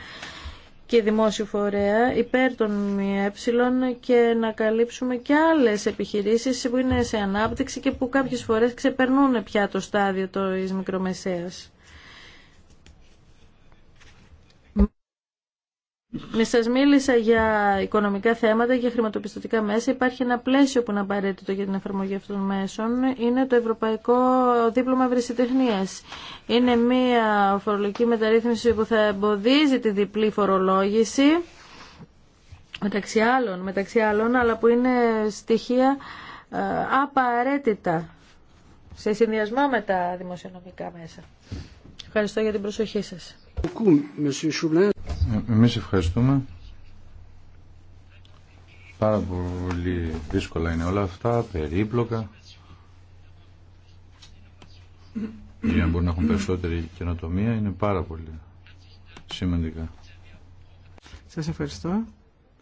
και δημόσιο φορέα υπέρ των ΜΕ και να καλύψουμε και άλλες επιχειρήσεις που είναι σε ανάπτυξη και που κάποιες φορές ξεπερνούν πια το στάδιο της μικρομεσαίας. Σα μίλησα για οικονομικά θέματα και χρηματοπιστωτικά μέσα. Υπάρχει ένα πλαίσιο που είναι απαραίτητο για την εφαρμογή αυτών των μέσων. Είναι το Ευρωπαϊκό Δίπλωμα Ευρεσιτεχνία. Είναι μια φορολογική μεταρρύθμιση που θα εμποδίζει τη διπλή φορολόγηση. Μεταξύ άλλων, μεταξύ άλλων, αλλά που είναι στοιχεία ε, απαραίτητα σε συνδυασμό με τα δημοσιονομικά μέσα. Ευχαριστώ για την προσοχή σας. Εμείς ευχαριστούμε. Πάρα πολύ δύσκολα είναι όλα αυτά, περίπλοκα. Για να μπορούν να έχουν περισσότερη καινοτομία είναι πάρα πολύ σημαντικά. Σας ευχαριστώ.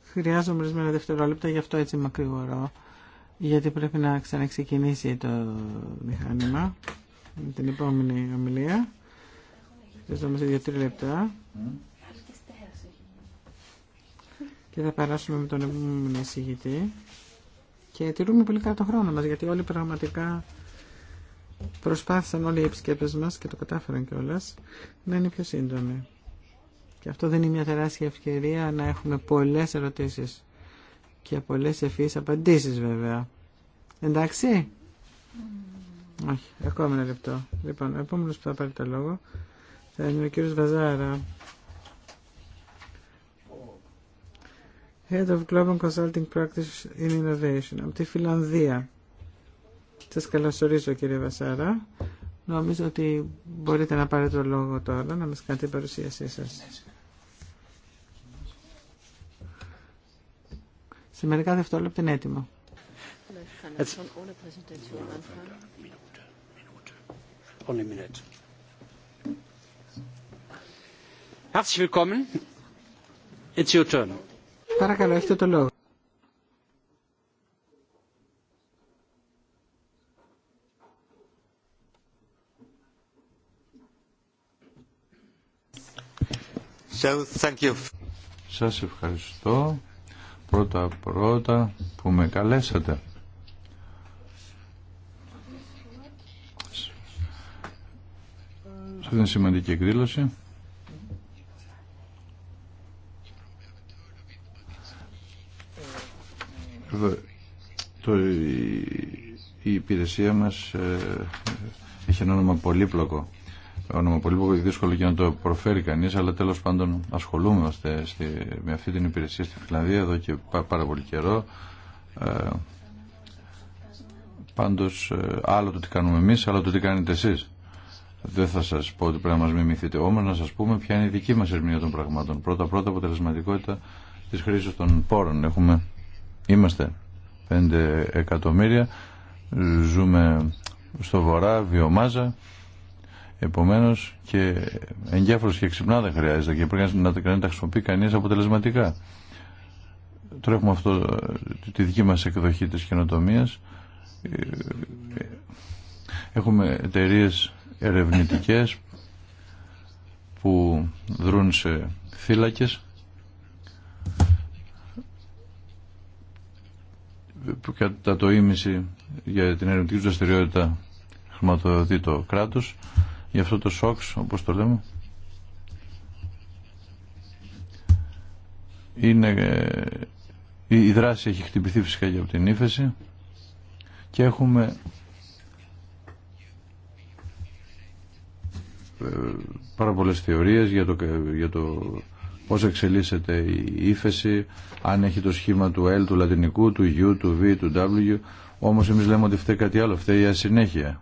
Χρειάζομαι ορισμένα δευτερόλεπτα, γι' αυτό έτσι μακρηγορώ. Γιατί πρέπει να ξαναξεκινήσει το μηχάνημα με την επόμενη ομιλία. Χρειαζόμαστε δύο-τρία λεπτά. Και θα περάσουμε με τον επόμενο εισηγητή. Και τηρούμε πολύ καλά τον χρόνο μας, γιατί όλοι πραγματικά προσπάθησαν όλοι οι επισκέπτες μας και το κατάφεραν κιόλα να είναι πιο σύντομοι. Και αυτό δεν είναι μια τεράστια ευκαιρία να έχουμε πολλές ερωτήσεις και πολλές ευφύες απαντήσεις βέβαια. Εντάξει? Mm. Όχι, ακόμα λεπτό. Λοιπόν, ο επόμενος που θα πάρει το λόγο θα είναι ο κύριος Βαζάρα. Head of Global Consulting Practice in Innovation από τη Φιλανδία. Σας καλωσορίζω κύριε Βασάρα. Νομίζω ότι μπορείτε να πάρετε το λόγο τώρα, να μας κάνετε την παρουσίασή σας. Σε μερικά δευτερόλεπτα είναι έτοιμο. Παρακαλώ, έχετε το λόγο. So, thank you. Σας ευχαριστώ πρώτα πρώτα που με καλέσατε. Σε αυτήν σημαντική εκδήλωση Βέβαια, το, η υπηρεσία μας ε, έχει ένα όνομα πολύπλοκο. Όνομα πολύπλοκο δύσκολο και να το προφέρει κανείς, αλλά τέλος πάντων ασχολούμαστε στη, με αυτή την υπηρεσία στη Φιλανδία εδώ και πάρα πολύ καιρό. Ε, πάντως ε, άλλο το τι κάνουμε εμείς, άλλο το τι κάνετε εσείς. Δεν θα σας πω ότι πρέπει να μας μιμηθείτε όμως, να σας πούμε ποια είναι η δική μας ερμηνεία των πραγμάτων. Πρώτα-πρώτα αποτελεσματικότητα της χρήσης των πόρων. Έχουμε Είμαστε 5 εκατομμύρια, ζούμε στο βορρά, βιομάζα, επομένως και εγκέφαλος και ξυπνά δεν χρειάζεται και πρέπει να τα χρησιμοποιεί κανείς αποτελεσματικά. Τώρα έχουμε αυτό, τη δική μας εκδοχή της καινοτομία. Έχουμε εταιρείε ερευνητικές που δρούν σε θύλακες κατά το ίμιση για την ερευνητική δραστηριότητα χρηματοδοτεί το κράτος για αυτό το σοξ όπως το λέμε είναι, ε, η δράση έχει χτυπηθεί φυσικά για την ύφεση και έχουμε ε, πάρα πολλές θεωρίες για το, για το πώς εξελίσσεται η ύφεση, αν έχει το σχήμα του L, του λατινικού, του U, του V, του W. Όμως εμείς λέμε ότι φταίει κάτι άλλο, φταίει η ασυνέχεια.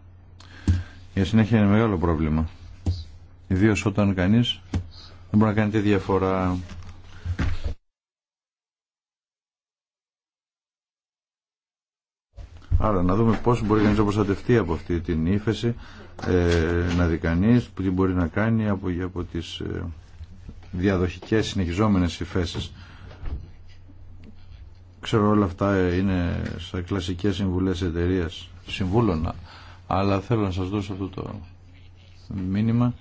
Η ασυνέχεια είναι μεγάλο πρόβλημα. Ιδίω όταν κανείς δεν μπορεί να κάνει τη διαφορά. Άρα να δούμε πώς μπορεί κανείς να προστατευτεί από αυτή την ύφεση, ε, να δει κανείς, τι μπορεί να κάνει από, από τις... Ε, διαδοχικές συνεχιζόμενες υφέσεις. Ξέρω όλα αυτά είναι σε κλασικές συμβουλές εταιρεία συμβούλων, αλλά θέλω να σας δώσω αυτό το μήνυμα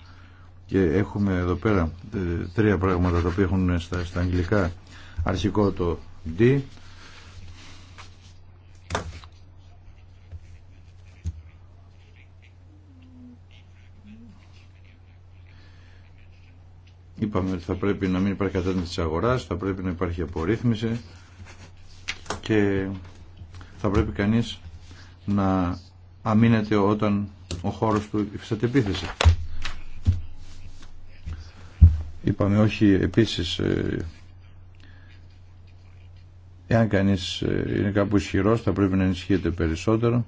και έχουμε εδώ πέρα ε, τρία πράγματα τα οποία έχουν στα, στα αγγλικά αρχικό το D, Είπαμε ότι θα πρέπει να μην υπάρχει κατάσταση της αγοράς, θα πρέπει να υπάρχει απορρίθμιση και θα πρέπει κανείς να αμήνεται όταν ο χώρος του υφισταται επίθεση. Είπαμε όχι επίσης ε, εάν κανείς ε, είναι κάπου ισχυρό, θα πρέπει να ενισχύεται περισσότερο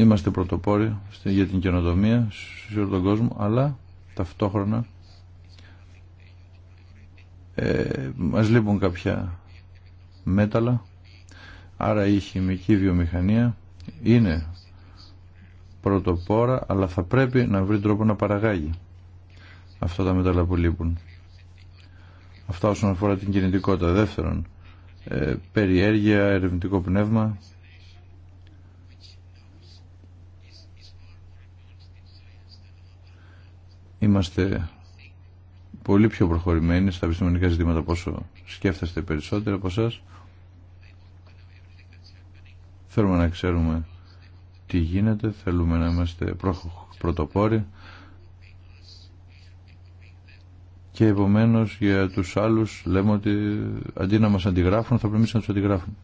Είμαστε πρωτοπόροι για την καινοτομία σε όλο τον κόσμο, αλλά ταυτόχρονα ε, μας λείπουν κάποια μέταλλα, άρα η χημική βιομηχανία είναι πρωτοπόρα, αλλά θα πρέπει να βρει τρόπο να παραγάγει αυτά τα μέταλλα που λείπουν. Αυτά όσον αφορά την κινητικότητα. Δεύτερον, ε, περιέργεια, ερευνητικό πνεύμα, Είμαστε πολύ πιο προχωρημένοι στα επιστημονικά ζητήματα πόσο σκέφτεστε περισσότερο από εσά. Θέλουμε να ξέρουμε τι γίνεται, θέλουμε να είμαστε πρωτοπόροι και επομένως για τους άλλους λέμε ότι αντί να μας αντιγράφουν θα πρέπει να τους αντιγράφουν.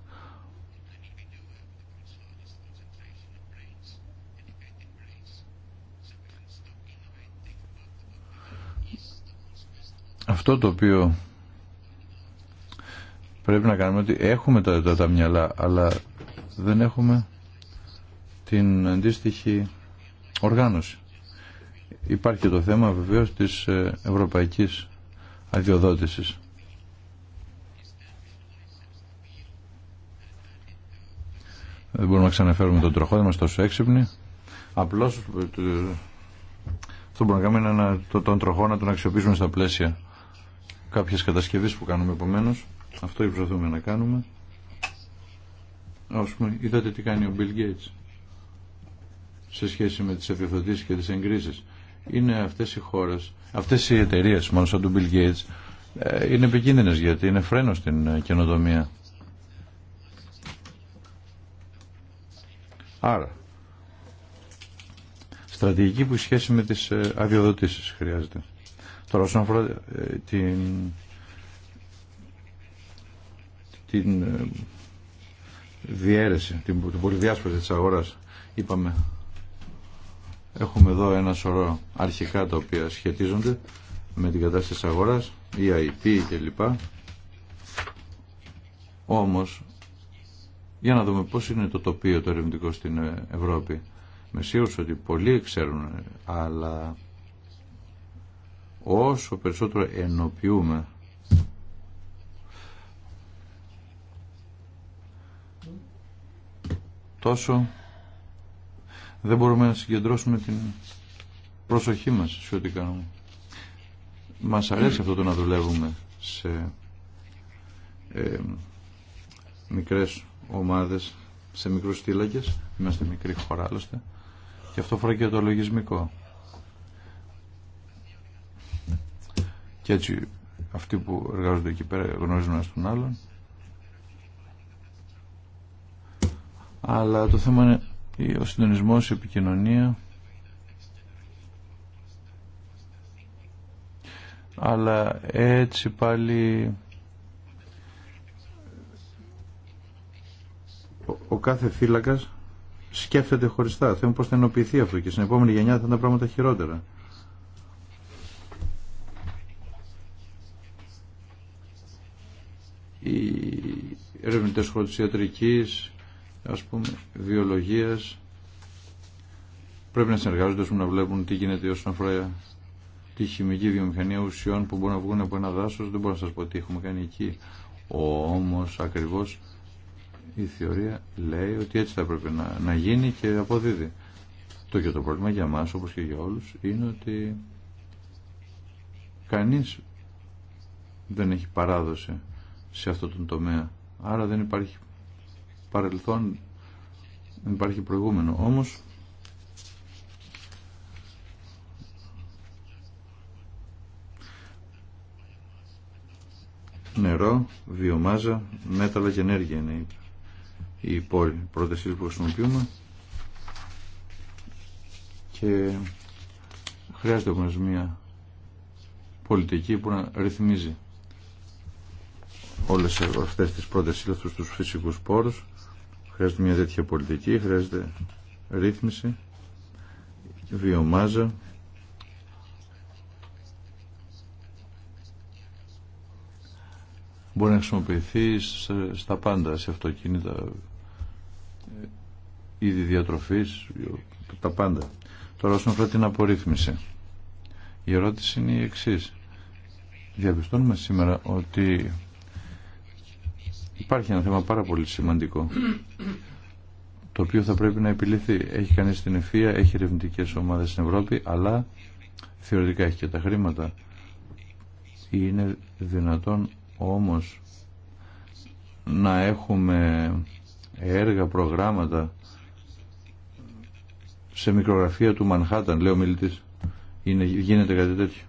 αυτό το οποίο πρέπει να κάνουμε ότι έχουμε τα, τα, τα μυαλά αλλά δεν έχουμε την αντίστοιχη οργάνωση. Υπάρχει το θέμα βεβαίως της ευρωπαϊκής αδειοδότησης. Δεν μπορούμε να ξαναφέρουμε τον τροχό, δεν είμαστε τόσο έξυπνοι. Απλώς αυτό που μπορούμε να κάνουμε είναι να, τον τροχό να τον αξιοποιήσουμε στα πλαίσια κάποιες κατασκευές που κάνουμε επομένω, αυτό προσπαθούμε να κάνουμε ας πούμε είδατε τι κάνει ο Bill Gates σε σχέση με τις επιθωτήσεις και τις εγκρίσεις είναι αυτές οι χώρες αυτές οι εταιρείε μόνο σαν του Bill Gates ε, είναι επικίνδυνε γιατί είναι φρένο στην ε, καινοτομία άρα στρατηγική που σχέση με τις ε, αδειοδοτήσεις χρειάζεται Τώρα όσον αφορά ε, την, την ε, διαίρεση, την, την πολυδιάσπαση της αγοράς, είπαμε, έχουμε εδώ ένα σωρό αρχικά τα οποία σχετίζονται με την κατάσταση της αγοράς, και λοιπά. Όμως, για να δούμε πώς είναι το τοπίο το ερευνητικό στην ε, Ευρώπη. Με σίγουρος ότι πολλοί ξέρουν, αλλά όσο περισσότερο ενοποιούμε τόσο δεν μπορούμε να συγκεντρώσουμε την προσοχή μας σε ό,τι κάνουμε. Μας αρέσει αυτό το να δουλεύουμε σε ε, μικρές ομάδες, σε μικρούς θύλακες. Είμαστε μικρή χώρα άλλωστε. Και αυτό φορά και το λογισμικό. και έτσι αυτοί που εργάζονται εκεί πέρα γνωρίζουν ένα τον άλλον. Αλλά το θέμα είναι ο συντονισμός, η επικοινωνία. Αλλά έτσι πάλι ο, κάθε φύλακας σκέφτεται χωριστά. Θέλουμε πώς θα ενοποιηθεί αυτό και στην επόμενη γενιά θα είναι τα πράγματα χειρότερα. οι ερευνητές χώρου ιατρικής, ας πούμε, βιολογίας. Πρέπει να συνεργάζονται, να βλέπουν τι γίνεται όσον αφορά τη χημική βιομηχανία ουσιών που μπορούν να βγουν από ένα δάσο. Δεν μπορώ να σας πω τι έχουμε κάνει εκεί. Όμως, ακριβώς, η θεωρία λέει ότι έτσι θα πρέπει να, να γίνει και αποδίδει. Το και το πρόβλημα για μας, όπως και για όλους, είναι ότι κανείς δεν έχει παράδοση σε αυτό τον τομέα. Άρα δεν υπάρχει παρελθόν, δεν υπάρχει προηγούμενο. Όμως νερό, βιομάζα, μέταλλα και ενέργεια είναι η πόλη πρώτες που χρησιμοποιούμε και χρειάζεται όμως μια πολιτική που να ρυθμίζει όλες αυτές τις πρώτες σύλλογες τους φυσικούς πόρους χρειάζεται μια τέτοια πολιτική χρειάζεται ρύθμιση βιομάζα μπορεί να χρησιμοποιηθεί στα πάντα σε αυτοκίνητα ε, είδη διατροφής τα πάντα τώρα όσον αφορά την απορρίθμιση η ερώτηση είναι η εξής διαπιστώνουμε σήμερα ότι Υπάρχει ένα θέμα πάρα πολύ σημαντικό το οποίο θα πρέπει να επιληθεί. Έχει κάνει την ευφία, έχει ερευνητικέ ομάδες στην Ευρώπη, αλλά θεωρητικά έχει και τα χρήματα. Είναι δυνατόν όμως να έχουμε έργα, προγράμματα σε μικρογραφία του Μανχάταν, λέει ο μιλητής. γίνεται κάτι τέτοιο.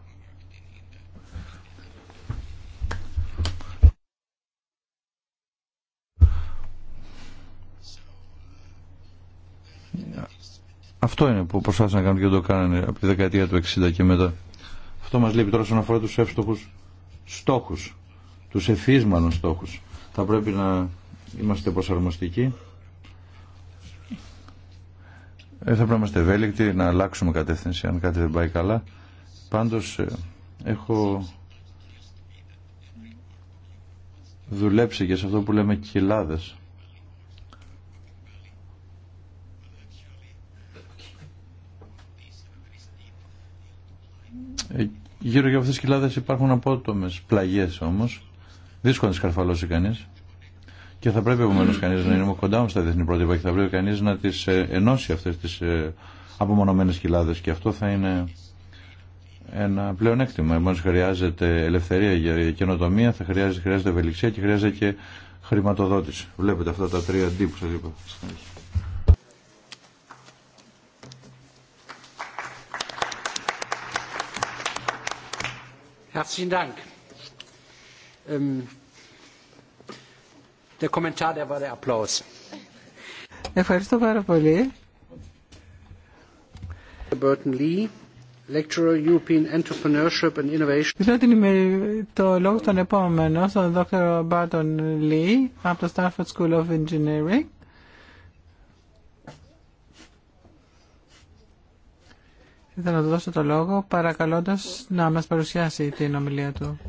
Αυτό είναι που προσπάθησαν να κάνουν και το κάνανε από τη δεκαετία του 60 και μετά. Αυτό μας λείπει τώρα όσον αφορά τους εύστοχους στόχους, τους ευφύς στόχου. στόχους. Θα πρέπει να είμαστε προσαρμοστικοί. Ε, θα πρέπει να είμαστε ευέλικτοι, να αλλάξουμε κατεύθυνση αν κάτι δεν πάει καλά. Πάντως ε, έχω δουλέψει και σε αυτό που λέμε κοιλάδες. Ε, γύρω για αυτές τις κοιλάδες υπάρχουν απότομες πλαγιές όμως. Δύσκολο να τις καρφαλώσει κανείς. Και θα πρέπει επομένω κανεί να είναι κοντά μου στα διεθνή πρότυπα και θα πρέπει κανεί να τι ε, ενώσει αυτέ τι ε, απομονωμένε κοιλάδε. Και αυτό θα είναι ένα πλεονέκτημα. Επομένω χρειάζεται ελευθερία για καινοτομία, θα χρειάζεται, χρειάζεται ευελιξία και χρειάζεται και χρηματοδότηση. Βλέπετε αυτά τα τρία D που σα είπα Herzlichen Dank. Ähm, Der Kommentar, der war der Applaus. Ευχαριστώ πάρα πολύ. Burton Lee, Lecturer European Entrepreneurship and Innovation. Δίνω την το λόγο στον επόμενο, στον Δ. Μπάρτον Λί, από το Stanford School of Engineering. Ήθελα να του δώσω το λόγο παρακαλώντας να μας παρουσιάσει την ομιλία του.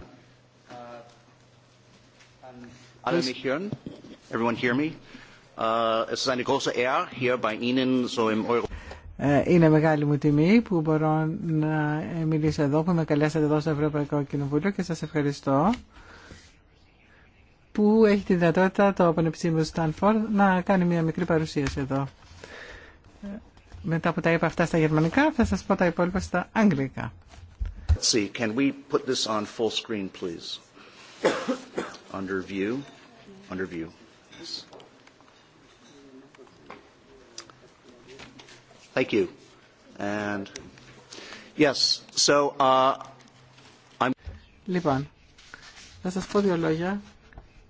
Είναι μεγάλη μου τιμή που μπορώ να μιλήσω εδώ, που με καλέσατε εδώ στο Ευρωπαϊκό Κοινοβούλιο και σας ευχαριστώ που έχει τη δυνατότητα το Πανεπιστήμιο Στάνφορντ να κάνει μια μικρή παρουσίαση εδώ μετά που τα είπα αυτά στα γερμανικά, θα σας πω τα υπόλοιπα στα αγγλικά. Λοιπόν, θα σας πω δύο λόγια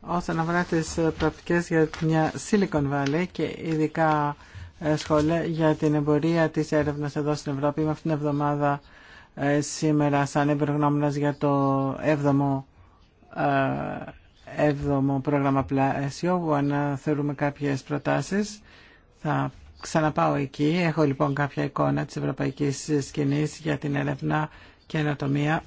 όσον αφορά τις πρακτικές για μια Silicon Valley και ειδικά ε, σχόλια για την εμπορία της έρευνας εδώ στην Ευρώπη. Είμαι αυτήν την εβδομάδα ε, σήμερα σαν εμπειρογνώμονας για το 7ο ε, προγραμμα πλαίσιο που αναθεωρούμε κάποιες προτάσεις. Θα ξαναπάω εκεί. Έχω λοιπόν κάποια εικόνα της ευρωπαϊκής σκηνής για την έρευνα και ανατομία.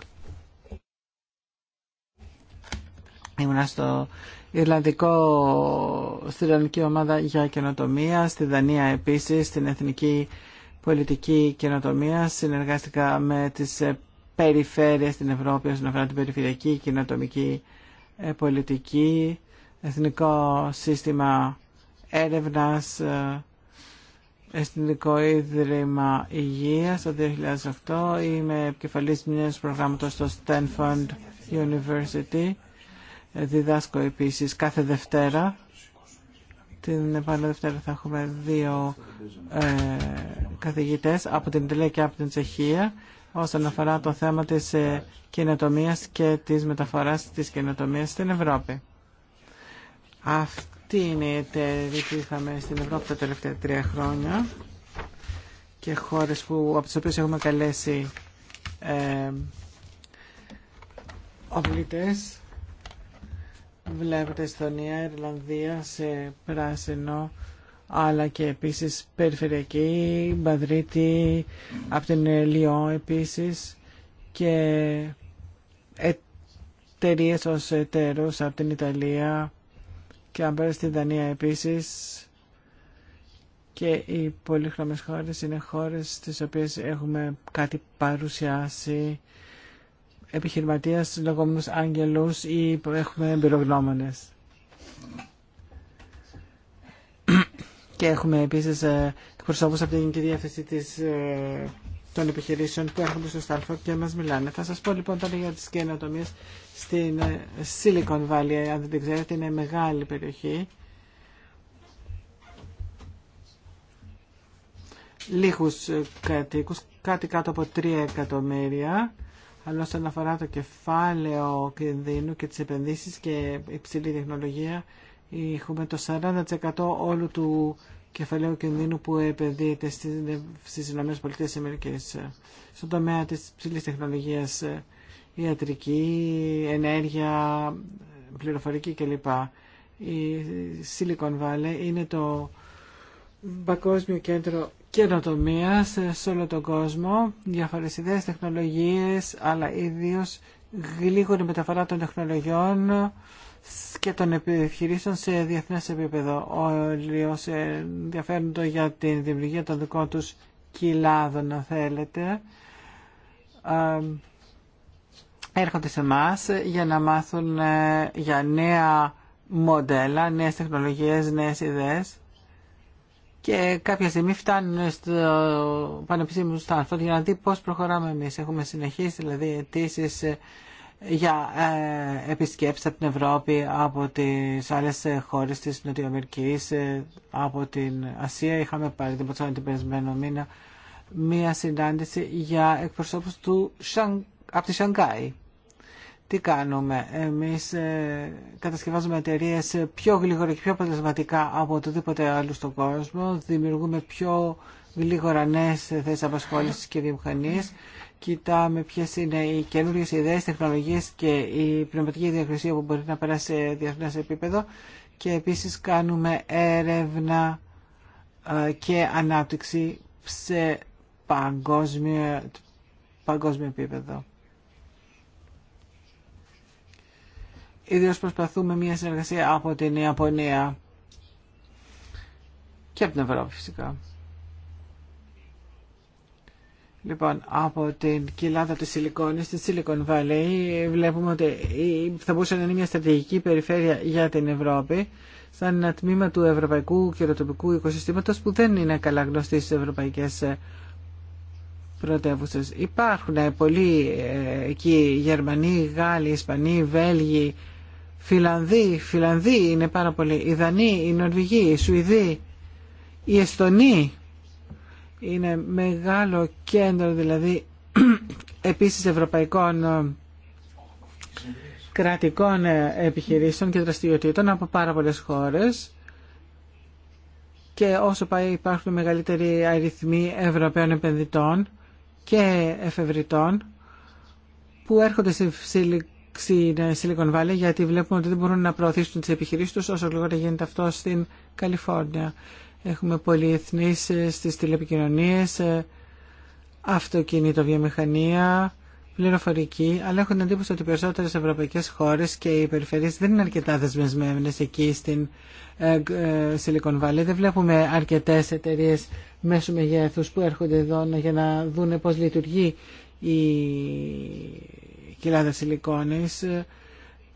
Ήμουνα στο Ιρλανδικό, στην Ιρλανδική Ομάδα για Καινοτομία, στη Δανία επίσης, στην Εθνική Πολιτική Καινοτομία. Συνεργάστηκα με τις ε, περιφέρειες στην Ευρώπη όσον αφορά την περιφερειακή καινοτομική ε, πολιτική, Εθνικό Σύστημα Έρευνας, ε, Εθνικό Ίδρυμα Υγεία το 2008. Είμαι επικεφαλής μια προγράμματος στο Stanford University Διδάσκω επίσης κάθε Δευτέρα. Την επόμενη Δευτέρα θα έχουμε δύο ε, καθηγητές από την Ιταλία και από την Τσεχία όσον αφορά το θέμα της ε, και της μεταφοράς της καινοτομία στην Ευρώπη. Αυτή είναι η εταιρεία που είχαμε στην Ευρώπη τα τελευταία τρία χρόνια και χώρες που, από τις οποίες έχουμε καλέσει ε, βλέπετε Εστονία, Ιρλανδία σε πράσινο αλλά και επίσης περιφερειακή, Μπαδρίτη, από την Λιό επίσης και εταιρείε ω εταίρου από την Ιταλία και αν την στην Δανία επίσης και οι πολύχρωμες χώρες είναι χώρες στις οποίες έχουμε κάτι παρουσιάσει επιχειρηματίας, τους λεγόμενους άγγελους ή έχουμε εμπειρογνώμονες. Και έχουμε επίσης ε, εκπροσώπους από την Γενική Διεύθυνση ε, των επιχειρήσεων που έρχονται στο Στάλφορ και μας μιλάνε. Θα σας πω λοιπόν τώρα για τις καινοτομίες στην ε, Silicon Valley, αν δεν την ξέρετε, είναι μεγάλη περιοχή. Λίγους κατοίκους, κάτι κάτω από 3 εκατομμύρια αλλά όσον αφορά το κεφάλαιο κινδύνου και τις επενδύσεις και υψηλή τεχνολογία, έχουμε το 40% όλου του κεφαλαίου κινδύνου που επενδύεται στις ΗΠΑ. Στον τομέα της ψηλής τεχνολογίας, ιατρική, ενέργεια, πληροφορική κλπ. Η Silicon Valley είναι το παγκόσμιο κέντρο καινοτομία σε όλο τον κόσμο, διαφορε ιδέε, τεχνολογίες, αλλά ιδίω γλίγορη μεταφορά των τεχνολογιών και των επιχειρήσεων σε διεθνές επίπεδο. Όλοι όσοι ενδιαφέρονται για τη δημιουργία των δικών τους κοιλάδων, αν θέλετε, έρχονται σε εμά για να μάθουν ε, για νέα μοντέλα, νέες τεχνολογίες, νέες ιδέες και κάποια στιγμή φτάνουν στο Πανεπιστήμιο του Στάνφορντ για να δει πώς προχωράμε εμείς. Έχουμε συνεχίσει δηλαδή αιτήσει ε, για ε, επισκέψεις από την Ευρώπη, από τις άλλες ε, χώρες της Νοτιοαμερικής, ε, από την Ασία. Είχαμε πάρει την την περασμένο μήνα μία συνάντηση για εκπροσώπους του από τη Σανγκάη τι κάνουμε. Εμείς ε, κατασκευάζουμε εταιρείε πιο γλυγορα και πιο αποτελεσματικά από οτιδήποτε άλλο στον κόσμο. Δημιουργούμε πιο γλίγορα νέες θέσεις απασχόλησης και βιομηχανίες. Κοιτάμε ποιε είναι οι καινούριε ιδέε, τεχνολογίε και η πνευματική διακρισία που μπορεί να περάσει σε διεθνέ επίπεδο. Και επίση κάνουμε έρευνα ε, και ανάπτυξη σε παγκόσμιο επίπεδο. Ιδίως προσπαθούμε μια συνεργασία από την Ιαπωνία και από την Ευρώπη φυσικά. Λοιπόν, από την κοιλάδα της Σιλικόνης, στη Silicon Valley, βλέπουμε ότι θα μπορούσε να είναι μια στρατηγική περιφέρεια για την Ευρώπη, σαν ένα τμήμα του ευρωπαϊκού καιροτοπικού οικοσυστήματος που δεν είναι καλά γνωστή στις ευρωπαϊκές ε, πρωτεύουσες. Υπάρχουν ε, πολλοί ε, εκεί Γερμανοί, Γάλλοι, Ισπανοί, Βέλγοι, Φιλανδοί, Φιλανδοί είναι πάρα πολλοί, οι Δανείοι, οι Νορβηγοί, οι Σουηδοί, οι Εστονοί. Είναι μεγάλο κέντρο δηλαδή *clears throat* επίσης ευρωπαϊκών ε, κρατικών ε, επιχειρήσεων και δραστηριοτήτων από πάρα πολλές χώρες και όσο πάει υπάρχουν μεγαλύτεροι αριθμοί Ευρωπαίων επενδυτών και εφευρητών που έρχονται στη στην ε, Silicon Valley γιατί βλέπουμε ότι δεν μπορούν να προωθήσουν τις επιχειρήσεις τους όσο να γίνεται αυτό στην Καλιφόρνια. Έχουμε πολυεθνείς ε, στις τηλεπικοινωνίες, ε, αυτοκίνητο βιομηχανία, πληροφορική, αλλά έχω την εντύπωση ότι οι περισσότερε ευρωπαϊκέ χώρε και οι περιφερειές δεν είναι αρκετά δεσμευμένε εκεί στην Silicon Valley. Δεν βλέπουμε αρκετέ εταιρείε μέσου μεγέθου που έρχονται εδώ για να δουν πώ λειτουργεί η κοιλάδα σιλικόνη.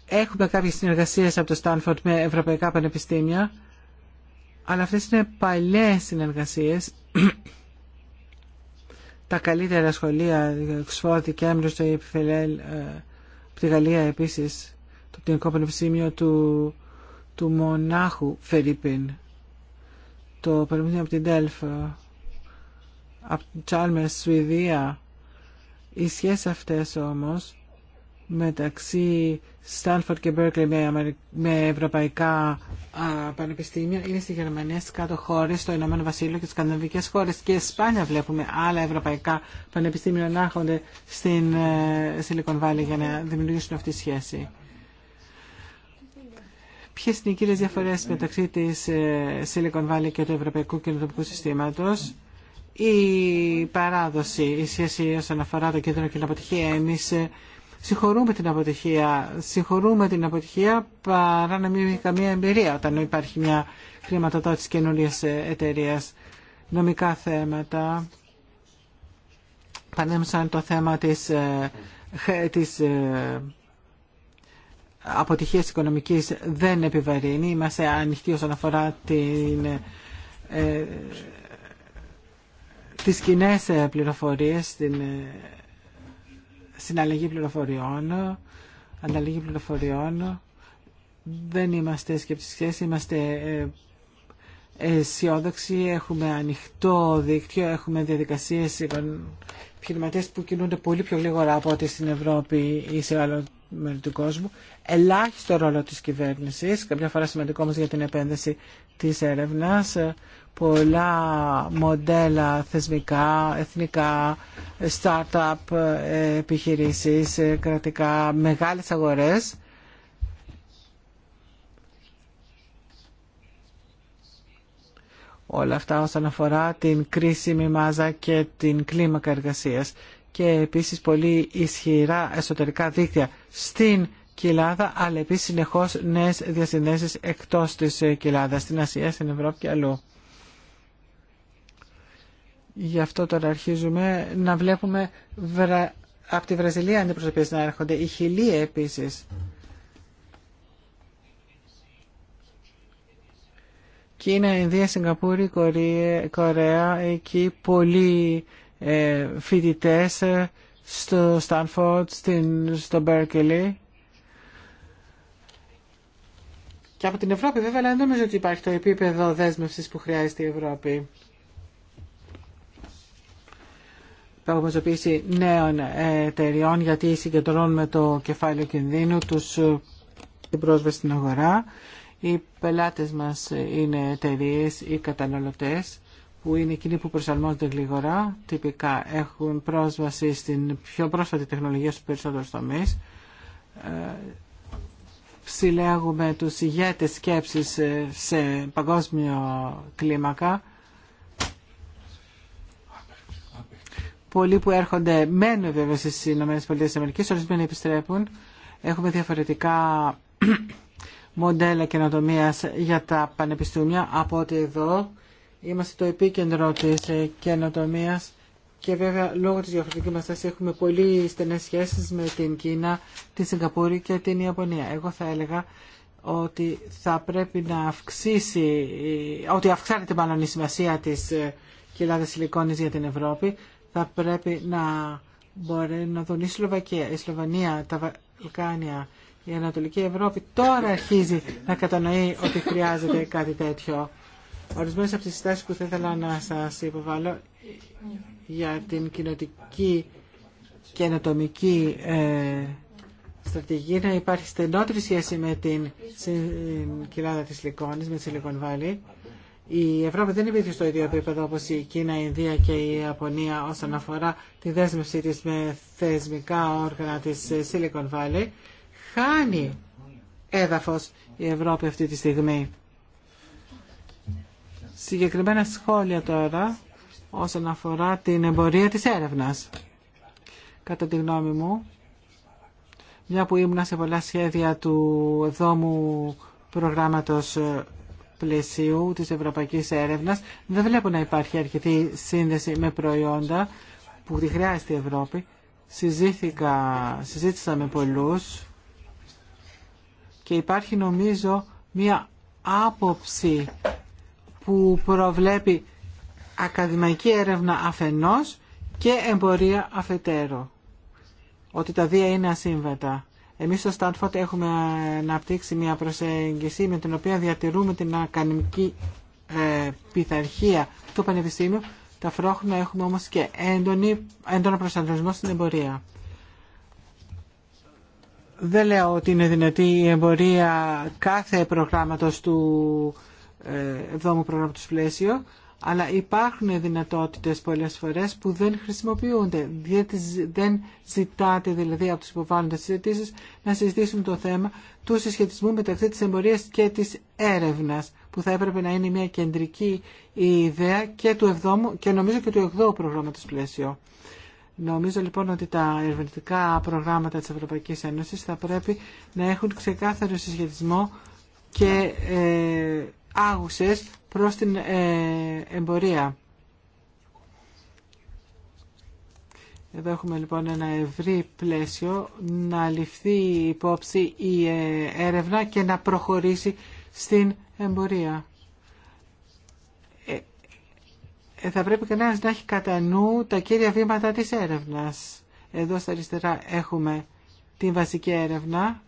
Έχουμε κάποιε συνεργασίε από το Στάνφορντ με ευρωπαϊκά πανεπιστήμια, αλλά αυτέ είναι παλιέ συνεργασίε. *clears throat* Τα καλύτερα σχολεία, Οξφόρδη, Κέμπρο, το Επιφελέλ, ε, από τη Γαλλία επίση, το Πτυνικό Πανεπιστήμιο του, του Μονάχου Φερρυπίν, το Πανεπιστήμιο από την Τέλφ, από την Τσάλμερ, Σουηδία. Οι σχέσει αυτέ όμω μεταξύ Στάνφορτ και Μπέρκλι με, ευρωπαϊκά πανεπιστήμια είναι στη Γερμανία, στι κάτω χώρε, στο Ηνωμένο Βασίλειο και στι Σκανδιναβικέ χώρε και σπάνια βλέπουμε άλλα ευρωπαϊκά πανεπιστήμια να έρχονται στην ε, Silicon Valley για να δημιουργήσουν αυτή τη σχέση. Ποιε είναι οι κύριε διαφορέ μεταξύ τη ε, Silicon Valley και του Ευρωπαϊκού Κοινοτοπικού Συστήματο ή η παράδοση, η σχέση όσον αφορά το κέντρο και την αποτυχία. Εμεί ε, συγχωρούμε την αποτυχία. Συγχωρούμε την αποτυχία παρά να μην έχει καμία εμπειρία όταν υπάρχει μια χρηματοδότηση καινούργια εταιρεία. Νομικά θέματα. Πανέμψαν το θέμα της, ε, της ε, αποτυχίας οικονομικής δεν επιβαρύνει. Είμαστε ανοιχτοί όσον αφορά την, ε, ε τις κοινέ πληροφορίες, την συναλλαγή πληροφοριών, ανταλλαγή πληροφοριών. Δεν είμαστε σκεπτικές, είμαστε ε, αισιόδοξοι, έχουμε ανοιχτό δίκτυο, έχουμε διαδικασίες επιχειρηματίες που κινούνται πολύ πιο γρήγορα από ό,τι στην Ευρώπη ή σε άλλο μέρος του κόσμου. Ελάχιστο ρόλο της κυβέρνησης, καμιά φορά σημαντικό όμως για την επένδυση της έρευνας, πολλά μοντέλα θεσμικά, εθνικά, startup ε, επιχειρήσεις, ε, κρατικά, μεγάλες αγορές. Όλα αυτά όσον αφορά την κρίσιμη μάζα και την κλίμακα εργασίας και επίσης πολύ ισχυρά εσωτερικά δίκτυα στην Κοιλάδα, αλλά επίσης συνεχώς νέες διασυνδέσεις εκτός της Κοιλάδας, στην Ασία, στην Ευρώπη και αλλού. Γι' αυτό τώρα αρχίζουμε να βλέπουμε από τη Βραζιλία αντιπροσωπείες να έρχονται. Η Χιλή επίσης. Κίνα, Ινδία, Σιγκαπούρη, Κορέα, εκεί πολλοί ε, φοιτητέ ε, στο Στάνφορντ, στο Μπέρκελι. Και από την Ευρώπη βέβαια, αλλά δεν νομίζω ότι υπάρχει το επίπεδο δέσμευσης που χρειάζεται η Ευρώπη. πραγματοποίηση νέων εταιριών γιατί συγκεντρώνουμε το κεφάλαιο κινδύνου, τους, ε, την πρόσβαση στην αγορά. Οι πελάτες μας είναι εταιρείε ή καταναλωτές που είναι εκείνοι που προσαρμόζονται γλυγορά. Τυπικά έχουν πρόσβαση στην πιο πρόσφατη τεχνολογία στους περισσότερους τομείς. Ε, συλλέγουμε τους ηγέτες σκέψης ε, σε παγκόσμιο κλίμακα Πολλοί που έρχονται μένουν βέβαια στι ΗΠΑ, ορισμένοι επιστρέπουν. Έχουμε διαφορετικά *clears throat* μοντέλα καινοτομία για τα πανεπιστήμια από ότι εδώ είμαστε το επίκεντρο της καινοτομία και βέβαια λόγω της διαφορετικής μας έχουμε πολύ στενές σχέσεις με την Κίνα, τη Σιγκαπούρη και την Ιαπωνία. Εγώ θα έλεγα ότι θα πρέπει να αυξήσει, ότι αυξάνεται μάλλον η σημασία της ε, κοιλάδας σιλικόνης για την Ευρώπη θα πρέπει να μπορεί να δουν η Σλοβακία, η Σλοβανία, τα Βαλκάνια, η Ανατολική Ευρώπη. Τώρα αρχίζει να κατανοεί ότι χρειάζεται κάτι τέτοιο. Ορισμένες από τις στάσεις που θα ήθελα να σας υποβάλω για την κοινοτική και ενατομική ε, στρατηγική να υπάρχει στενότερη σχέση με την κοιλάδα της Λικόνης, με τη Silicon η Ευρώπη δεν υπήρχε στο ίδιο επίπεδο όπω η Κίνα, η Ινδία και η Ιαπωνία όσον αφορά τη δέσμευσή τη με θεσμικά όργανα της Silicon Valley. Χάνει έδαφο η Ευρώπη αυτή τη στιγμή. Συγκεκριμένα σχόλια τώρα όσον αφορά την εμπορία της έρευνας. Κατά τη γνώμη μου, μια που ήμουν σε πολλά σχέδια του δόμου προγράμματος πλαισίου της ευρωπαϊκής έρευνας δεν βλέπω να υπάρχει αρκετή σύνδεση με προϊόντα που τη χρειάζεται η Ευρώπη. Συζήθηκα, συζήτησα με πολλούς και υπάρχει νομίζω μία άποψη που προβλέπει ακαδημαϊκή έρευνα αφενός και εμπορία αφετέρου. Ότι τα δύο είναι ασύμβατα. Εμείς στο Στάντφορτ έχουμε αναπτύξει μια προσέγγιση με την οποία διατηρούμε την ακαδημική ε, πειθαρχία του Πανεπιστήμιου. Ταυτόχρονα έχουμε όμως και έντονη, έντονο προσανατολισμό στην εμπορία. Δεν λέω ότι είναι δυνατή η εμπορία κάθε προγράμματος του εβδόμου προγράμματος πλαίσιο, αλλά υπάρχουν δυνατότητες πολλές φορές που δεν χρησιμοποιούνται. Δεν ζητάτε δηλαδή από τους υποβάλλοντες συζητήσεις να συζητήσουν το θέμα του συσχετισμού μεταξύ της εμπορίας και της έρευνας που θα έπρεπε να είναι μια κεντρική ιδέα και του και νομίζω και του 8ου προγράμματος πλαίσιο. Νομίζω λοιπόν ότι τα ερευνητικά προγράμματα της Ευρωπαϊκής Ένωσης θα πρέπει να έχουν ξεκάθαρο συσχετισμό και ε, άγουσες προς την ε, εμπορία. Εδώ έχουμε λοιπόν ένα ευρύ πλαίσιο να ληφθεί υπόψη η ε, έρευνα και να προχωρήσει στην εμπορία. Ε, ε, θα πρέπει κανένας να έχει κατά νου τα κύρια βήματα της έρευνας. Εδώ στα αριστερά έχουμε την βασική έρευνα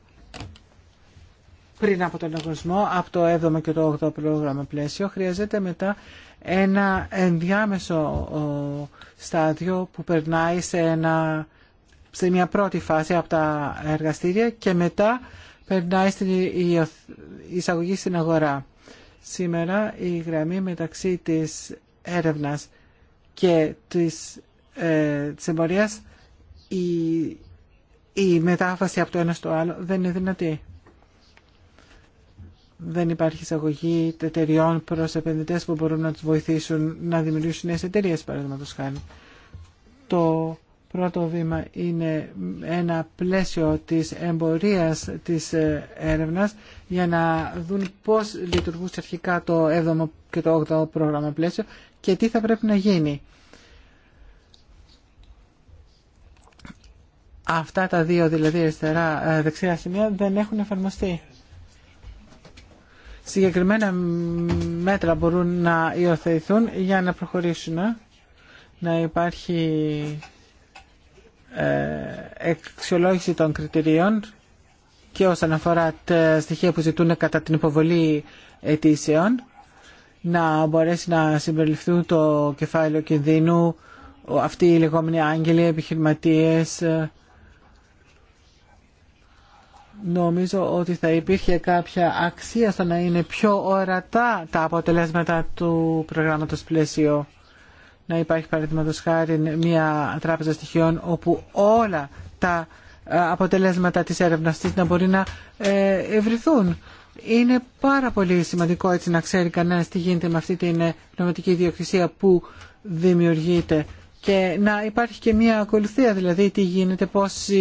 πριν από τον εγωρισμό, από το 7ο και το 8ο πρόγραμμα πλαίσιο, χρειάζεται μετά ένα ενδιάμεσο στάδιο που περνάει σε, ένα, σε μια πρώτη φάση από τα εργαστήρια και μετά περνάει στην εισαγωγή στην αγορά. Σήμερα η γραμμή μεταξύ της έρευνας και της, ε, εμπορίας η, η μετάφαση από το ένα στο άλλο δεν είναι δυνατή δεν υπάρχει εισαγωγή εταιριών προς επενδυτές που μπορούν να τους βοηθήσουν να δημιουργήσουν νέε εταιρείε, παραδείγματο χάρη. Το πρώτο βήμα είναι ένα πλαίσιο της εμπορία τη ε, έρευνα για να δουν πώς λειτουργούσε αρχικά το 7ο και το 8ο πρόγραμμα πλαίσιο και τι θα πρέπει να γίνει. Αυτά τα δύο δηλαδή αριστερά ε, δεξιά σημεία δεν έχουν εφαρμοστεί συγκεκριμένα μέτρα μπορούν να υιοθετηθούν για να προχωρήσουν ε. να υπάρχει ε, εξολόγηση των κριτηρίων και όσον αφορά τα στοιχεία που ζητούν κατά την υποβολή αιτήσεων να μπορέσει να συμπεριληφθούν το κεφάλαιο κινδύνου αυτοί οι λεγόμενοι άγγελοι, επιχειρηματίες, ε, νομίζω ότι θα υπήρχε κάποια αξία στο να είναι πιο ορατά τα αποτελέσματα του προγράμματος πλαίσιο. Να υπάρχει παραδείγματο χάρη μια τράπεζα στοιχείων όπου όλα τα ε, αποτελέσματα της έρευνας της να μπορεί να ε, ευρυθούν. Είναι πάρα πολύ σημαντικό έτσι να ξέρει κανένα τι γίνεται με αυτή την πνευματική ε, ιδιοκτησία που δημιουργείται και να υπάρχει και μια ακολουθία, δηλαδή τι γίνεται, πόσε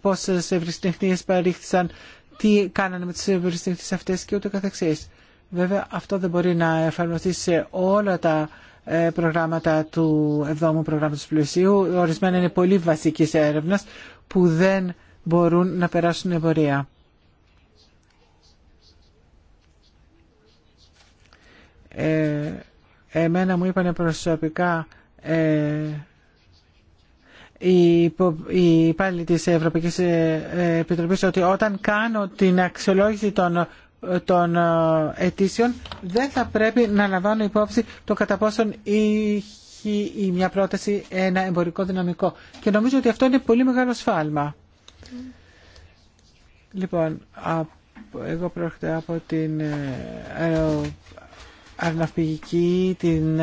πόσες ευρυστηχνίες παρήχθησαν, τι κάνανε με τις ευρυστηχνίες αυτές και ούτω καθεξής. Βέβαια αυτό δεν μπορεί να εφαρμοστεί σε όλα τα ε, προγράμματα του 7ου προγράμματος πλουσίου. Ορισμένα είναι πολύ βασικής έρευνας που δεν μπορούν να περάσουν εμπορία. Ε, εμένα μου είπανε προσωπικά ε, οι υπάλληλοι της Ευρωπαϊκής ε, Επιτροπής ότι όταν κάνω την αξιολόγηση των ε, αιτήσεων δεν θα πρέπει να λαμβάνω υπόψη το κατά πόσον έχει μια πρόταση ένα εμπορικό δυναμικό. Και νομίζω ότι αυτό είναι πολύ μεγάλο σφάλμα. Λοιπόν, εγώ πρόκειται από την ε, αεροναυπηγική, την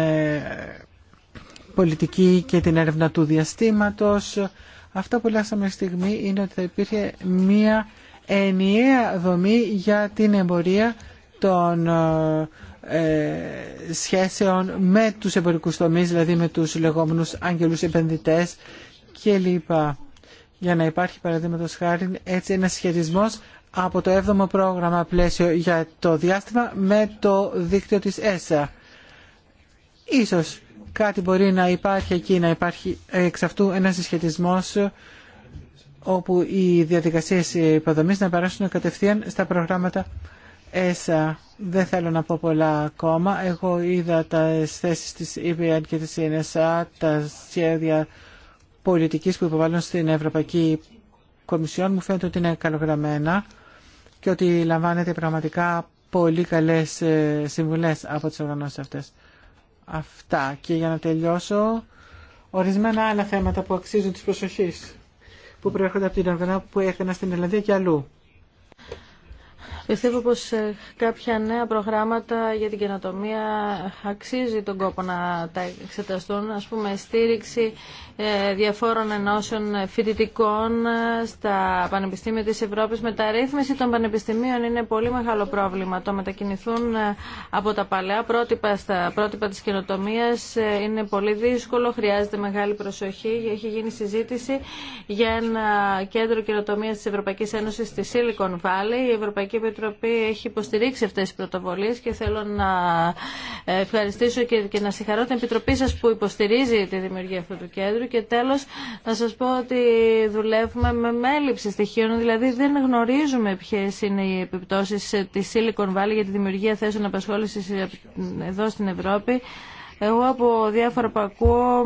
πολιτική και την έρευνα του διαστήματος. Αυτό που λάσαμε στιγμή είναι ότι θα υπήρχε μία ενιαία δομή για την εμπορία των ε, ε, σχέσεων με τους εμπορικούς τομείς, δηλαδή με τους λεγόμενους άγγελους επενδυτές κλπ. Για να υπάρχει παραδείγματος χάρη έτσι ένα σχετισμός από το 7ο πρόγραμμα πλαίσιο για το διάστημα με το δίκτυο της ΕΣΑ. Ίσως κάτι μπορεί να υπάρχει εκεί, να υπάρχει εξ αυτού ένας συσχετισμός όπου οι διαδικασίες υποδομή να περάσουν κατευθείαν στα προγράμματα ΕΣΑ. Δεν θέλω να πω πολλά ακόμα. Εγώ είδα τα θέσει της EBN και της ΕΝΕΣΑ, τα σχέδια πολιτικής που υποβάλλουν στην Ευρωπαϊκή Κομισιόν. Μου φαίνεται ότι είναι καλογραμμένα και ότι λαμβάνεται πραγματικά πολύ καλές ε, συμβουλές από τις οργανώσεις αυτές αυτά. Και για να τελειώσω, ορισμένα άλλα θέματα που αξίζουν τη προσοχή, που προέρχονται από την Ελλάδα που έκανα στην Ελλάδα και αλλού. Πιστεύω πως ε, κάποια νέα προγράμματα για την καινοτομία αξίζει τον κόπο να τα εξεταστούν. Ας πούμε, στήριξη ε, διαφόρων ενώσεων φοιτητικών ε, στα πανεπιστήμια της Ευρώπης. Μεταρρύθμιση των πανεπιστημίων είναι πολύ μεγάλο πρόβλημα. Το μετακινηθούν από τα παλαιά πρότυπα στα πρότυπα της καινοτομίας είναι πολύ δύσκολο, χρειάζεται μεγάλη προσοχή. Έχει γίνει συζήτηση για ένα κέντρο καινοτομίας της Ευρωπαϊκής Ένωσης στη Silicon Valley. Η Ευρωπαϊκή Επιτροπή έχει υποστηρίξει αυτές τι πρωτοβολίε και θέλω να ευχαριστήσω και, και να συγχαρώ την Επιτροπή σας που υποστηρίζει τη δημιουργία αυτού του κέντρου και τέλος να σας πω ότι δουλεύουμε με μέληψη στοιχείων, δηλαδή δεν γνωρίζουμε ποιε είναι οι επιπτώσει τη Silicon Valley για τη δημιουργία θέσεων απασχόληση εδώ στην Ευρώπη. Εγώ από διάφορα που ακούω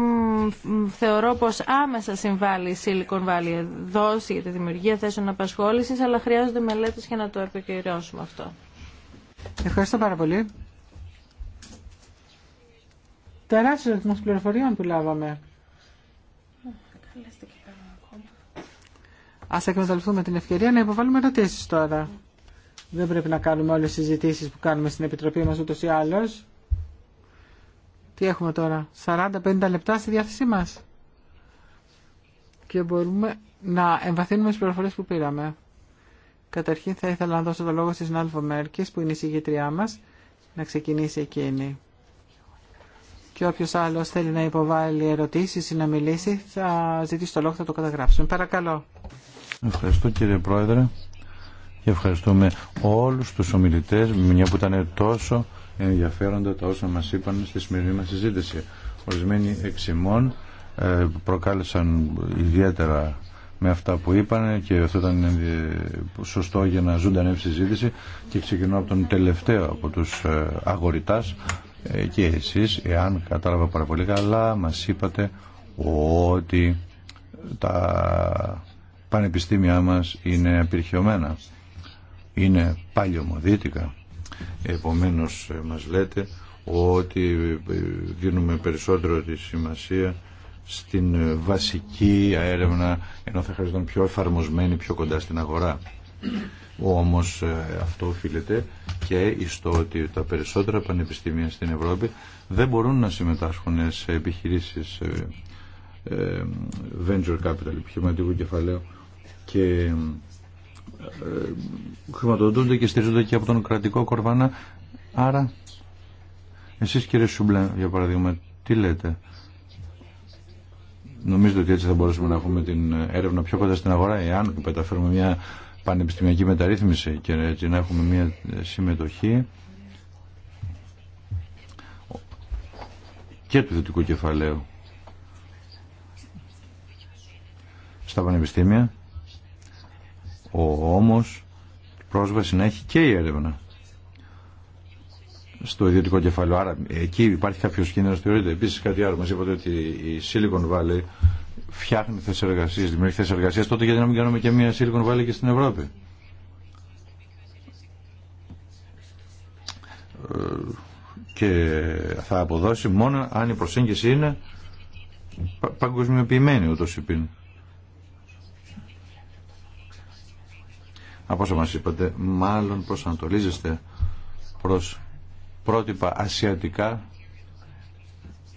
θεωρώ πως άμεσα συμβάλλει η Silicon Valley δόση για τη δημιουργία θέσεων απασχόληση, αλλά χρειάζονται μελέτες για να το επικυρώσουμε αυτό. Ευχαριστώ πάρα πολύ. Τεράστιο αριθμό πληροφοριών που λάβαμε. Ας εκμεταλλευτούμε την ευκαιρία να υποβάλουμε ερωτήσει τώρα. Δεν πρέπει να κάνουμε όλες τις συζητήσεις που κάνουμε στην Επιτροπή μας ούτως ή άλλως. Τι έχουμε τώρα, 40-50 λεπτά στη διάθεσή μας και μπορούμε να εμβαθύνουμε στις προφορές που πήραμε. Καταρχήν θα ήθελα να δώσω το λόγο στη συνάδελφο Μέρκης που είναι η συγγήτριά μας να ξεκινήσει εκείνη. Και όποιο άλλο θέλει να υποβάλει ερωτήσει ή να μιλήσει θα ζητήσει το λόγο θα το καταγράψουμε. Παρακαλώ. Ευχαριστώ κύριε Πρόεδρε και ευχαριστούμε όλους τους ομιλητές μια που ήταν τόσο ενδιαφέροντα τα όσα μας είπαν στη σημερινή μας συζήτηση. Ορισμένοι εξημών ε, προκάλεσαν ιδιαίτερα με αυτά που είπαν και αυτό ήταν ε, σωστό για να η συζήτηση και ξεκινώ από τον τελευταίο από τους ε, αγορητάς και εσείς εάν κατάλαβα πάρα πολύ καλά μας είπατε ότι τα πανεπιστήμια μας είναι απειρχιωμένα είναι παλιωμοδίτικα Επομένως ε, μας λέτε ότι ε, δίνουμε περισσότερο τη σημασία στην ε, βασική έρευνα ενώ θα χρειαζόταν πιο εφαρμοσμένη πιο κοντά στην αγορά. Όμως αυτό οφείλεται και στο ότι τα περισσότερα πανεπιστήμια στην Ευρώπη δεν μπορούν να συμμετάσχουν σε επιχειρήσεις venture capital, επιχειρηματικού κεφαλαίου και ε, ε, χρηματοδοτούνται και στηρίζονται και από τον κρατικό κορβάνα. Άρα, εσείς κύριε Σουμπλέ, για παράδειγμα, τι λέτε. Νομίζετε ότι έτσι θα μπορούσαμε να έχουμε την έρευνα πιο κοντά στην αγορά, εάν καταφέρουμε μια πανεπιστημιακή μεταρρύθμιση και έτσι να έχουμε μια συμμετοχή και του δυτικού κεφαλαίου στα πανεπιστήμια ο όμως πρόσβαση να έχει και η έρευνα στο ιδιωτικό κεφάλαιο. Άρα εκεί υπάρχει κάποιο κίνδυνο θεωρείται. Επίση κάτι άλλο. Μα είπατε ότι η Silicon Valley φτιάχνει θέσει εργασία, δημιουργεί θέσει εργασία. Τότε γιατί να μην κάνουμε και μια Silicon Valley και στην Ευρώπη. Και θα αποδώσει μόνο αν η προσέγγιση είναι παγκοσμιοποιημένη ούτω ή από όσο μας είπατε, μάλλον προσανατολίζεστε προς πρότυπα ασιατικά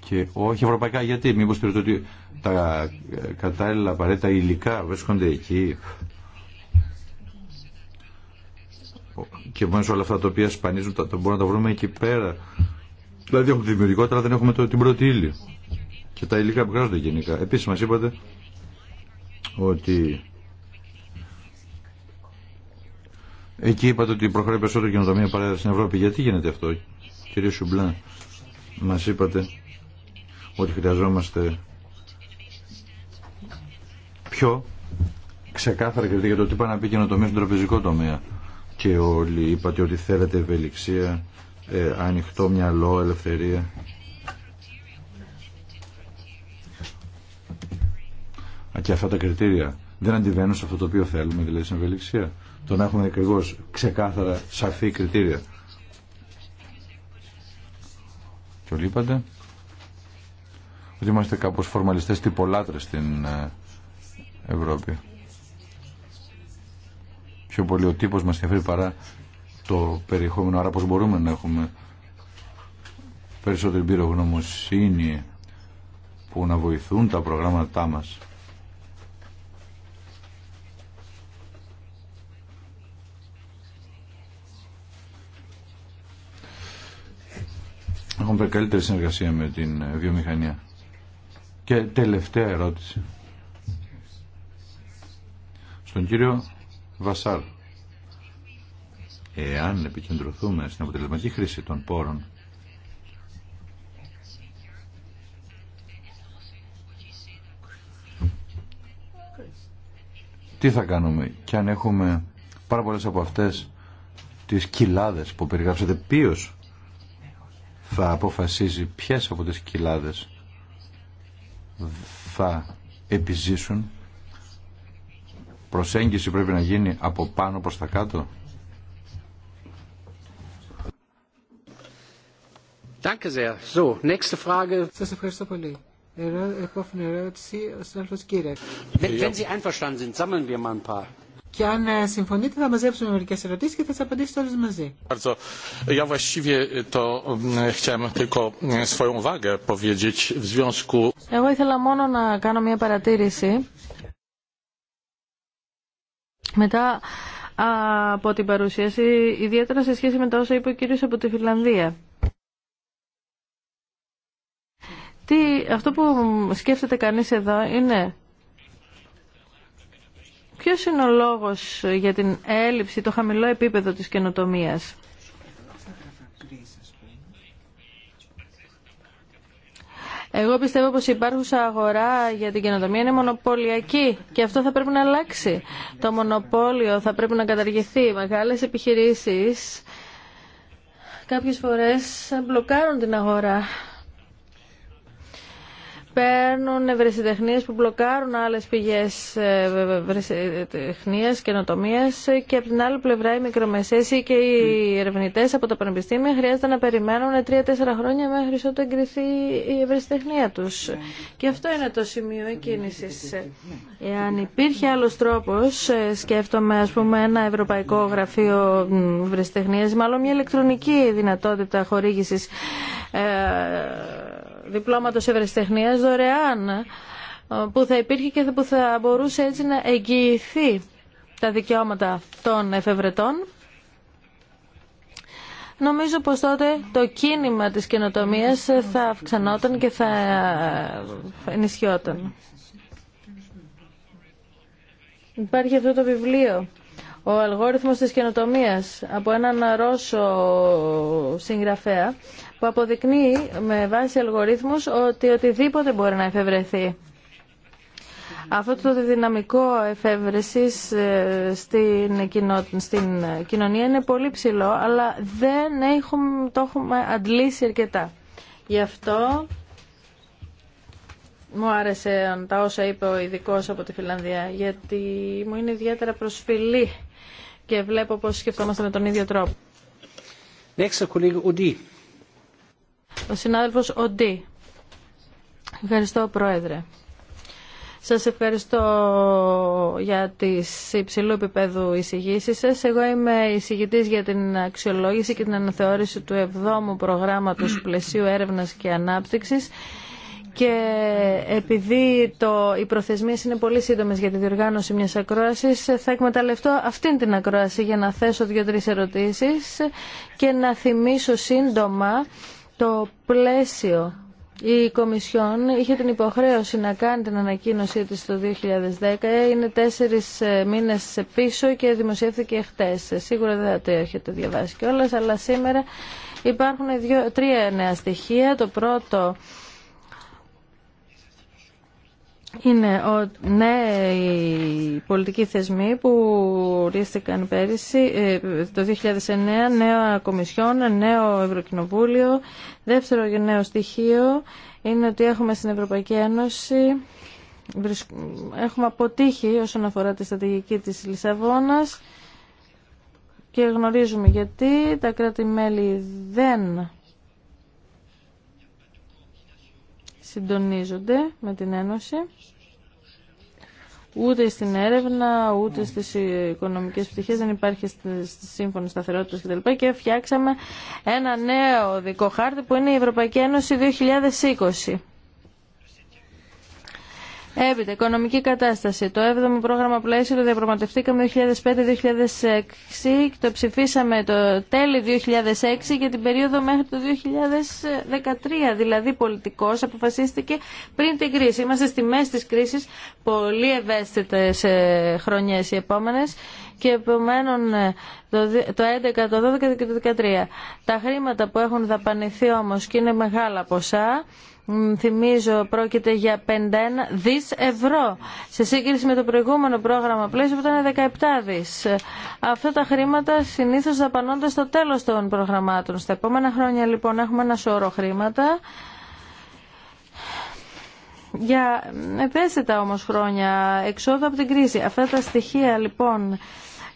και όχι ευρωπαϊκά. Γιατί, μήπως θεωρείτε ότι τα ε, κατάλληλα απαραίτητα υλικά βρίσκονται εκεί και μόνος όλα αυτά τα οποία σπανίζουν τα, μπορούμε να τα βρούμε εκεί πέρα. Δηλαδή έχουμε τη δημιουργικότητα, αλλά δεν έχουμε το, την πρώτη ύλη. Και τα υλικά που γενικά. Επίσης μας είπατε ότι Εκεί είπατε ότι προχωράει περισσότερο καινοτομία παρά στην Ευρώπη. Γιατί γίνεται αυτό, κύριε Σουμπλά, μα είπατε ότι χρειαζόμαστε πιο ξεκάθαρα κριτήρια για το τι πάνε να πει καινοτομία στον τραπεζικό τομέα. Και όλοι είπατε ότι θέλετε ευελιξία, ε, ανοιχτό μυαλό, ελευθερία. Και αυτά τα κριτήρια δεν αντιβαίνουν σε αυτό το οποίο θέλουμε, δηλαδή στην ευελιξία το να έχουμε ακριβώ ξεκάθαρα σαφή κριτήρια. Το είπατε ότι είμαστε κάπως φορμαλιστές τυπολάτρες στην ε, Ευρώπη. Πιο πολύ ο τύπος μας ενδιαφέρει παρά το περιεχόμενο, άρα πώς μπορούμε να έχουμε περισσότερη πυρογνωμοσύνη που να βοηθούν τα προγράμματά μας. έχουμε καλύτερη συνεργασία με την ε, βιομηχανία. Και τελευταία ερώτηση. Στον κύριο Βασάρ. Εάν επικεντρωθούμε στην αποτελεσματική χρήση των πόρων τι θα κάνουμε και αν έχουμε πάρα πολλές από αυτές τις κοιλάδες που περιγράψατε ποιος θα αποφασίζει ποιες από τις κοιλάδες θα επιζήσουν προσέγγιση πρέπει να γίνει από πάνω προς τα κάτω Σας ευχαριστώ πολύ Επόμενη ερώτηση ο συνάδελφος Κύριε και αν ε, συμφωνείτε θα μαζέψουμε μερικέ ερωτήσει και θα σα απαντήσετε όλε μαζί. Εγώ ήθελα μόνο να κάνω μια παρατήρηση. Μετά από την παρουσίαση, ιδιαίτερα σε σχέση με τα όσα είπε ο κύριος από τη Φιλανδία. Τι, αυτό που σκέφτεται κανείς εδώ είναι Ποιος είναι ο λόγος για την έλλειψη, το χαμηλό επίπεδο της καινοτομίας. Εγώ πιστεύω πως η αγορά για την καινοτομία είναι μονοπωλιακή και αυτό θα πρέπει να αλλάξει. Το μονοπόλιο θα πρέπει να καταργηθεί. Μεγάλες επιχειρήσεις κάποιες φορές μπλοκάρουν την αγορά παίρνουν ευρεσιτεχνίε που μπλοκάρουν άλλε πηγέ ε, ευρεσιτεχνία, καινοτομία και από την άλλη πλευρά οι μικρομεσαίε και οι ερευνητέ από τα πανεπιστήμια χρειάζεται να περιμένουν τρία-τέσσερα χρόνια μέχρι ότου εγκριθεί η ευρεσιτεχνία του. Και αυτό είναι το σημείο εκκίνηση. Εάν υπήρχε άλλο τρόπο, ε, σκέφτομαι α πούμε ένα ευρωπαϊκό γραφείο ευρεσιτεχνία, μάλλον μια ηλεκτρονική δυνατότητα χορήγηση ε, διπλώματος ευρεσιτεχνία δωρεάν ε, που θα υπήρχε και που θα μπορούσε έτσι να εγγυηθεί τα δικαιώματα των εφευρετών. Νομίζω πως τότε το κίνημα της καινοτομία θα αυξανόταν και θα ε, ενισχυόταν. Υπάρχει αυτό το βιβλίο ο αλγόριθμος της καινοτομία από έναν Ρώσο συγγραφέα που αποδεικνύει με βάση αλγορίθμους ότι οτιδήποτε μπορεί να εφευρεθεί. Αυτό το δυναμικό εφεύρεσης ε, στην, στην κοινωνία είναι πολύ ψηλό, αλλά δεν έχουμε, το έχουμε αντλήσει αρκετά. Γι' αυτό μου άρεσε τα όσα είπε ο ειδικό από τη Φιλανδία, γιατί μου είναι ιδιαίτερα προσφυλή και βλέπω πώς σκεφτόμαστε με τον ίδιο τρόπο. Ο συνάδελφος Οντί. Ευχαριστώ, Πρόεδρε. Σας ευχαριστώ για τις υψηλού επίπεδου εισηγήσεις σας. Εγώ είμαι εισηγητής για την αξιολόγηση και την αναθεώρηση του 7ου προγράμματος πλαισίου έρευνας και ανάπτυξης και επειδή το, οι προθεσμίες είναι πολύ σύντομες για τη διοργάνωση μιας ακρόασης θα εκμεταλλευτώ αυτήν την ακρόαση για να θέσω δύο-τρεις ερωτήσεις και να θυμίσω σύντομα το πλαίσιο η Κομισιόν είχε την υποχρέωση να κάνει την ανακοίνωσή της το 2010. Είναι τέσσερις ε, μήνες πίσω και δημοσιεύθηκε χτες. Σίγουρα δεν θα το έχετε διαβάσει κιόλας, αλλά σήμερα υπάρχουν δύο, τρία νέα στοιχεία. Το πρώτο είναι ο νέοι ναι, πολιτικοί θεσμοί που ορίστηκαν πέρυσι, ε, το 2009, νέα κομισιόν, νέο Ευρωκοινοβούλιο. Δεύτερο νέο στοιχείο είναι ότι έχουμε στην Ευρωπαϊκή Ένωση έχουμε αποτύχει όσον αφορά τη στρατηγική της Λισαβόνας και γνωρίζουμε γιατί τα κράτη-μέλη δεν συντονίζονται με την Ένωση ούτε στην έρευνα, ούτε στις οικονομικές πτυχές, δεν υπάρχει στη σύμφωνη σταθερότητα κτλ. Και φτιάξαμε ένα νέο δικό χάρτη που είναι η Ευρωπαϊκή Ένωση 2020. Έπειτα, οικονομική κατάσταση. Το 7ο πρόγραμμα πλαίσιο το διαπραγματευτήκαμε 2005-2006 και το ψηφίσαμε το τέλη 2006 για την περίοδο μέχρι το 2013. Δηλαδή, πολιτικώ αποφασίστηκε πριν την κρίση. Είμαστε στη μέση τη κρίση, πολύ ευαίσθητε ε, χρονιέ οι επόμενε και επομένων ε, το 11, το 12 και το 2013. Τα χρήματα που έχουν δαπανηθεί όμω και είναι μεγάλα ποσά Θυμίζω, πρόκειται για 51 δις ευρώ σε σύγκριση με το προηγούμενο πρόγραμμα πλαίσιο που ήταν 17 δις. Αυτά τα χρήματα συνήθως δαπανώνται στο τέλος των προγραμμάτων. Στα επόμενα χρόνια λοιπόν έχουμε ένα σώρο χρήματα για ευαίσθητα όμως χρόνια εξόδου από την κρίση. Αυτά τα στοιχεία λοιπόν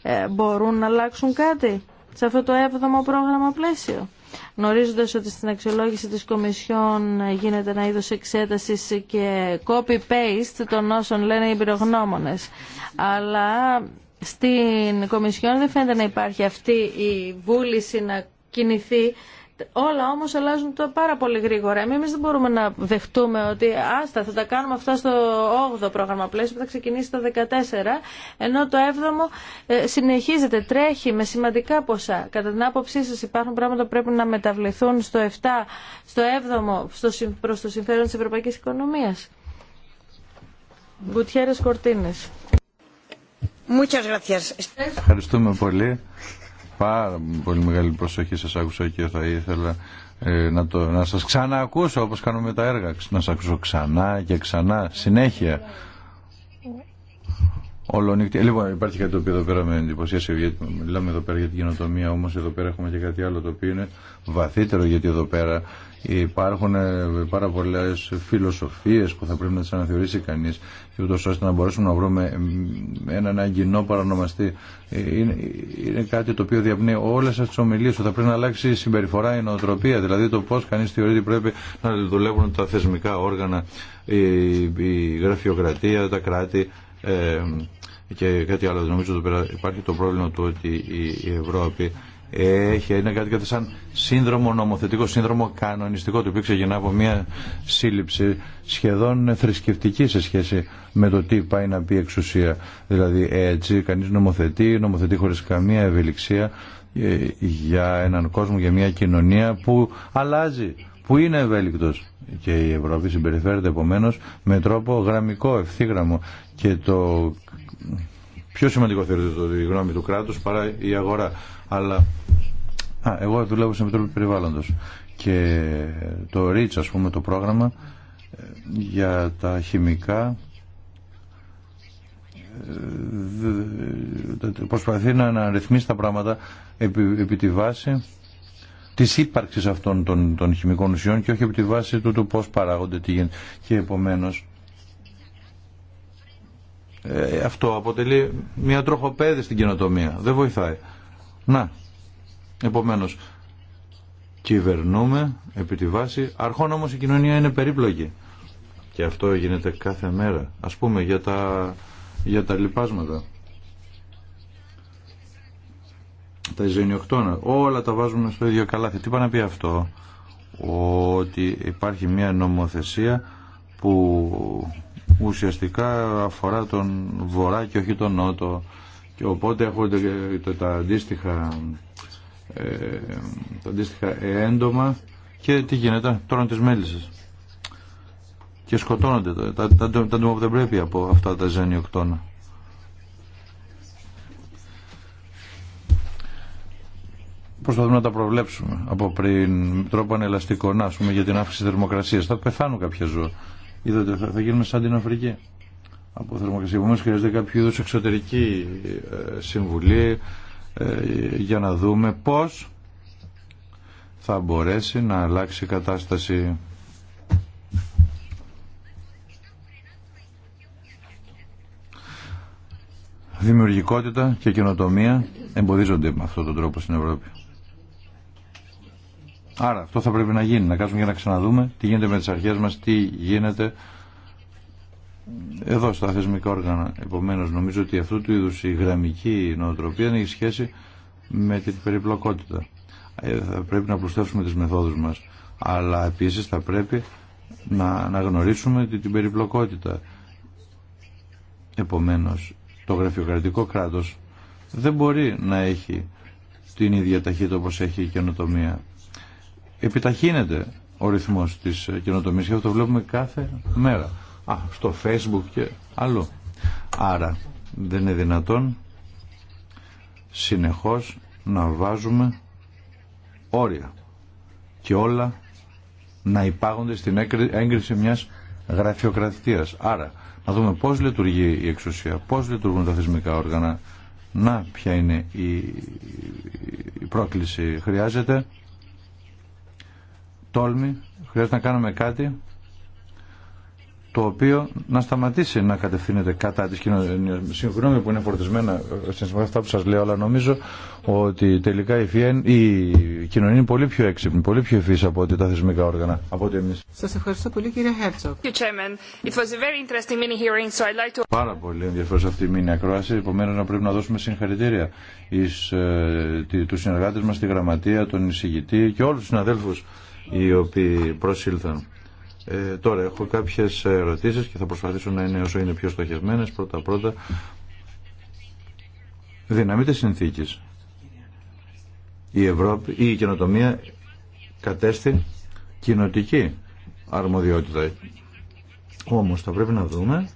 ε, μπορούν να αλλάξουν κάτι σε αυτό το έβδομο πρόγραμμα πλαίσιο γνωρίζοντας ότι στην αξιολόγηση της Κομισιόν γίνεται ένα είδος εξέτασης και copy-paste των όσων λένε οι εμπειρογνώμονες. Αλλά στην Κομισιόν δεν φαίνεται να υπάρχει αυτή η βούληση να κινηθεί Όλα όμω αλλάζουν το πάρα πολύ γρήγορα. Εμεί δεν μπορούμε να δεχτούμε ότι άστα θα τα κάνουμε αυτά στο 8ο πρόγραμμα πλαίσιο που θα ξεκινήσει το 14, ενώ το 7ο ε, συνεχίζεται, τρέχει με σημαντικά ποσά. Κατά την άποψή σα, υπάρχουν πράγματα που πρέπει να μεταβληθούν στο 7, στο 7ο προ το συμφέρον τη Ευρωπαϊκή οικονομίας. Μπουτιέρες Κορτίνες. Ευχαριστούμε πολύ πάρα πολύ μεγάλη προσοχή σας άκουσα και θα ήθελα ε, να, το, να σας ξαναακούσω όπως κάνουμε τα έργα να σας ακούσω ξανά και ξανά συνέχεια Ολονύχτη. Λοιπόν, υπάρχει κάτι το οποίο εδώ πέρα με εντυπωσίασε, γιατί μιλάμε εδώ πέρα για την καινοτομία, όμω εδώ πέρα έχουμε και κάτι άλλο το οποίο είναι βαθύτερο, γιατί εδώ πέρα Υπάρχουν ε, πάρα πολλέ φιλοσοφίε που θα πρέπει να τι αναθεωρήσει κανεί, ούτω ώστε να μπορέσουμε να βρούμε έναν κοινό παρανομαστή. Ε, είναι, είναι κάτι το οποίο διαπνέει όλε αυτέ τι ομιλίε θα πρέπει να αλλάξει η συμπεριφορά, η νοοτροπία. Δηλαδή το πώ κανεί θεωρεί ότι πρέπει να δουλεύουν τα θεσμικά όργανα, η, η γραφειοκρατία, τα κράτη. Ε, και κάτι άλλο, νομίζω ότι υπάρχει το πρόβλημα του ότι η Ευρώπη έχει, είναι κάτι κάτι σαν σύνδρομο νομοθετικό, σύνδρομο κανονιστικό, το οποίο ξεκινά από μια σύλληψη σχεδόν θρησκευτική σε σχέση με το τι πάει να πει εξουσία. Δηλαδή έτσι κανείς νομοθετεί, νομοθετεί χωρίς καμία ευελιξία ε, για έναν κόσμο, για μια κοινωνία που αλλάζει, που είναι ευέλικτος. Και η Ευρώπη συμπεριφέρεται επομένως με τρόπο γραμμικό, ευθύγραμμο και το Πιο σημαντικό θεωρείται το η γνώμη του κράτους παρά η αγορά. Αλλά α, εγώ δουλεύω σε Επιτροπή Περιβάλλοντος και το REACH ας πούμε το πρόγραμμα ε, για τα χημικά ε, ε, προσπαθεί να ρυθμίσει τα πράγματα επί, επί τη βάση τη ύπαρξη αυτών των, χημικών ουσιών και όχι επί τη βάση του, του πώ παράγονται, τι Και επομένω ε, αυτό αποτελεί μια τροχοπέδη στην καινοτομία. Δεν βοηθάει. Να, επομένως, κυβερνούμε επί τη βάση, αρχών όμως η κοινωνία είναι περίπλοκη. Και αυτό γίνεται κάθε μέρα. Ας πούμε για τα, για τα λοιπάσματα. Τα ζενιοκτώνα. Όλα τα βάζουμε στο ίδιο καλάθι. Τι πάει να πει αυτό. Ότι υπάρχει μια νομοθεσία που ουσιαστικά αφορά τον Βορρά και όχι τον Νότο και οπότε έχονται τα αντίστοιχα, ε, τα αντίστοιχα έντομα και τι γίνεται, τώρα τις μέλισσες και σκοτώνονται τα, τα, τα, που πρέπει από αυτά τα ζένιοκτώνα. Προσπαθούμε να τα προβλέψουμε από πριν τρόπο ανελαστικό, να πούμε, για την αύξηση θερμοκρασίας. Θα πεθάνουν κάποια ζώα. Είδατε, θα, θα γίνουμε σαν την Αφρική από θερμοκρασία. Επομένω, χρειάζεται κάποιο είδου εξωτερική ε, συμβουλή ε, για να δούμε πώ θα μπορέσει να αλλάξει η κατάσταση. Δημιουργικότητα και καινοτομία εμποδίζονται με αυτόν τον τρόπο στην Ευρώπη. Άρα αυτό θα πρέπει να γίνει, να κάτσουμε για να ξαναδούμε τι γίνεται με τις αρχές μας, τι γίνεται εδώ στα θεσμικά όργανα. Επομένως νομίζω ότι αυτού του είδους η γραμμική νοοτροπία έχει σχέση με την περιπλοκότητα. Ε, θα πρέπει να προσθέσουμε τις μεθόδους μας, αλλά επίσης θα πρέπει να αναγνωρίσουμε την περιπλοκότητα. Επομένως, το γραφειοκρατικό κράτος δεν μπορεί να έχει την ίδια ταχύτητα όπως έχει η καινοτομία επιταχύνεται ο ρυθμός της καινοτομίας και αυτό το βλέπουμε κάθε μέρα. Α, στο facebook και άλλο. Άρα δεν είναι δυνατόν συνεχώς να βάζουμε όρια και όλα να υπάγονται στην έγκριση μιας γραφειοκρατίας. Άρα, να δούμε πώς λειτουργεί η εξουσία, πώς λειτουργούν τα θεσμικά όργανα, να ποια είναι η πρόκληση. Χρειάζεται τόλμη, χρειάζεται να κάνουμε κάτι το οποίο να σταματήσει να κατευθύνεται κατά τη κοινωνία. Συγγνώμη που είναι φορτισμένα ε, αυτά που σα λέω, αλλά νομίζω ότι τελικά η, ΦΙΕΝ, η κοινωνία είναι πολύ πιο έξυπνη, πολύ πιο ευφύ από ότι τα θεσμικά όργανα, από ότι εμεί. Σα ευχαριστώ πολύ κύριε Χέρτσοκ. Πάρα πολύ ενδιαφέρουσα αυτή η μήνυα ακρόαση, Επομένω να πρέπει να δώσουμε συγχαρητήρια ε, τους συνεργάτες μας, τη γραμματεία, τον εισηγητή και όλου του συναδέλφου οι οποίοι προσήλθαν. Ε, τώρα έχω κάποιες ερωτήσεις και θα προσπαθήσω να είναι όσο είναι πιο στοχευμένες. Πρώτα-πρώτα, δύναμη της συνθήκης. Η, Ευρώπη, η καινοτομία κατέστη κοινοτική αρμοδιότητα. Όμως θα πρέπει να δούμε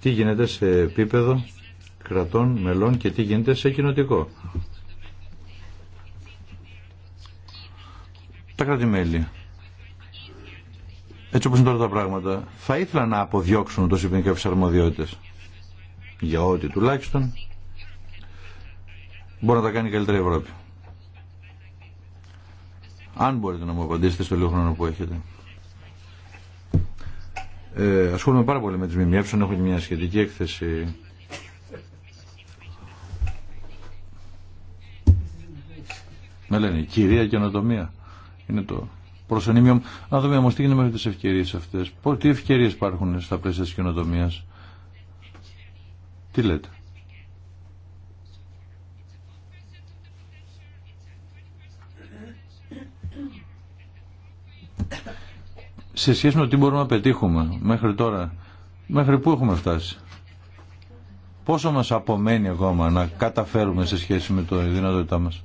τι γίνεται σε επίπεδο κρατών, μελών και τι γίνεται σε κοινοτικό. τα κράτη-μέλη. Έτσι όπως είναι τώρα τα πράγματα, θα ήθελα να αποδιώξουν το συμπνικές αρμοδιότητες. Για ό,τι τουλάχιστον μπορεί να τα κάνει καλύτερα η Ευρώπη. Αν μπορείτε να μου απαντήσετε στο λίγο χρόνο που έχετε. Ε, ασχολούμαι πάρα πολύ με τις ΜΜΕ, έχω και μια σχετική έκθεση. Με λένε κυρία καινοτομία είναι το προσωνύμιο μου. Να δούμε όμω τι γίνεται με τι ευκαιρίε αυτέ. Τι ευκαιρίε υπάρχουν στα πλαίσια τη καινοτομία. Τι λέτε. Σε σχέση με το τι μπορούμε να πετύχουμε μέχρι τώρα, μέχρι πού έχουμε φτάσει. Πόσο μας απομένει ακόμα να καταφέρουμε σε σχέση με το δυνατότητά μας.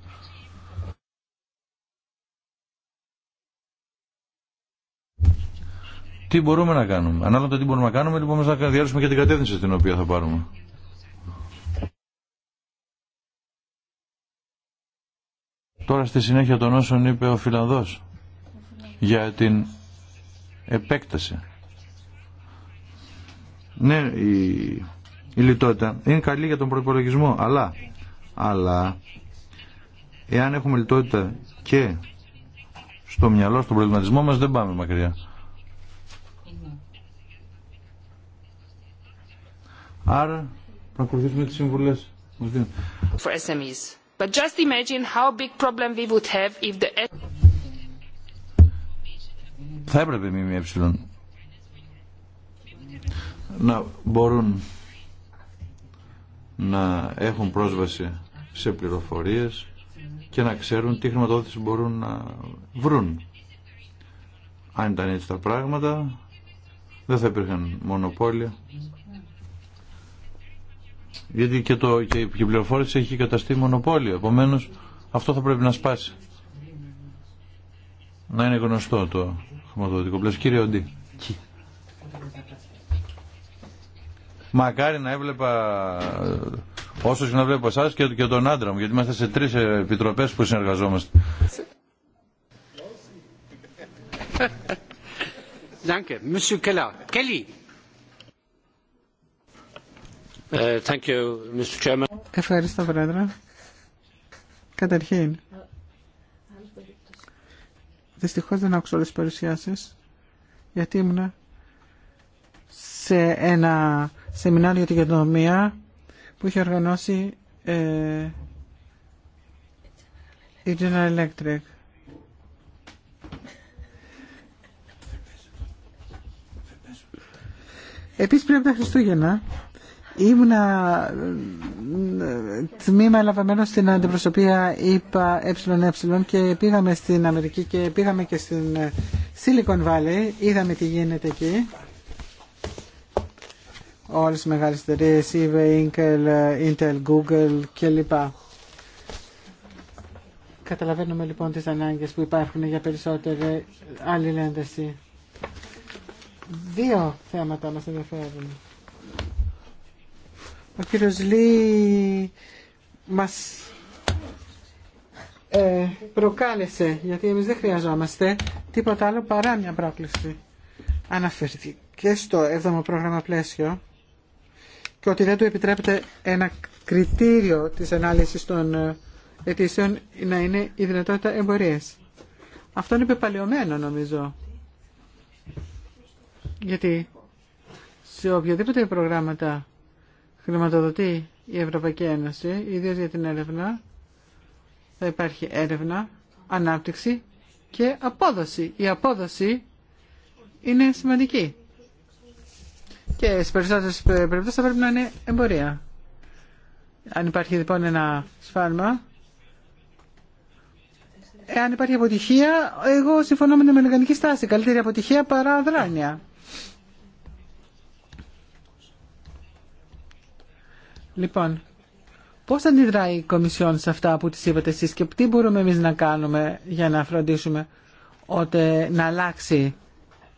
τι μπορούμε να κάνουμε. Ανάλογα το τι μπορούμε να κάνουμε, λοιπόν, να διαλύσουμε και την κατεύθυνση στην οποία θα πάρουμε. Τώρα στη συνέχεια των όσων είπε ο Φιλανδός για την επέκταση. Ναι, η, η λιτότητα είναι καλή για τον προπολογισμό, αλλά, αλλά εάν έχουμε λιτότητα και στο μυαλό, στον προβληματισμό μας δεν πάμε μακριά. Άρα να τις συμβουλές. For SMEs. But just imagine how big problem we would have if the... Θα έπρεπε ΜΜΕ να μπορούν να έχουν πρόσβαση σε πληροφορίες και να ξέρουν τι χρηματοδότηση μπορούν να βρουν. Αν ήταν έτσι τα πράγματα, δεν θα υπήρχαν μονοπόλια, γιατί και, το, και η πληροφόρηση έχει καταστεί μονοπόλιο. Επομένως, αυτό θα πρέπει να σπάσει. Να είναι γνωστό το χρηματοδοτικό πλαίσιο. Κύριε Οντή. Μακάρι να έβλεπα ε, όσο να βλέπω εσά και, και τον άντρα μου, γιατί είμαστε σε τρει επιτροπέ που συνεργαζόμαστε. Danke, Monsieur Keller. Kelly. Ε, Ευχαριστώ, Πρόεδρε. Καταρχήν, Δυστυχώ δεν άκουσα όλες τις παρουσιάσεις, γιατί ήμουν σε ένα σεμινάριο για την κοινωνία που είχε οργανώσει ε, η General Electric. Επίσης πριν από τα Χριστούγεννα Ήμουνα ε, τμήμα ελαβαμένο στην αντιπροσωπεία είπα ΕΕ και πήγαμε στην Αμερική και πήγαμε και στην ε, Silicon Valley. Είδαμε τι γίνεται εκεί. Όλες οι μεγάλες εταιρείε, eBay, Intel, ε, Intel, Google κλπ. Καταλαβαίνουμε λοιπόν τις ανάγκες που υπάρχουν για περισσότερη άλλη Δύο θέματα μας ενδιαφέρουν. Ο κύριος μας ε, προκάλεσε, γιατί εμείς δεν χρειαζόμαστε τίποτα άλλο παρά μια πρόκληση. Αναφερθήκε στο 7ο πρόγραμμα πλαίσιο και ότι δεν του επιτρέπεται ένα κριτήριο της ανάλυσης των ε, αιτήσεων να είναι η δυνατότητα εμπορίας. Αυτό είναι πεπαλαιωμένο νομίζω. Γιατί σε οποιαδήποτε προγράμματα χρηματοδοτεί η Ευρωπαϊκή Ένωση, ιδίω για την έρευνα, θα υπάρχει έρευνα, ανάπτυξη και απόδοση. Η απόδοση είναι σημαντική. Και στις περισσότερε περιπτώσει θα πρέπει να είναι εμπορία. Αν υπάρχει λοιπόν ένα σφάλμα, εάν υπάρχει αποτυχία, εγώ συμφωνώ με την αμερικανική στάση. Καλύτερη αποτυχία παρά αδράνεια. Λοιπόν, πώς αντιδράει η Κομισιόν σε αυτά που τη είπατε εσεί και τι μπορούμε εμεί να κάνουμε για να φροντίσουμε ότι να αλλάξει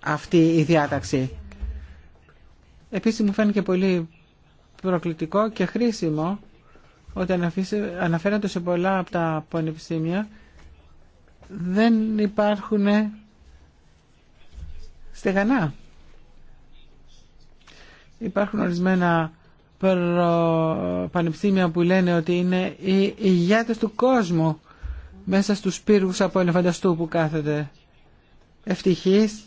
αυτή η διάταξη. Επίσης μου φαίνεται πολύ προκλητικό και χρήσιμο ότι αναφέρονται σε πολλά από τα πανεπιστήμια δεν υπάρχουν στεγανά. Υπάρχουν ορισμένα πανεπιστήμια που λένε ότι είναι οι ηγέτες του κόσμου μέσα στους πύργους από ελεφανταστού που κάθεται. Ευτυχείς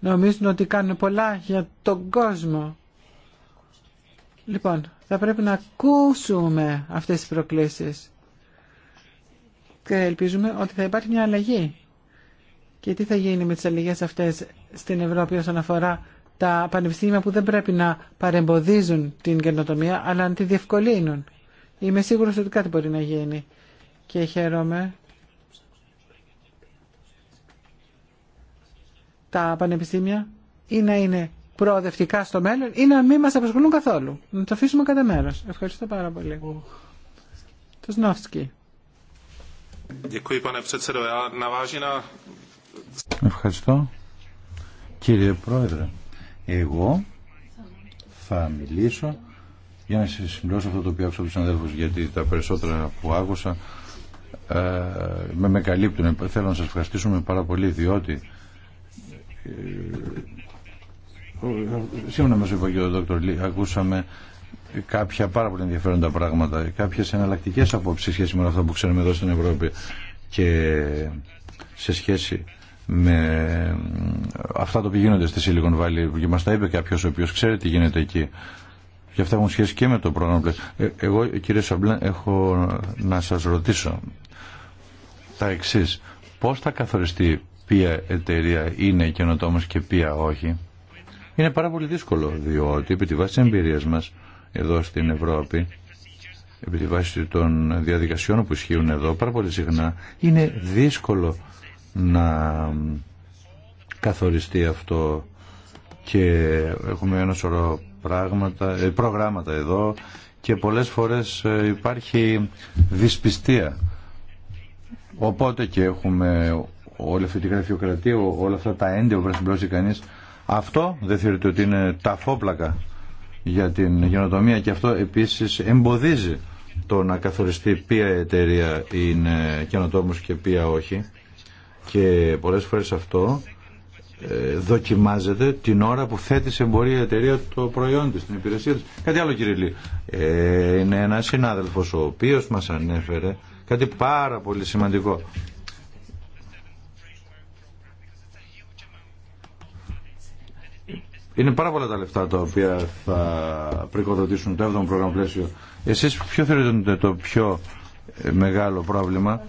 νομίζουν ότι κάνουν πολλά για τον κόσμο. Λοιπόν, θα πρέπει να ακούσουμε αυτές τις προκλήσεις και ελπίζουμε ότι θα υπάρχει μια αλλαγή. Και τι θα γίνει με τις αλλαγές αυτές στην Ευρώπη όσον αφορά τα πανεπιστήμια που δεν πρέπει να παρεμποδίζουν την καινοτομία, αλλά να τη διευκολύνουν. Είμαι σίγουρος ότι κάτι μπορεί να γίνει. Και χαίρομαι. Τα πανεπιστήμια ή να είναι προοδευτικά στο μέλλον ή να μην μας απασχολούν καθόλου. Να το αφήσουμε κατά μέρος. Ευχαριστώ πάρα πολύ. Το Σνόφσκι. Ευχαριστώ. Κύριε Πρόεδρε. Εγώ θα μιλήσω για να συμπληρώσω αυτό το οποίο άκουσα από του συναδέλφου, γιατί τα περισσότερα που άκουσα ε, με, με καλύπτουν. Θέλω να σα ευχαριστήσουμε πάρα πολύ, διότι ε, σύμφωνα με είπα και ο Δόκτωρ Λί, ακούσαμε κάποια πάρα πολύ ενδιαφέροντα πράγματα, κάποιες εναλλακτικές απόψεις σχέση με αυτό που ξέρουμε εδώ στην Ευρώπη και σε σχέση με αυτά το που γίνονται στη Silicon Valley και μας τα είπε κάποιο ο οποίο ξέρει τι γίνεται εκεί και αυτά έχουν σχέση και με το πρόγραμμα ε, εγώ κύριε Σαμπλέν έχω να σας ρωτήσω τα εξή. πώς θα καθοριστεί ποια εταιρεία είναι καινοτόμο και ποια όχι είναι πάρα πολύ δύσκολο διότι επί τη βάση τη εμπειρία μας εδώ στην Ευρώπη επί τη βάση των διαδικασιών που ισχύουν εδώ πάρα πολύ συχνά είναι δύσκολο να καθοριστεί αυτό και έχουμε ένα σωρό πράγματα, ε, προγράμματα εδώ και πολλές φορές ε, υπάρχει δυσπιστία. Οπότε και έχουμε όλη αυτή τη γραφειοκρατία, όλα αυτά τα έντια που πρέπει να Αυτό δεν θεωρείται ότι είναι ταφόπλακα για την γενοτομία και αυτό επίσης εμποδίζει το να καθοριστεί ποια εταιρεία είναι καινοτόμος και ποια όχι και πολλές φορές αυτό ε, δοκιμάζεται την ώρα που θέτει σε εμπορία η εταιρεία το προϊόν της, την υπηρεσία της. Κάτι άλλο κύριε Λί. Ε, είναι ένας συνάδελφος ο οποίος μας ανέφερε κάτι πάρα πολύ σημαντικό. Είναι πάρα πολλά τα λεφτά τα οποία θα πρικοδοτήσουν το 7ο πρόγραμμα πλαίσιο. Εσείς ποιο θεωρείτε το πιο μεγάλο πρόβλημα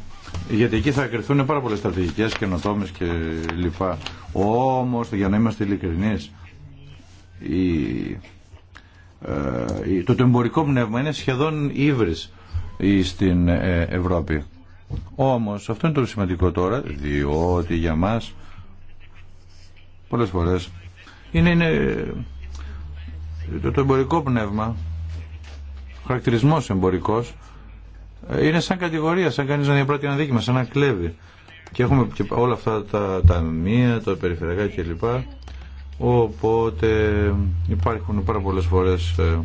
γιατί εκεί θα κρυθούν πάρα πολλέ στρατηγικές, καινοτόμε και λοιπά. Όμως, για να είμαστε ειλικρινεί. Ε, το, εμπορικό πνεύμα είναι σχεδόν ύβρι στην ε, Ευρώπη. Όμως, αυτό είναι το σημαντικό τώρα, διότι για μας πολλές φορές είναι, είναι το, το εμπορικό πνεύμα, χαρακτηρισμός εμπορικός, είναι σαν κατηγορία, σαν κανείς να διαπράττει ένα δίκημα, σαν να κλέβει. Και έχουμε όλα αυτά τα ταμεία, τα περιφερειακά κλπ. Οπότε υπάρχουν πάρα πολλές φορές ε,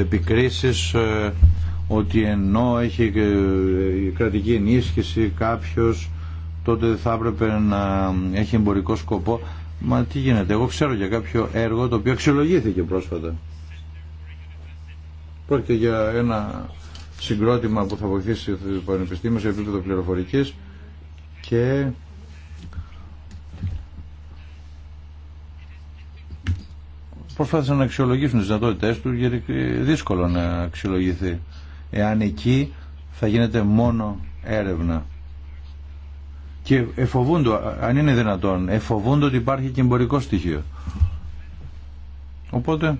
επικρίσεις ε, ότι ενώ έχει ε, κρατική ενίσχυση κάποιο τότε θα έπρεπε να έχει εμπορικό σκοπό. Μα τι γίνεται, εγώ ξέρω για κάποιο έργο το οποίο αξιολογήθηκε πρόσφατα. Πρόκειται για ένα συγκρότημα που θα βοηθήσει το Πανεπιστήμιο σε επίπεδο πληροφορικής και προσπάθησαν να αξιολογήσουν τις δυνατότητές του γιατί δύσκολο να αξιολογηθεί εάν εκεί θα γίνεται μόνο έρευνα. Και εφοβούνται, αν είναι δυνατόν, εφοβούνται ότι υπάρχει και εμπορικό στοιχείο. Οπότε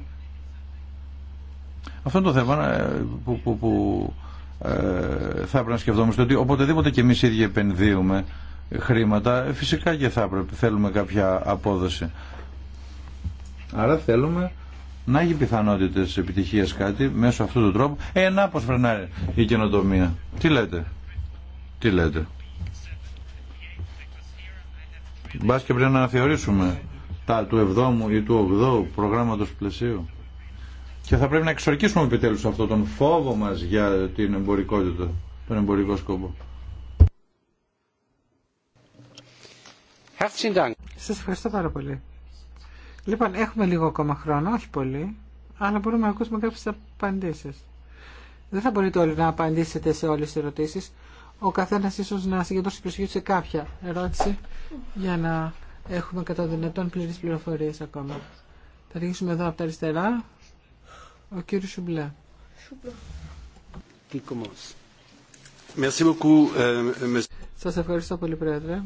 αυτό είναι το θέμα ε, που, που, που ε, θα έπρεπε να σκεφτόμαστε ότι οποτεδήποτε και εμείς ίδιοι επενδύουμε χρήματα, φυσικά και θα έπρεπε, θέλουμε κάποια απόδοση. Άρα θέλουμε να έχει πιθανότητε επιτυχία κάτι μέσω αυτού του τρόπου. Ε, να πώ φρενάρει η καινοτομία. Τι λέτε. Τι λέτε. Μπα και πρέπει να αναθεωρήσουμε τα του 7ου ή του 8ου προγράμματο πλαισίου. Και θα πρέπει να εξορκίσουμε επιτέλους αυτό τον φόβο μας για την εμπορικότητα, τον εμπορικό σκοπό. Σας ευχαριστώ πάρα πολύ. Λοιπόν, έχουμε λίγο ακόμα χρόνο, όχι πολύ, αλλά μπορούμε να ακούσουμε κάποιες απαντήσεις. Δεν θα μπορείτε όλοι να απαντήσετε σε όλες τις ερωτήσεις. Ο καθένας ίσως να συγκεντρώσει προσοχή σε κάποια ερώτηση για να έχουμε κατά δυνατόν πλήρες πληροφορίες ακόμα. Θα αρχίσουμε εδώ από τα αριστερά. Ο κύριος Σουμπλά. Ε, ε, Σας ευχαριστώ πολύ, Πρόεδρε.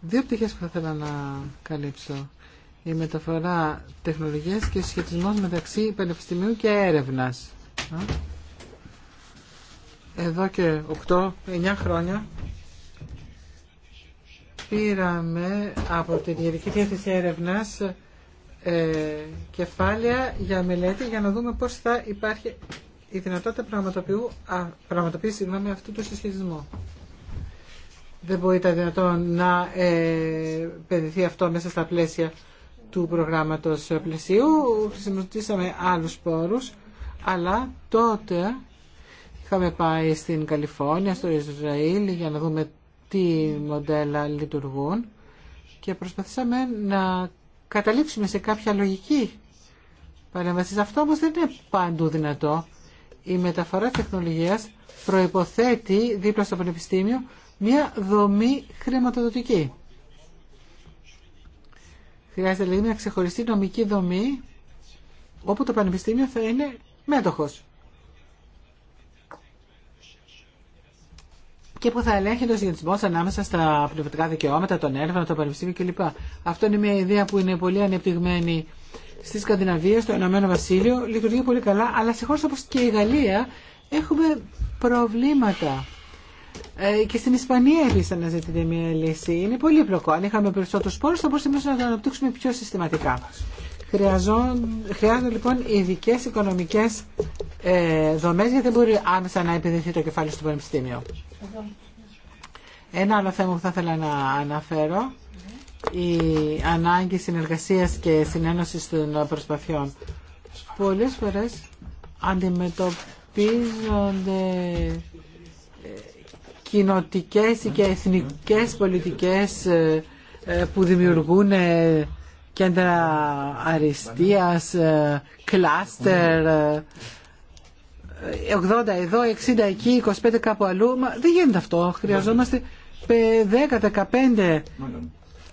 Δύο πτυχές που θα ήθελα να καλύψω. Η μεταφορά τεχνολογίας και σχετισμός μεταξύ πανεπιστημίου και έρευνας. Εδώ και 8-9 χρόνια πήραμε από τη Διεδική Διεύθυνση Έρευνας ε, κεφάλαια για μελέτη για να δούμε πώς θα υπάρχει η δυνατότητα πραγματοποιήσει με αυτού του συσχετισμού. Δεν μπορεί τα δυνατόν να ε, αυτό μέσα στα πλαίσια του προγράμματος πλαισίου. Χρησιμοποιήσαμε άλλους πόρους, αλλά τότε είχαμε πάει στην Καλιφόρνια, στο Ισραήλ για να δούμε τι μοντέλα λειτουργούν και προσπαθήσαμε να καταλήξουμε σε κάποια λογική παρέμβαση. Αυτό όμως δεν είναι παντού δυνατό. Η μεταφορά τεχνολογίας προϋποθέτει δίπλα στο πανεπιστήμιο μια δομή χρηματοδοτική. Χρειάζεται δηλαδή μια ξεχωριστή νομική δομή όπου το πανεπιστήμιο θα είναι μέτοχος. και που θα ελέγχει το διαγωνισμό ανάμεσα στα πνευματικά δικαιώματα, τον έρευνα, το πανεπιστήμιο κλπ. Αυτό είναι μια ιδέα που είναι πολύ ανεπτυγμένη στη Σκανδιναβία, στο Ηνωμένο Βασίλειο, λειτουργεί πολύ καλά, αλλά σε χώρε όπω και η Γαλλία έχουμε προβλήματα. Ε, και στην Ισπανία επίση αναζητείται μια λύση. Είναι πολύ πλοκό. Αν είχαμε περισσότερου πόρου, θα μπορούσαμε να τα αναπτύξουμε πιο συστηματικά. Χρειάζονται λοιπόν ειδικέ οικονομικέ ε, δομές δομέ γιατί δεν μπορεί άμεσα να επιδεθεί το κεφάλαιο στο Πανεπιστήμιο. Ένα άλλο θέμα που θα ήθελα να αναφέρω η ανάγκη συνεργασίας και συνένωσης των προσπαθειών. Πολλές φορές αντιμετωπίζονται ε, κοινοτικές και εθνικές πολιτικές ε, που δημιουργούν κέντρα αριστείας, ε, κλάστερ, 80 ε, εδώ, 60 εκεί, 25 κάπου αλλού. δεν γίνεται αυτό. Χρειαζόμαστε 10-15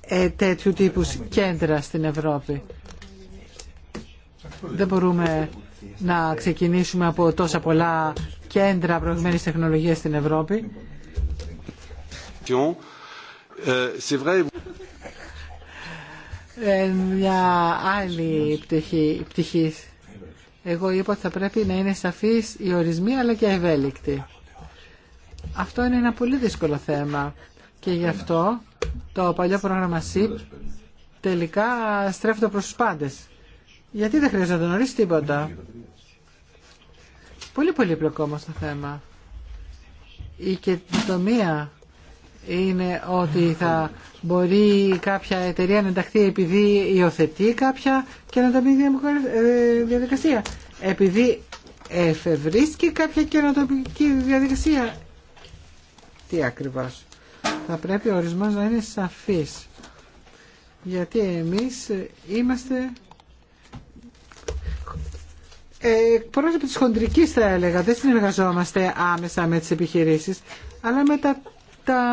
ε, τέτοιου τύπους κέντρα στην Ευρώπη. Δεν μπορούμε να ξεκινήσουμε από τόσα πολλά κέντρα προηγουμένης τεχνολογίας στην Ευρώπη. Ε, μια άλλη πτυχή, πτυχή. Εγώ είπα ότι θα πρέπει να είναι σαφής η ορισμή αλλά και ευέλικτη. Αυτό είναι ένα πολύ δύσκολο θέμα και γι' αυτό το παλιό πρόγραμμα SIP τελικά στρέφεται προς τους πάντες. Γιατί δεν χρειάζεται να τίποτα. Πολύ πολύ πλοκό όμως το θέμα. Η κεντομία είναι ότι θα Μπορεί κάποια εταιρεία να ενταχθεί επειδή υιοθετεί κάποια και να τα διαδικασία. Επειδή εφευρίσκει κάποια καινοτομική διαδικασία. Τι ακριβώς. Θα πρέπει ο ορισμός να είναι σαφής. Γιατί εμείς είμαστε πρόσωποι της χοντρικής θα έλεγα. Δεν συνεργαζόμαστε άμεσα με τις επιχειρήσεις αλλά με τα τα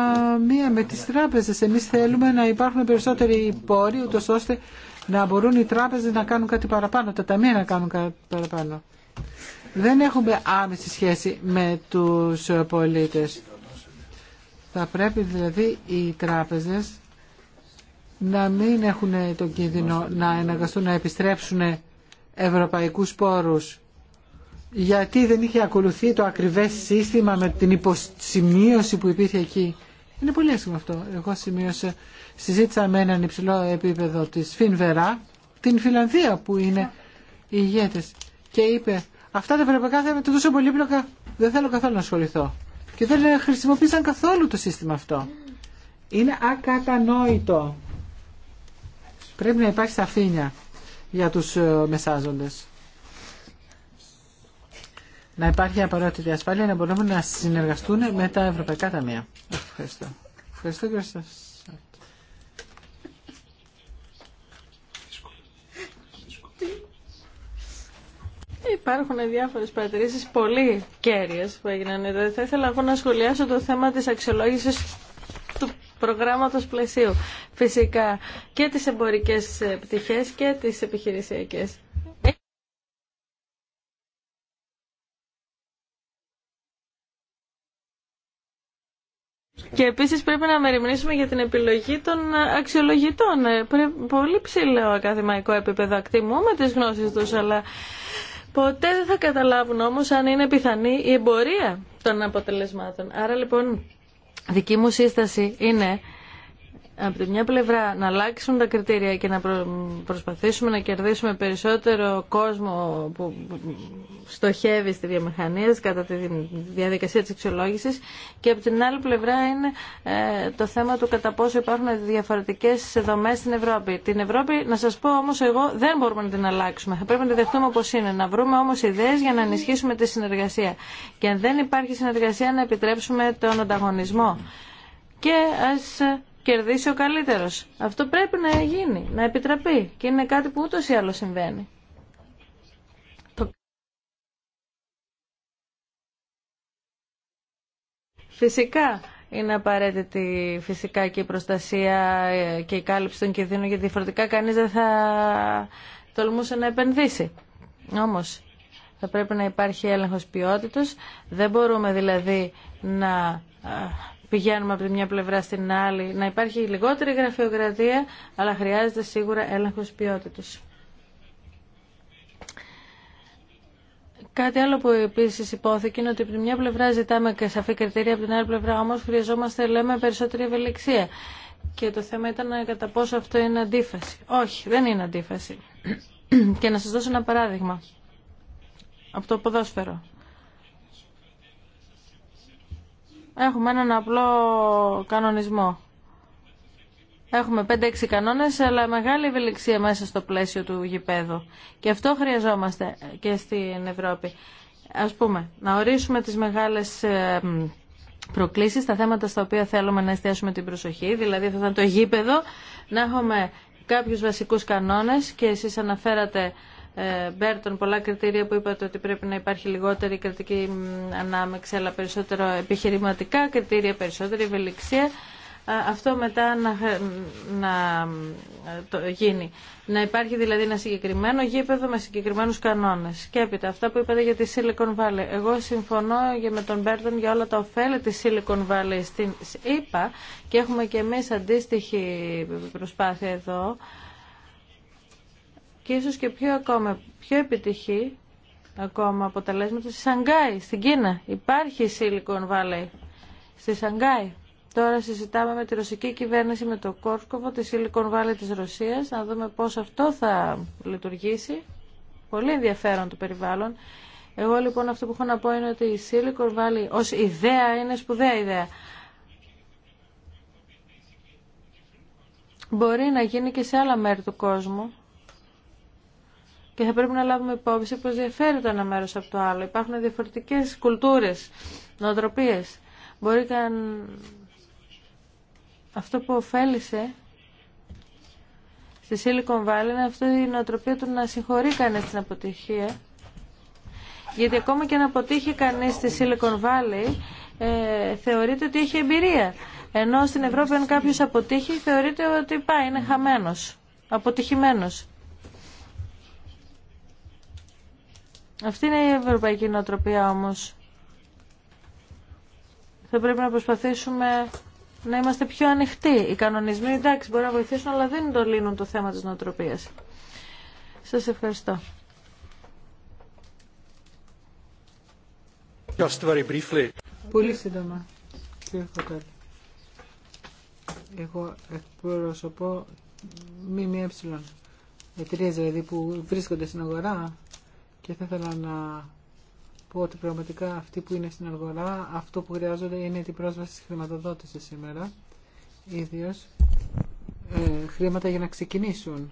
μία με τις τράπεζες. Εμείς θέλουμε να υπάρχουν περισσότεροι πόροι, ούτως ώστε να μπορούν οι τράπεζες να κάνουν κάτι παραπάνω, τα ταμεία να κάνουν κάτι παραπάνω. Δεν έχουμε άμεση σχέση με τους πολίτες. Θα πρέπει δηλαδή οι τράπεζες να μην έχουν τον κίνδυνο να εναγκαστούν να επιστρέψουν ευρωπαϊκούς πόρους γιατί δεν είχε ακολουθεί το ακριβές σύστημα με την υποσημείωση που υπήρχε εκεί. Είναι πολύ άσχημο αυτό. Εγώ σημείωσα, συζήτησα με έναν υψηλό επίπεδο της Φινβερά, την Φιλανδία που είναι οι ηγέτες και είπε αυτά τα ευρωπαϊκά θέματα τόσο πολύπλοκα δεν θέλω καθόλου να ασχοληθώ. Και δεν χρησιμοποίησαν καθόλου το σύστημα αυτό. Είναι ακατανόητο. Πρέπει να υπάρχει σαφήνεια για τους ε, μεσάζοντες να υπάρχει απαραίτητη ασφάλεια να μπορούμε να συνεργαστούν με τα ευρωπαϊκά ταμεία. Ευχαριστώ. Ευχαριστώ και σα. Υπάρχουν διάφορε παρατηρήσει πολύ κέρυε που έγιναν. Ε, θα ήθελα εγώ να σχολιάσω το θέμα τη αξιολόγηση του προγράμματο πλαισίου. Φυσικά και τι εμπορικέ ε, πτυχέ και τι επιχειρησιακέ. Και επίσης πρέπει να μεριμνήσουμε για την επιλογή των αξιολογητών. Ε, πολύ ψηλό ακαδημαϊκό επίπεδο. Ακτιμούμε τις γνώσεις τους, αλλά ποτέ δεν θα καταλάβουν όμως αν είναι πιθανή η εμπορία των αποτελεσμάτων. Άρα λοιπόν δική μου σύσταση είναι από τη μια πλευρά να αλλάξουν τα κριτήρια και να προσπαθήσουμε να κερδίσουμε περισσότερο κόσμο που στοχεύει στη βιομηχανία κατά τη διαδικασία της αξιολόγησης και από την άλλη πλευρά είναι ε, το θέμα του κατά πόσο υπάρχουν διαφορετικές δομές στην Ευρώπη. Την Ευρώπη, να σας πω όμως εγώ, δεν μπορούμε να την αλλάξουμε. Θα πρέπει να τη δεχτούμε όπως είναι. Να βρούμε όμως ιδέες για να ενισχύσουμε τη συνεργασία. Και αν δεν υπάρχει συνεργασία να επιτρέψουμε τον ανταγωνισμό. Και ας κερδίσει ο καλύτερο. Αυτό πρέπει να γίνει, να επιτραπεί και είναι κάτι που ούτω ή άλλω συμβαίνει. Φυσικά είναι απαραίτητη φυσικά και η προστασία ε, και η κάλυψη των κινδύνων γιατί διαφορετικά κανείς δεν θα τολμούσε να επενδύσει. Όμως θα πρέπει να υπάρχει έλεγχος ποιότητος. Δεν μπορούμε δηλαδή να πηγαίνουμε από τη μια πλευρά στην άλλη. Να υπάρχει λιγότερη γραφειοκρατία, αλλά χρειάζεται σίγουρα έλεγχος ποιότητας. Κάτι άλλο που επίσης υπόθηκε είναι ότι από τη μια πλευρά ζητάμε και σαφή κριτήρια, από την άλλη πλευρά όμως χρειαζόμαστε, λέμε, περισσότερη ευελιξία. Και το θέμα ήταν κατά πόσο αυτό είναι αντίφαση. Όχι, δεν είναι αντίφαση. *clears throat* Και να σας δώσω ένα παράδειγμα από το ποδόσφαιρο. Έχουμε έναν απλό κανονισμό. Έχουμε 5-6 κανόνες, αλλά μεγάλη ευελιξία μέσα στο πλαίσιο του γηπέδου. Και αυτό χρειαζόμαστε και στην Ευρώπη. Ας πούμε, να ορίσουμε τις μεγάλες ε, προκλήσεις, τα θέματα στα οποία θέλουμε να εστιάσουμε την προσοχή, δηλαδή θα ήταν το γήπεδο, να έχουμε κάποιους βασικούς κανόνες και εσείς αναφέρατε ε, Μπέρτον πολλά κριτήρια που είπατε ότι πρέπει να υπάρχει λιγότερη κρατική ανάμεξη αλλά περισσότερο επιχειρηματικά κριτήρια, περισσότερη ευελιξία αυτό μετά να, να το γίνει. Να υπάρχει δηλαδή ένα συγκεκριμένο γήπεδο με συγκεκριμένους κανόνες. Και έπειτα αυτά που είπατε για τη Silicon Valley. Εγώ συμφωνώ για με τον Μπέρτον για όλα τα ωφέλη της Silicon Valley στην ΕΠΑ και έχουμε και εμείς αντίστοιχη προσπάθεια εδώ και ίσως και πιο ακόμα, πιο επιτυχή ακόμα αποτελέσματα στη Σανγκάη, στην Κίνα. Υπάρχει Silicon Valley στη Σανγκάη. Τώρα συζητάμε με τη ρωσική κυβέρνηση, με το Κόρκοβο, τη Silicon Valley της Ρωσίας, να δούμε πώς αυτό θα λειτουργήσει. Πολύ ενδιαφέρον το περιβάλλον. Εγώ λοιπόν αυτό που έχω να πω είναι ότι η Silicon Valley ως ιδέα είναι σπουδαία ιδέα. Μπορεί να γίνει και σε άλλα μέρη του κόσμου και θα πρέπει να λάβουμε υπόψη πως διαφέρει το ένα μέρος από το άλλο. Υπάρχουν διαφορετικές κουλτούρες, νοοτροπίες. Μπορεί καν... Αυτό που ωφέλησε στη Silicon Valley είναι αυτή η νοοτροπία του να συγχωρεί κανείς την αποτυχία. Γιατί ακόμα και να αποτύχει κανείς στη Silicon Valley ε, θεωρείται ότι έχει εμπειρία. Ενώ στην Ευρώπη αν κάποιος αποτύχει θεωρείται ότι πάει, είναι χαμένος, αποτυχημένος. Αυτή είναι η ευρωπαϊκή νοοτροπία όμως. Θα πρέπει να προσπαθήσουμε να είμαστε πιο ανοιχτοί. Οι κανονισμοί εντάξει μπορεί να βοηθήσουν αλλά δεν το λύνουν το θέμα της νοοτροπίας. Σας ευχαριστώ. Just very briefly. Πολύ σύντομα. Εγώ εκπροσωπώ έψιλον Εταιρείε δηλαδή που βρίσκονται στην αγορά και θα ήθελα να πω ότι πραγματικά αυτοί που είναι στην αγορά, αυτό που χρειάζονται είναι την πρόσβαση στη χρηματοδότηση σήμερα, ίδιος ε, χρήματα για να ξεκινήσουν.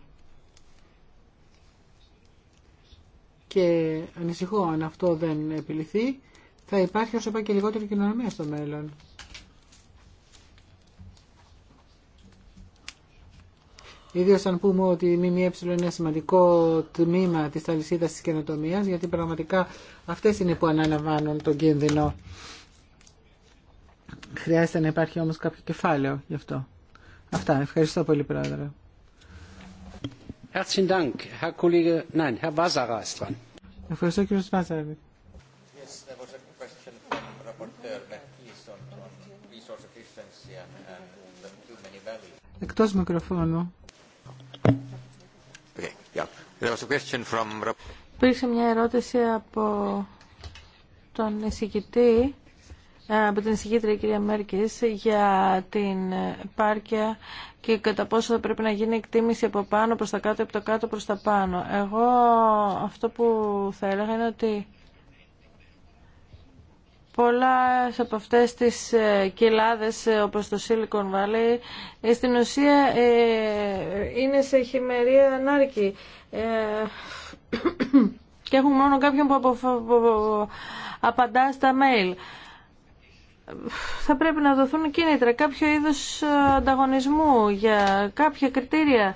Και ανησυχώ αν αυτό δεν επιληθεί, θα υπάρχει όσο πάει και λιγότερη κοινωνία στο μέλλον. Ιδίω αν πούμε ότι η ΜΜΕ είναι σημαντικό τμήμα τη αλυσίδα τη καινοτομία, γιατί πραγματικά αυτέ είναι που αναλαμβάνουν τον κίνδυνο. Χρειάζεται να υπάρχει όμω κάποιο κεφάλαιο γι' αυτό. Αυτά. Ευχαριστώ πολύ, Πρόεδρε. Ευχαριστώ, κύριο Σπάζαρη. Εκτός μικροφώνου. Υπήρξε μια ερώτηση από τον εισηγητή, ε, από την εισηγήτρια κυρία Μέρκης, για την πάρκια και κατά πόσο θα πρέπει να γίνει εκτίμηση από πάνω προς τα κάτω, από το κάτω προς τα πάνω. Εγώ αυτό που θα έλεγα είναι ότι πολλά από αυτές τις ε, κοιλάδες ε, όπως το Silicon Valley στην ουσία είναι σε χειμερία ανάρκη ε, και έχουν μόνο κάποιον που απαντά στα mail. Θα πρέπει να δοθούν κίνητρα, κάποιο είδος ανταγωνισμού για κάποια κριτήρια,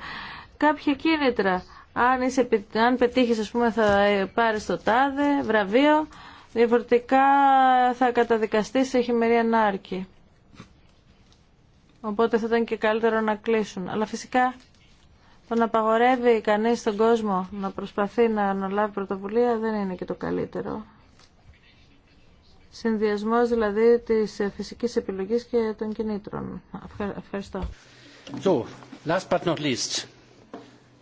κάποια κίνητρα. Αν, είσαι, αν πετύχεις, ας πούμε, θα ε, πάρεις το τάδε, βραβείο, διαφορετικά θα καταδικαστείς σε χειμερή ανάρκη. Οπότε θα ήταν και καλύτερο να κλείσουν. Αλλά φυσικά το να απαγορεύει κανεί τον κόσμο να προσπαθεί να αναλάβει πρωτοβουλία δεν είναι και το καλύτερο. Συνδυασμός δηλαδή τη φυσική επιλογή και των κινήτρων. Ευχαριστώ. So, last but not least,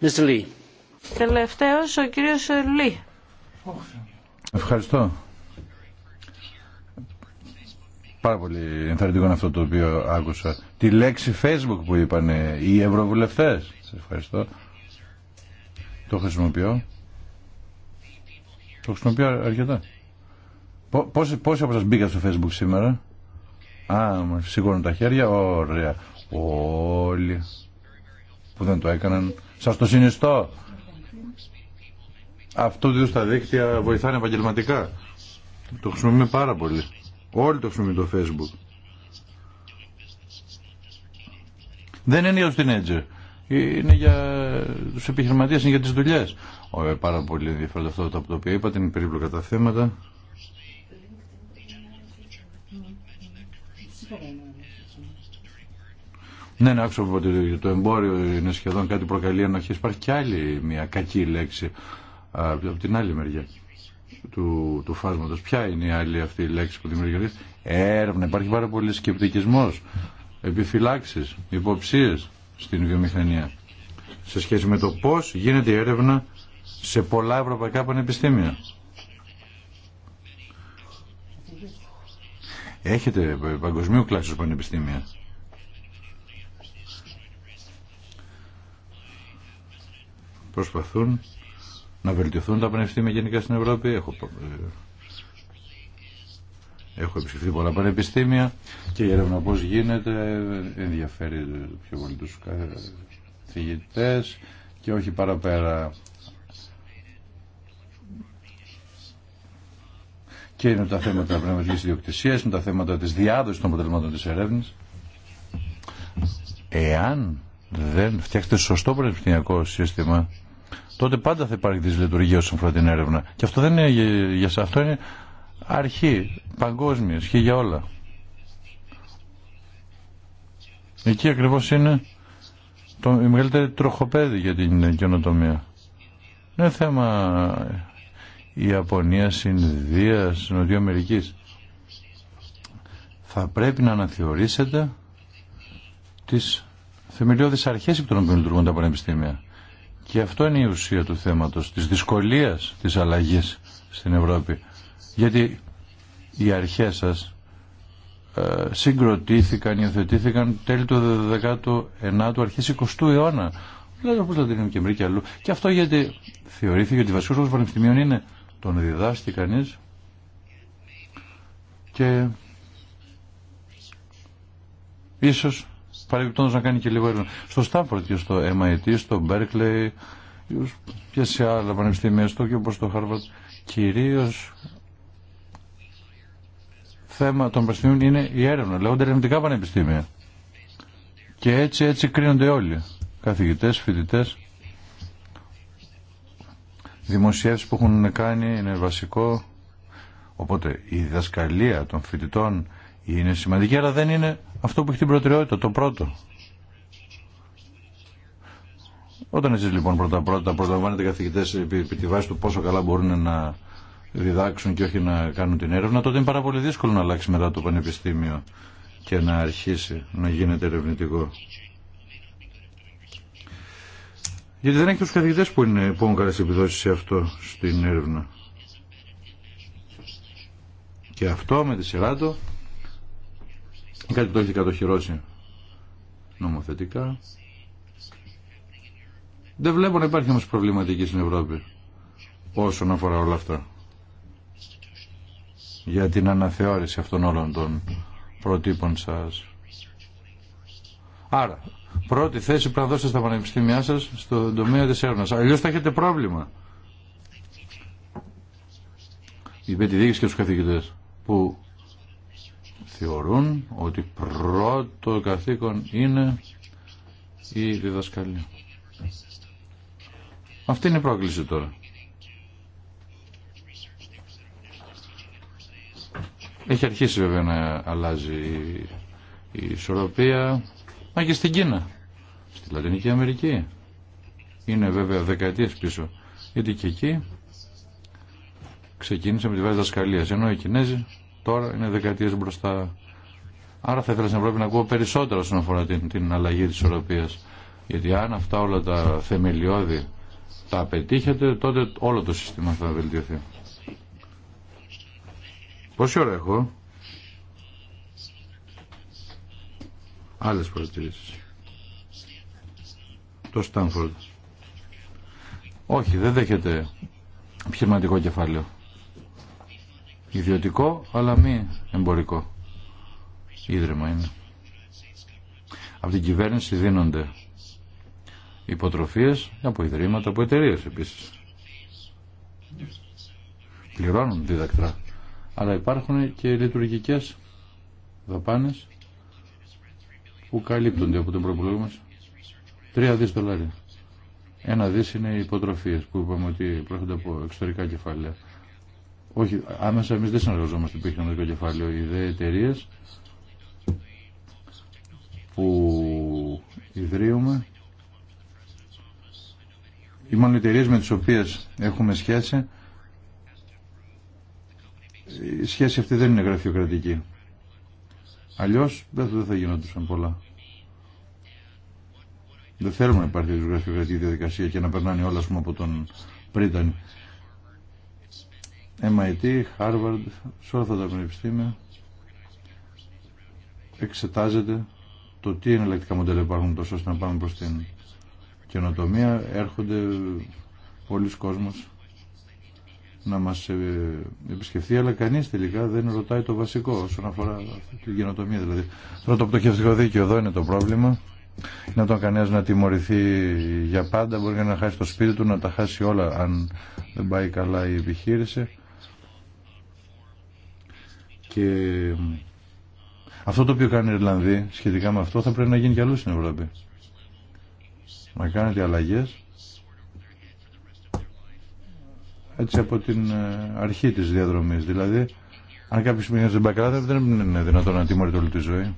Mr. Lee. Τελευταίος ο κύριος Λί. Ευχαριστώ. Πάρα πολύ ενθαρρυντικό είναι αυτό το οποίο άκουσα. Τη λέξη Facebook που είπαν οι ευρωβουλευτέ. Σα ευχαριστώ. Το χρησιμοποιώ. Το χρησιμοποιώ αρκετά. Πόσοι, πόσοι από σας μπήκα στο Facebook σήμερα. Α, μας σηκώνουν τα χέρια. Ωραία. Όλοι που δεν το έκαναν. Σας το συνιστώ. Αυτό του στα δίκτυα βοηθάνε επαγγελματικά. Το χρησιμοποιούμε πάρα πολύ. Όλοι το χρησιμοποιούν το Facebook. Δεν είναι για τους teenager. Είναι για τους επιχειρηματίες, είναι για τις δουλειές. Ω, πάρα πολύ ενδιαφέροντα αυτό από το οποίο είπατε, είναι περίπλοκα τα θέματα. Ναι, ναι άκουσα ότι το εμπόριο είναι σχεδόν κάτι προκαλεί ανοχή. Υπάρχει και άλλη μια κακή λέξη από την άλλη μεριά του, του φάσματος. Ποια είναι η άλλη αυτή η λέξη που δημιουργείται. Έρευνα. Υπάρχει πάρα πολύ σκεπτικισμός, επιφυλάξεις, υποψίες στην βιομηχανία σε σχέση με το πώς γίνεται η έρευνα σε πολλά ευρωπαϊκά πανεπιστήμια. Έχετε παγκοσμίου κλάσης πανεπιστήμια. Προσπαθούν να βελτιωθούν τα πανεπιστήμια γενικά στην Ευρώπη. Έχω, ε, έχω πολλά πανεπιστήμια και η έρευνα πώς γίνεται ενδιαφέρει πιο πολύ τους και όχι παραπέρα. Και είναι τα θέματα πνευματικής ιδιοκτησίας, είναι τα θέματα της διάδοσης των αποτελεσμάτων της ερεύνης. Εάν δεν φτιάχτε σωστό πανεπιστημιακό σύστημα, τότε πάντα θα υπάρχει δυσλειτουργία όσον αφορά την έρευνα. Και αυτό δεν είναι για σας, αυτό είναι αρχή, παγκόσμια, ισχύει για όλα. Εκεί ακριβώς είναι το, η μεγαλύτερη τροχοπέδη για την καινοτομία. Είναι θέμα Ιαπωνίας, Ινδίας, Νοτιοαμερική. Θα πρέπει να αναθεωρήσετε τις θεμελιώδεις αρχές υπό των λειτουργούν τα πανεπιστήμια. Και αυτό είναι η ουσία του θέματος, της δυσκολίας της αλλαγής στην Ευρώπη. Γιατί οι αρχές σας ε, συγκροτήθηκαν, υιοθετήθηκαν τέλη του 19ου, αρχής 20ου αιώνα. Δηλαδή όπως είναι και και αλλού. Και αυτό γιατί θεωρήθηκε ότι βασικός των πανεπιστημίων είναι τον διδάσκει κανείς και ίσως παρεμπιπτόντω να κάνει και λίγο έρευνα. Στο Στάνφορντ και στο MIT, στο Μπέρκλεϊ και σε άλλα πανεπιστήμια, στο και όπω το Χάρβαρτ, κυρίω θέμα των πανεπιστήμιων είναι η έρευνα. Λέγονται ερευνητικά πανεπιστήμια. Και έτσι, έτσι κρίνονται όλοι. Καθηγητέ, φοιτητέ. Δημοσιεύσει που έχουν κάνει είναι βασικό. Οπότε η διδασκαλία των φοιτητών είναι σημαντική, αλλά δεν είναι αυτό που έχει την προτεραιότητα, το πρώτο. Όταν εσείς λοιπόν πρώτα-πρώτα προλαμβάνετε καθηγητές επί, επί τη βάση του πόσο καλά μπορούν να διδάξουν και όχι να κάνουν την έρευνα, τότε είναι πάρα πολύ δύσκολο να αλλάξει μετά το πανεπιστήμιο και να αρχίσει να γίνεται ερευνητικό. Γιατί δεν έχει τους καθηγητές που, είναι, που έχουν καλές επιδόσεις σε αυτό στην έρευνα. Και αυτό με τη σειρά του κάτι που το έχετε κατοχυρώσει νομοθετικά. Δεν βλέπω να υπάρχει όμως προβληματική στην Ευρώπη όσον αφορά όλα αυτά. Για την αναθεώρηση αυτών όλων των προτύπων σας. Άρα, πρώτη θέση πρέπει να δώσετε στα πανεπιστήμια σας στον τομέα της έρευνας. Αλλιώς θα έχετε πρόβλημα. τη διοίκηση και τους καθηγητές που θεωρούν ότι πρώτο καθήκον είναι η διδασκαλία. Αυτή είναι η πρόκληση τώρα. Έχει αρχίσει βέβαια να αλλάζει η ισορροπία, μα και στην Κίνα, στη Λατινική Αμερική. Είναι βέβαια δεκαετίες πίσω, γιατί και εκεί ξεκίνησε με τη βάση δασκαλίας, ενώ οι Κινέζοι Τώρα είναι δεκαετίε μπροστά. Άρα θα ήθελα να Ευρώπη να ακούω περισσότερο όσον αφορά την, την αλλαγή τη ισορροπία. Γιατί αν αυτά όλα τα θεμελιώδη τα πετύχετε, τότε όλο το σύστημα θα βελτιωθεί. Πόση ώρα έχω. Άλλες παρατηρήσεις. Το Στάνφορντ. Όχι, δεν δέχεται επιχειρηματικό κεφάλαιο ιδιωτικό αλλά μη εμπορικό ίδρυμα είναι. Από την κυβέρνηση δίνονται υποτροφίες από ιδρύματα, από εταιρείε επίσης. Πληρώνουν διδακτρά. Αλλά υπάρχουν και λειτουργικές δαπάνες που καλύπτονται από τον προπολογό μας. Τρία δις δολάρια. Ένα δις είναι οι υποτροφίες που είπαμε ότι προέρχονται από εξωτερικά κεφάλαια. Όχι, άμεσα εμεί δεν συνεργαζόμαστε που είχαμε το κεφάλαιο. Οι δε εταιρείε που ιδρύουμε ή μάλλον εταιρείε με τι οποίε έχουμε σχέση η σχέση αυτή δεν είναι γραφειοκρατική. Αλλιώ δεν θα γινόντουσαν πολλά. Δεν θέλουμε να υπάρχει γραφειοκρατική διαδικασία και να περνάνε όλα πούμε, από τον πρίτανη. MIT, Harvard, σε όλα αυτά τα πανεπιστήμια εξετάζεται το τι εναλλακτικά μοντέλα υπάρχουν τόσο ώστε να πάμε προς την καινοτομία. Έρχονται πολλοί κόσμος να μας ε, επισκεφθεί, αλλά κανείς τελικά δεν ρωτάει το βασικό όσον αφορά την καινοτομία. Δηλαδή, τώρα το πτωχευτικό δίκαιο εδώ είναι το πρόβλημα. Να τον κανένα να τιμωρηθεί για πάντα, μπορεί να χάσει το σπίτι του, να τα χάσει όλα αν δεν πάει καλά η επιχείρηση. Και αυτό το οποίο κάνει η Ιρλανδοί σχετικά με αυτό θα πρέπει να γίνει κι αλλού στην Ευρώπη. Να κάνετε αλλαγέ. έτσι από την ε, αρχή της διαδρομής. Δηλαδή, αν κάποιος πήγαινε στην Μπακράτα δεν είναι δυνατόν να τιμωρείται όλη τη ζωή.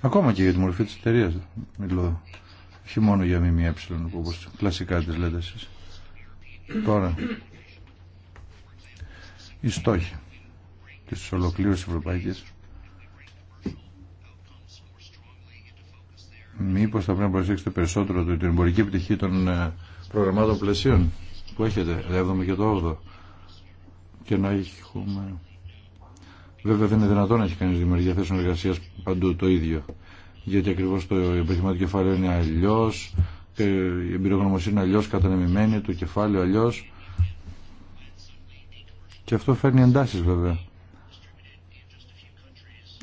Ακόμα και για τη μορφή της εταιρεία μιλώ. Όχι μόνο για ΜΜΕ, όπως κλασικά τις λέτε εσείς. Τώρα, οι στόχοι της ολοκλήρωσης Ευρωπαϊκής. Μήπως θα πρέπει να προσέξετε περισσότερο την εμπορική επιτυχία των ε, προγραμμάτων πλαισίων που έχετε, 7ο και το 8ο και να έχουμε... Βέβαια δεν είναι δυνατόν να έχει κανείς δημιουργία θέσεων εργασίας παντού το ίδιο γιατί ακριβώς το επιχειρηματικό κεφάλαιο είναι αλλιώς ε, η εμπειρογνωμοσύνη είναι αλλιώς κατανεμημένη, το κεφάλαιο αλλιώς και αυτό φέρνει εντάσεις βέβαια.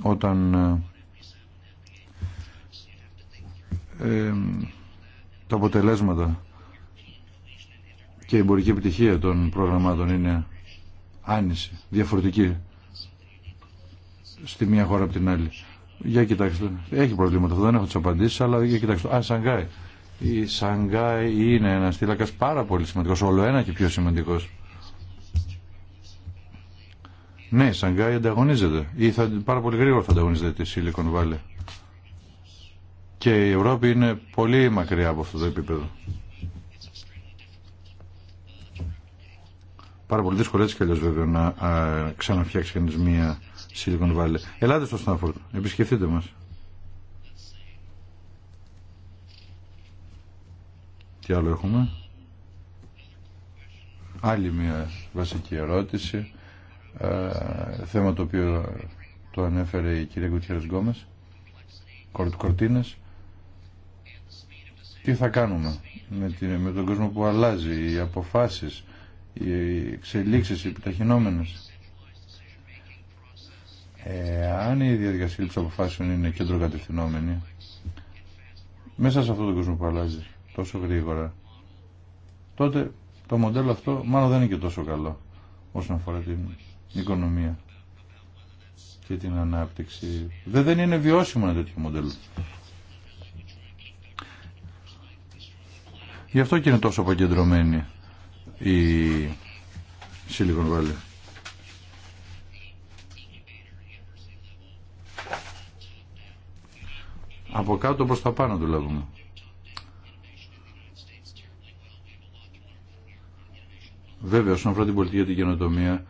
Όταν ε, τα αποτελέσματα και η εμπορική επιτυχία των προγραμμάτων είναι άνηση, διαφορετική στη μία χώρα από την άλλη. Για κοιτάξτε, έχει προβλήματα δεν έχω τι απαντήσει, αλλά για κοιτάξτε. Α, Σανγκάη. Η Σανγκάη είναι ένα θύλακα πάρα πολύ σημαντικό, όλο ένα και πιο σημαντικό. Ναι, η Σανγκάη ανταγωνίζεται ή θα, πάρα πολύ γρήγορα θα ανταγωνίζεται τη Silicon Valley. Και η Ευρώπη είναι πολύ μακριά από αυτό το επίπεδο. Πάρα πολύ δύσκολο έτσι κι βέβαια να α, ξαναφτιάξει κανεί μία Silicon Valley. Ελάτε στο Στάνφορντ, επισκεφτείτε μας. Τι άλλο έχουμε. Άλλη μια βασική ερώτηση ε, θέμα το οποίο το ανέφερε η κυρία Γκουτιέρες Γκόμες, Κορτίνες. Τι θα κάνουμε με, την, με τον κόσμο που αλλάζει, οι αποφάσεις, οι εξελίξεις, οι επιταχυνόμενες. Αν η διαδικασία της αποφάσεων είναι κέντρο κατευθυνόμενη, μέσα σε αυτόν τον κόσμο που αλλάζει τόσο γρήγορα, τότε το μοντέλο αυτό μάλλον δεν είναι και τόσο καλό όσον αφορά την οικονομία και την ανάπτυξη. δεν είναι βιώσιμο ένα τέτοιο μοντέλο. Γι' αυτό και είναι τόσο αποκεντρωμένη η Silicon Valley. Από κάτω προς τα πάνω δουλεύουμε. Βέβαια, όσον αφορά την πολιτική για την καινοτομία,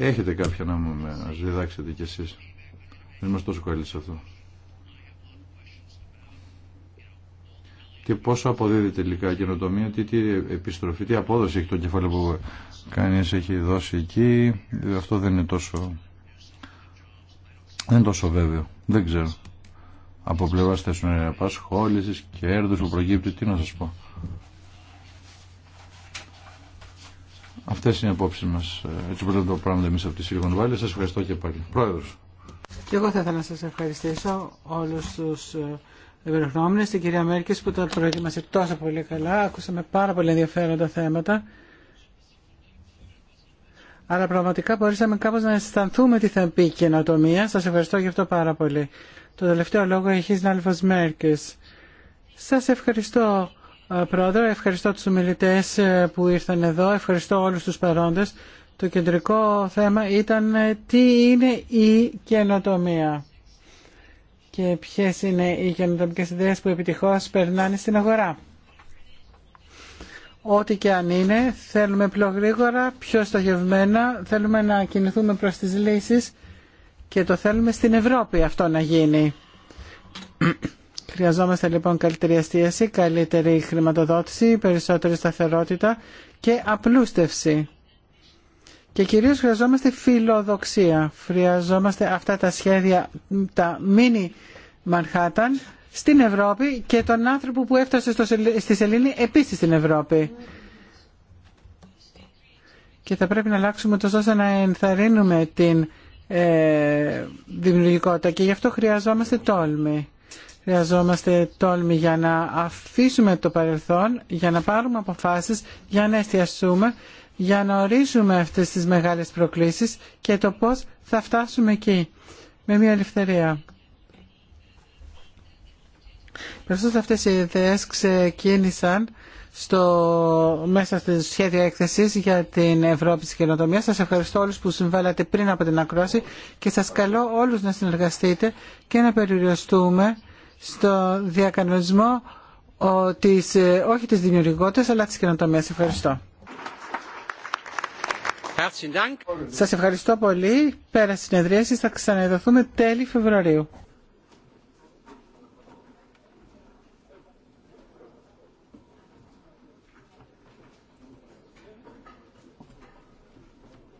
Έχετε κάποια να μου διδάξετε κι εσείς. Δεν είμαστε τόσο καλοί σε αυτό. Και πόσο αποδίδει τελικά η καινοτομία, τι, επιστροφή, τι απόδοση έχει το κεφάλαιο που κανείς έχει δώσει εκεί. Αυτό δεν είναι τόσο, δεν είναι τόσο βέβαιο. Δεν ξέρω. Από πλευρά θέσεων απασχόληση, κέρδου που προκύπτει, τι να σα πω. Αυτές είναι οι απόψεις μας. Έτσι πρέπει το πράγμα εμείς από τη Silicon Valley. Σας ευχαριστώ και πάλι. Πρόεδρος. Και εγώ θα ήθελα να σας ευχαριστήσω όλους τους ε, εμπεριχνόμενες, την κυρία Μέρκης που τα προετοίμασε τόσο πολύ καλά. Ακούσαμε πάρα πολύ ενδιαφέροντα θέματα. Αλλά πραγματικά μπορούσαμε κάπως να αισθανθούμε τι θα πει η καινοτομία. Σας ευχαριστώ γι' αυτό πάρα πολύ. Το τελευταίο λόγο έχει συνάδελφος Μέρκης. Σας ευχαριστώ ε, Πρόεδρο, ευχαριστώ τους ομιλητές ε, που ήρθαν εδώ, ευχαριστώ όλους τους παρόντες. Το κεντρικό θέμα ήταν ε, τι είναι η καινοτομία και ποιες είναι οι καινοτομικές ιδέες που επιτυχώς περνάνε στην αγορά. Ό,τι και αν είναι, θέλουμε πιο γρήγορα, πιο στοχευμένα, θέλουμε να κινηθούμε προς τις λύσεις και το θέλουμε στην Ευρώπη αυτό να γίνει. Χρειαζόμαστε λοιπόν καλύτερη αστίαση, καλύτερη χρηματοδότηση, περισσότερη σταθερότητα και απλούστευση. Και κυρίως χρειαζόμαστε φιλοδοξία. Χρειαζόμαστε αυτά τα σχέδια, τα μίνι Μανχάταν στην Ευρώπη και τον άνθρωπο που έφτασε στο, στη Σελήνη επίσης στην Ευρώπη. Και θα πρέπει να αλλάξουμε το ώστε να ενθαρρύνουμε την ε, δημιουργικότητα και γι' αυτό χρειαζόμαστε τόλμη. Χρειαζόμαστε τόλμη για να αφήσουμε το παρελθόν, για να πάρουμε αποφάσεις, για να εστιαστούμε, για να ορίσουμε αυτές τις μεγάλες προκλήσεις και το πώς θα φτάσουμε εκεί, με μια ελευθερία. Περισσότερες αυτές οι ιδέες ξεκίνησαν στο, μέσα στο σχέδιο έκθεση για την Ευρώπη της Καινοτομίας. Σας ευχαριστώ όλους που συμβάλλατε πριν από την ακρόαση και σας καλώ όλους να συνεργαστείτε και να περιοριστούμε στο διακανονισμό ο, της, ε, όχι της δημιουργικότητας αλλά της καινοτομίας. Ευχαριστώ. Σας ευχαριστώ πολύ. Πέρα συνεδρίαση θα ξαναδοθούμε τέλη Φεβρουαρίου.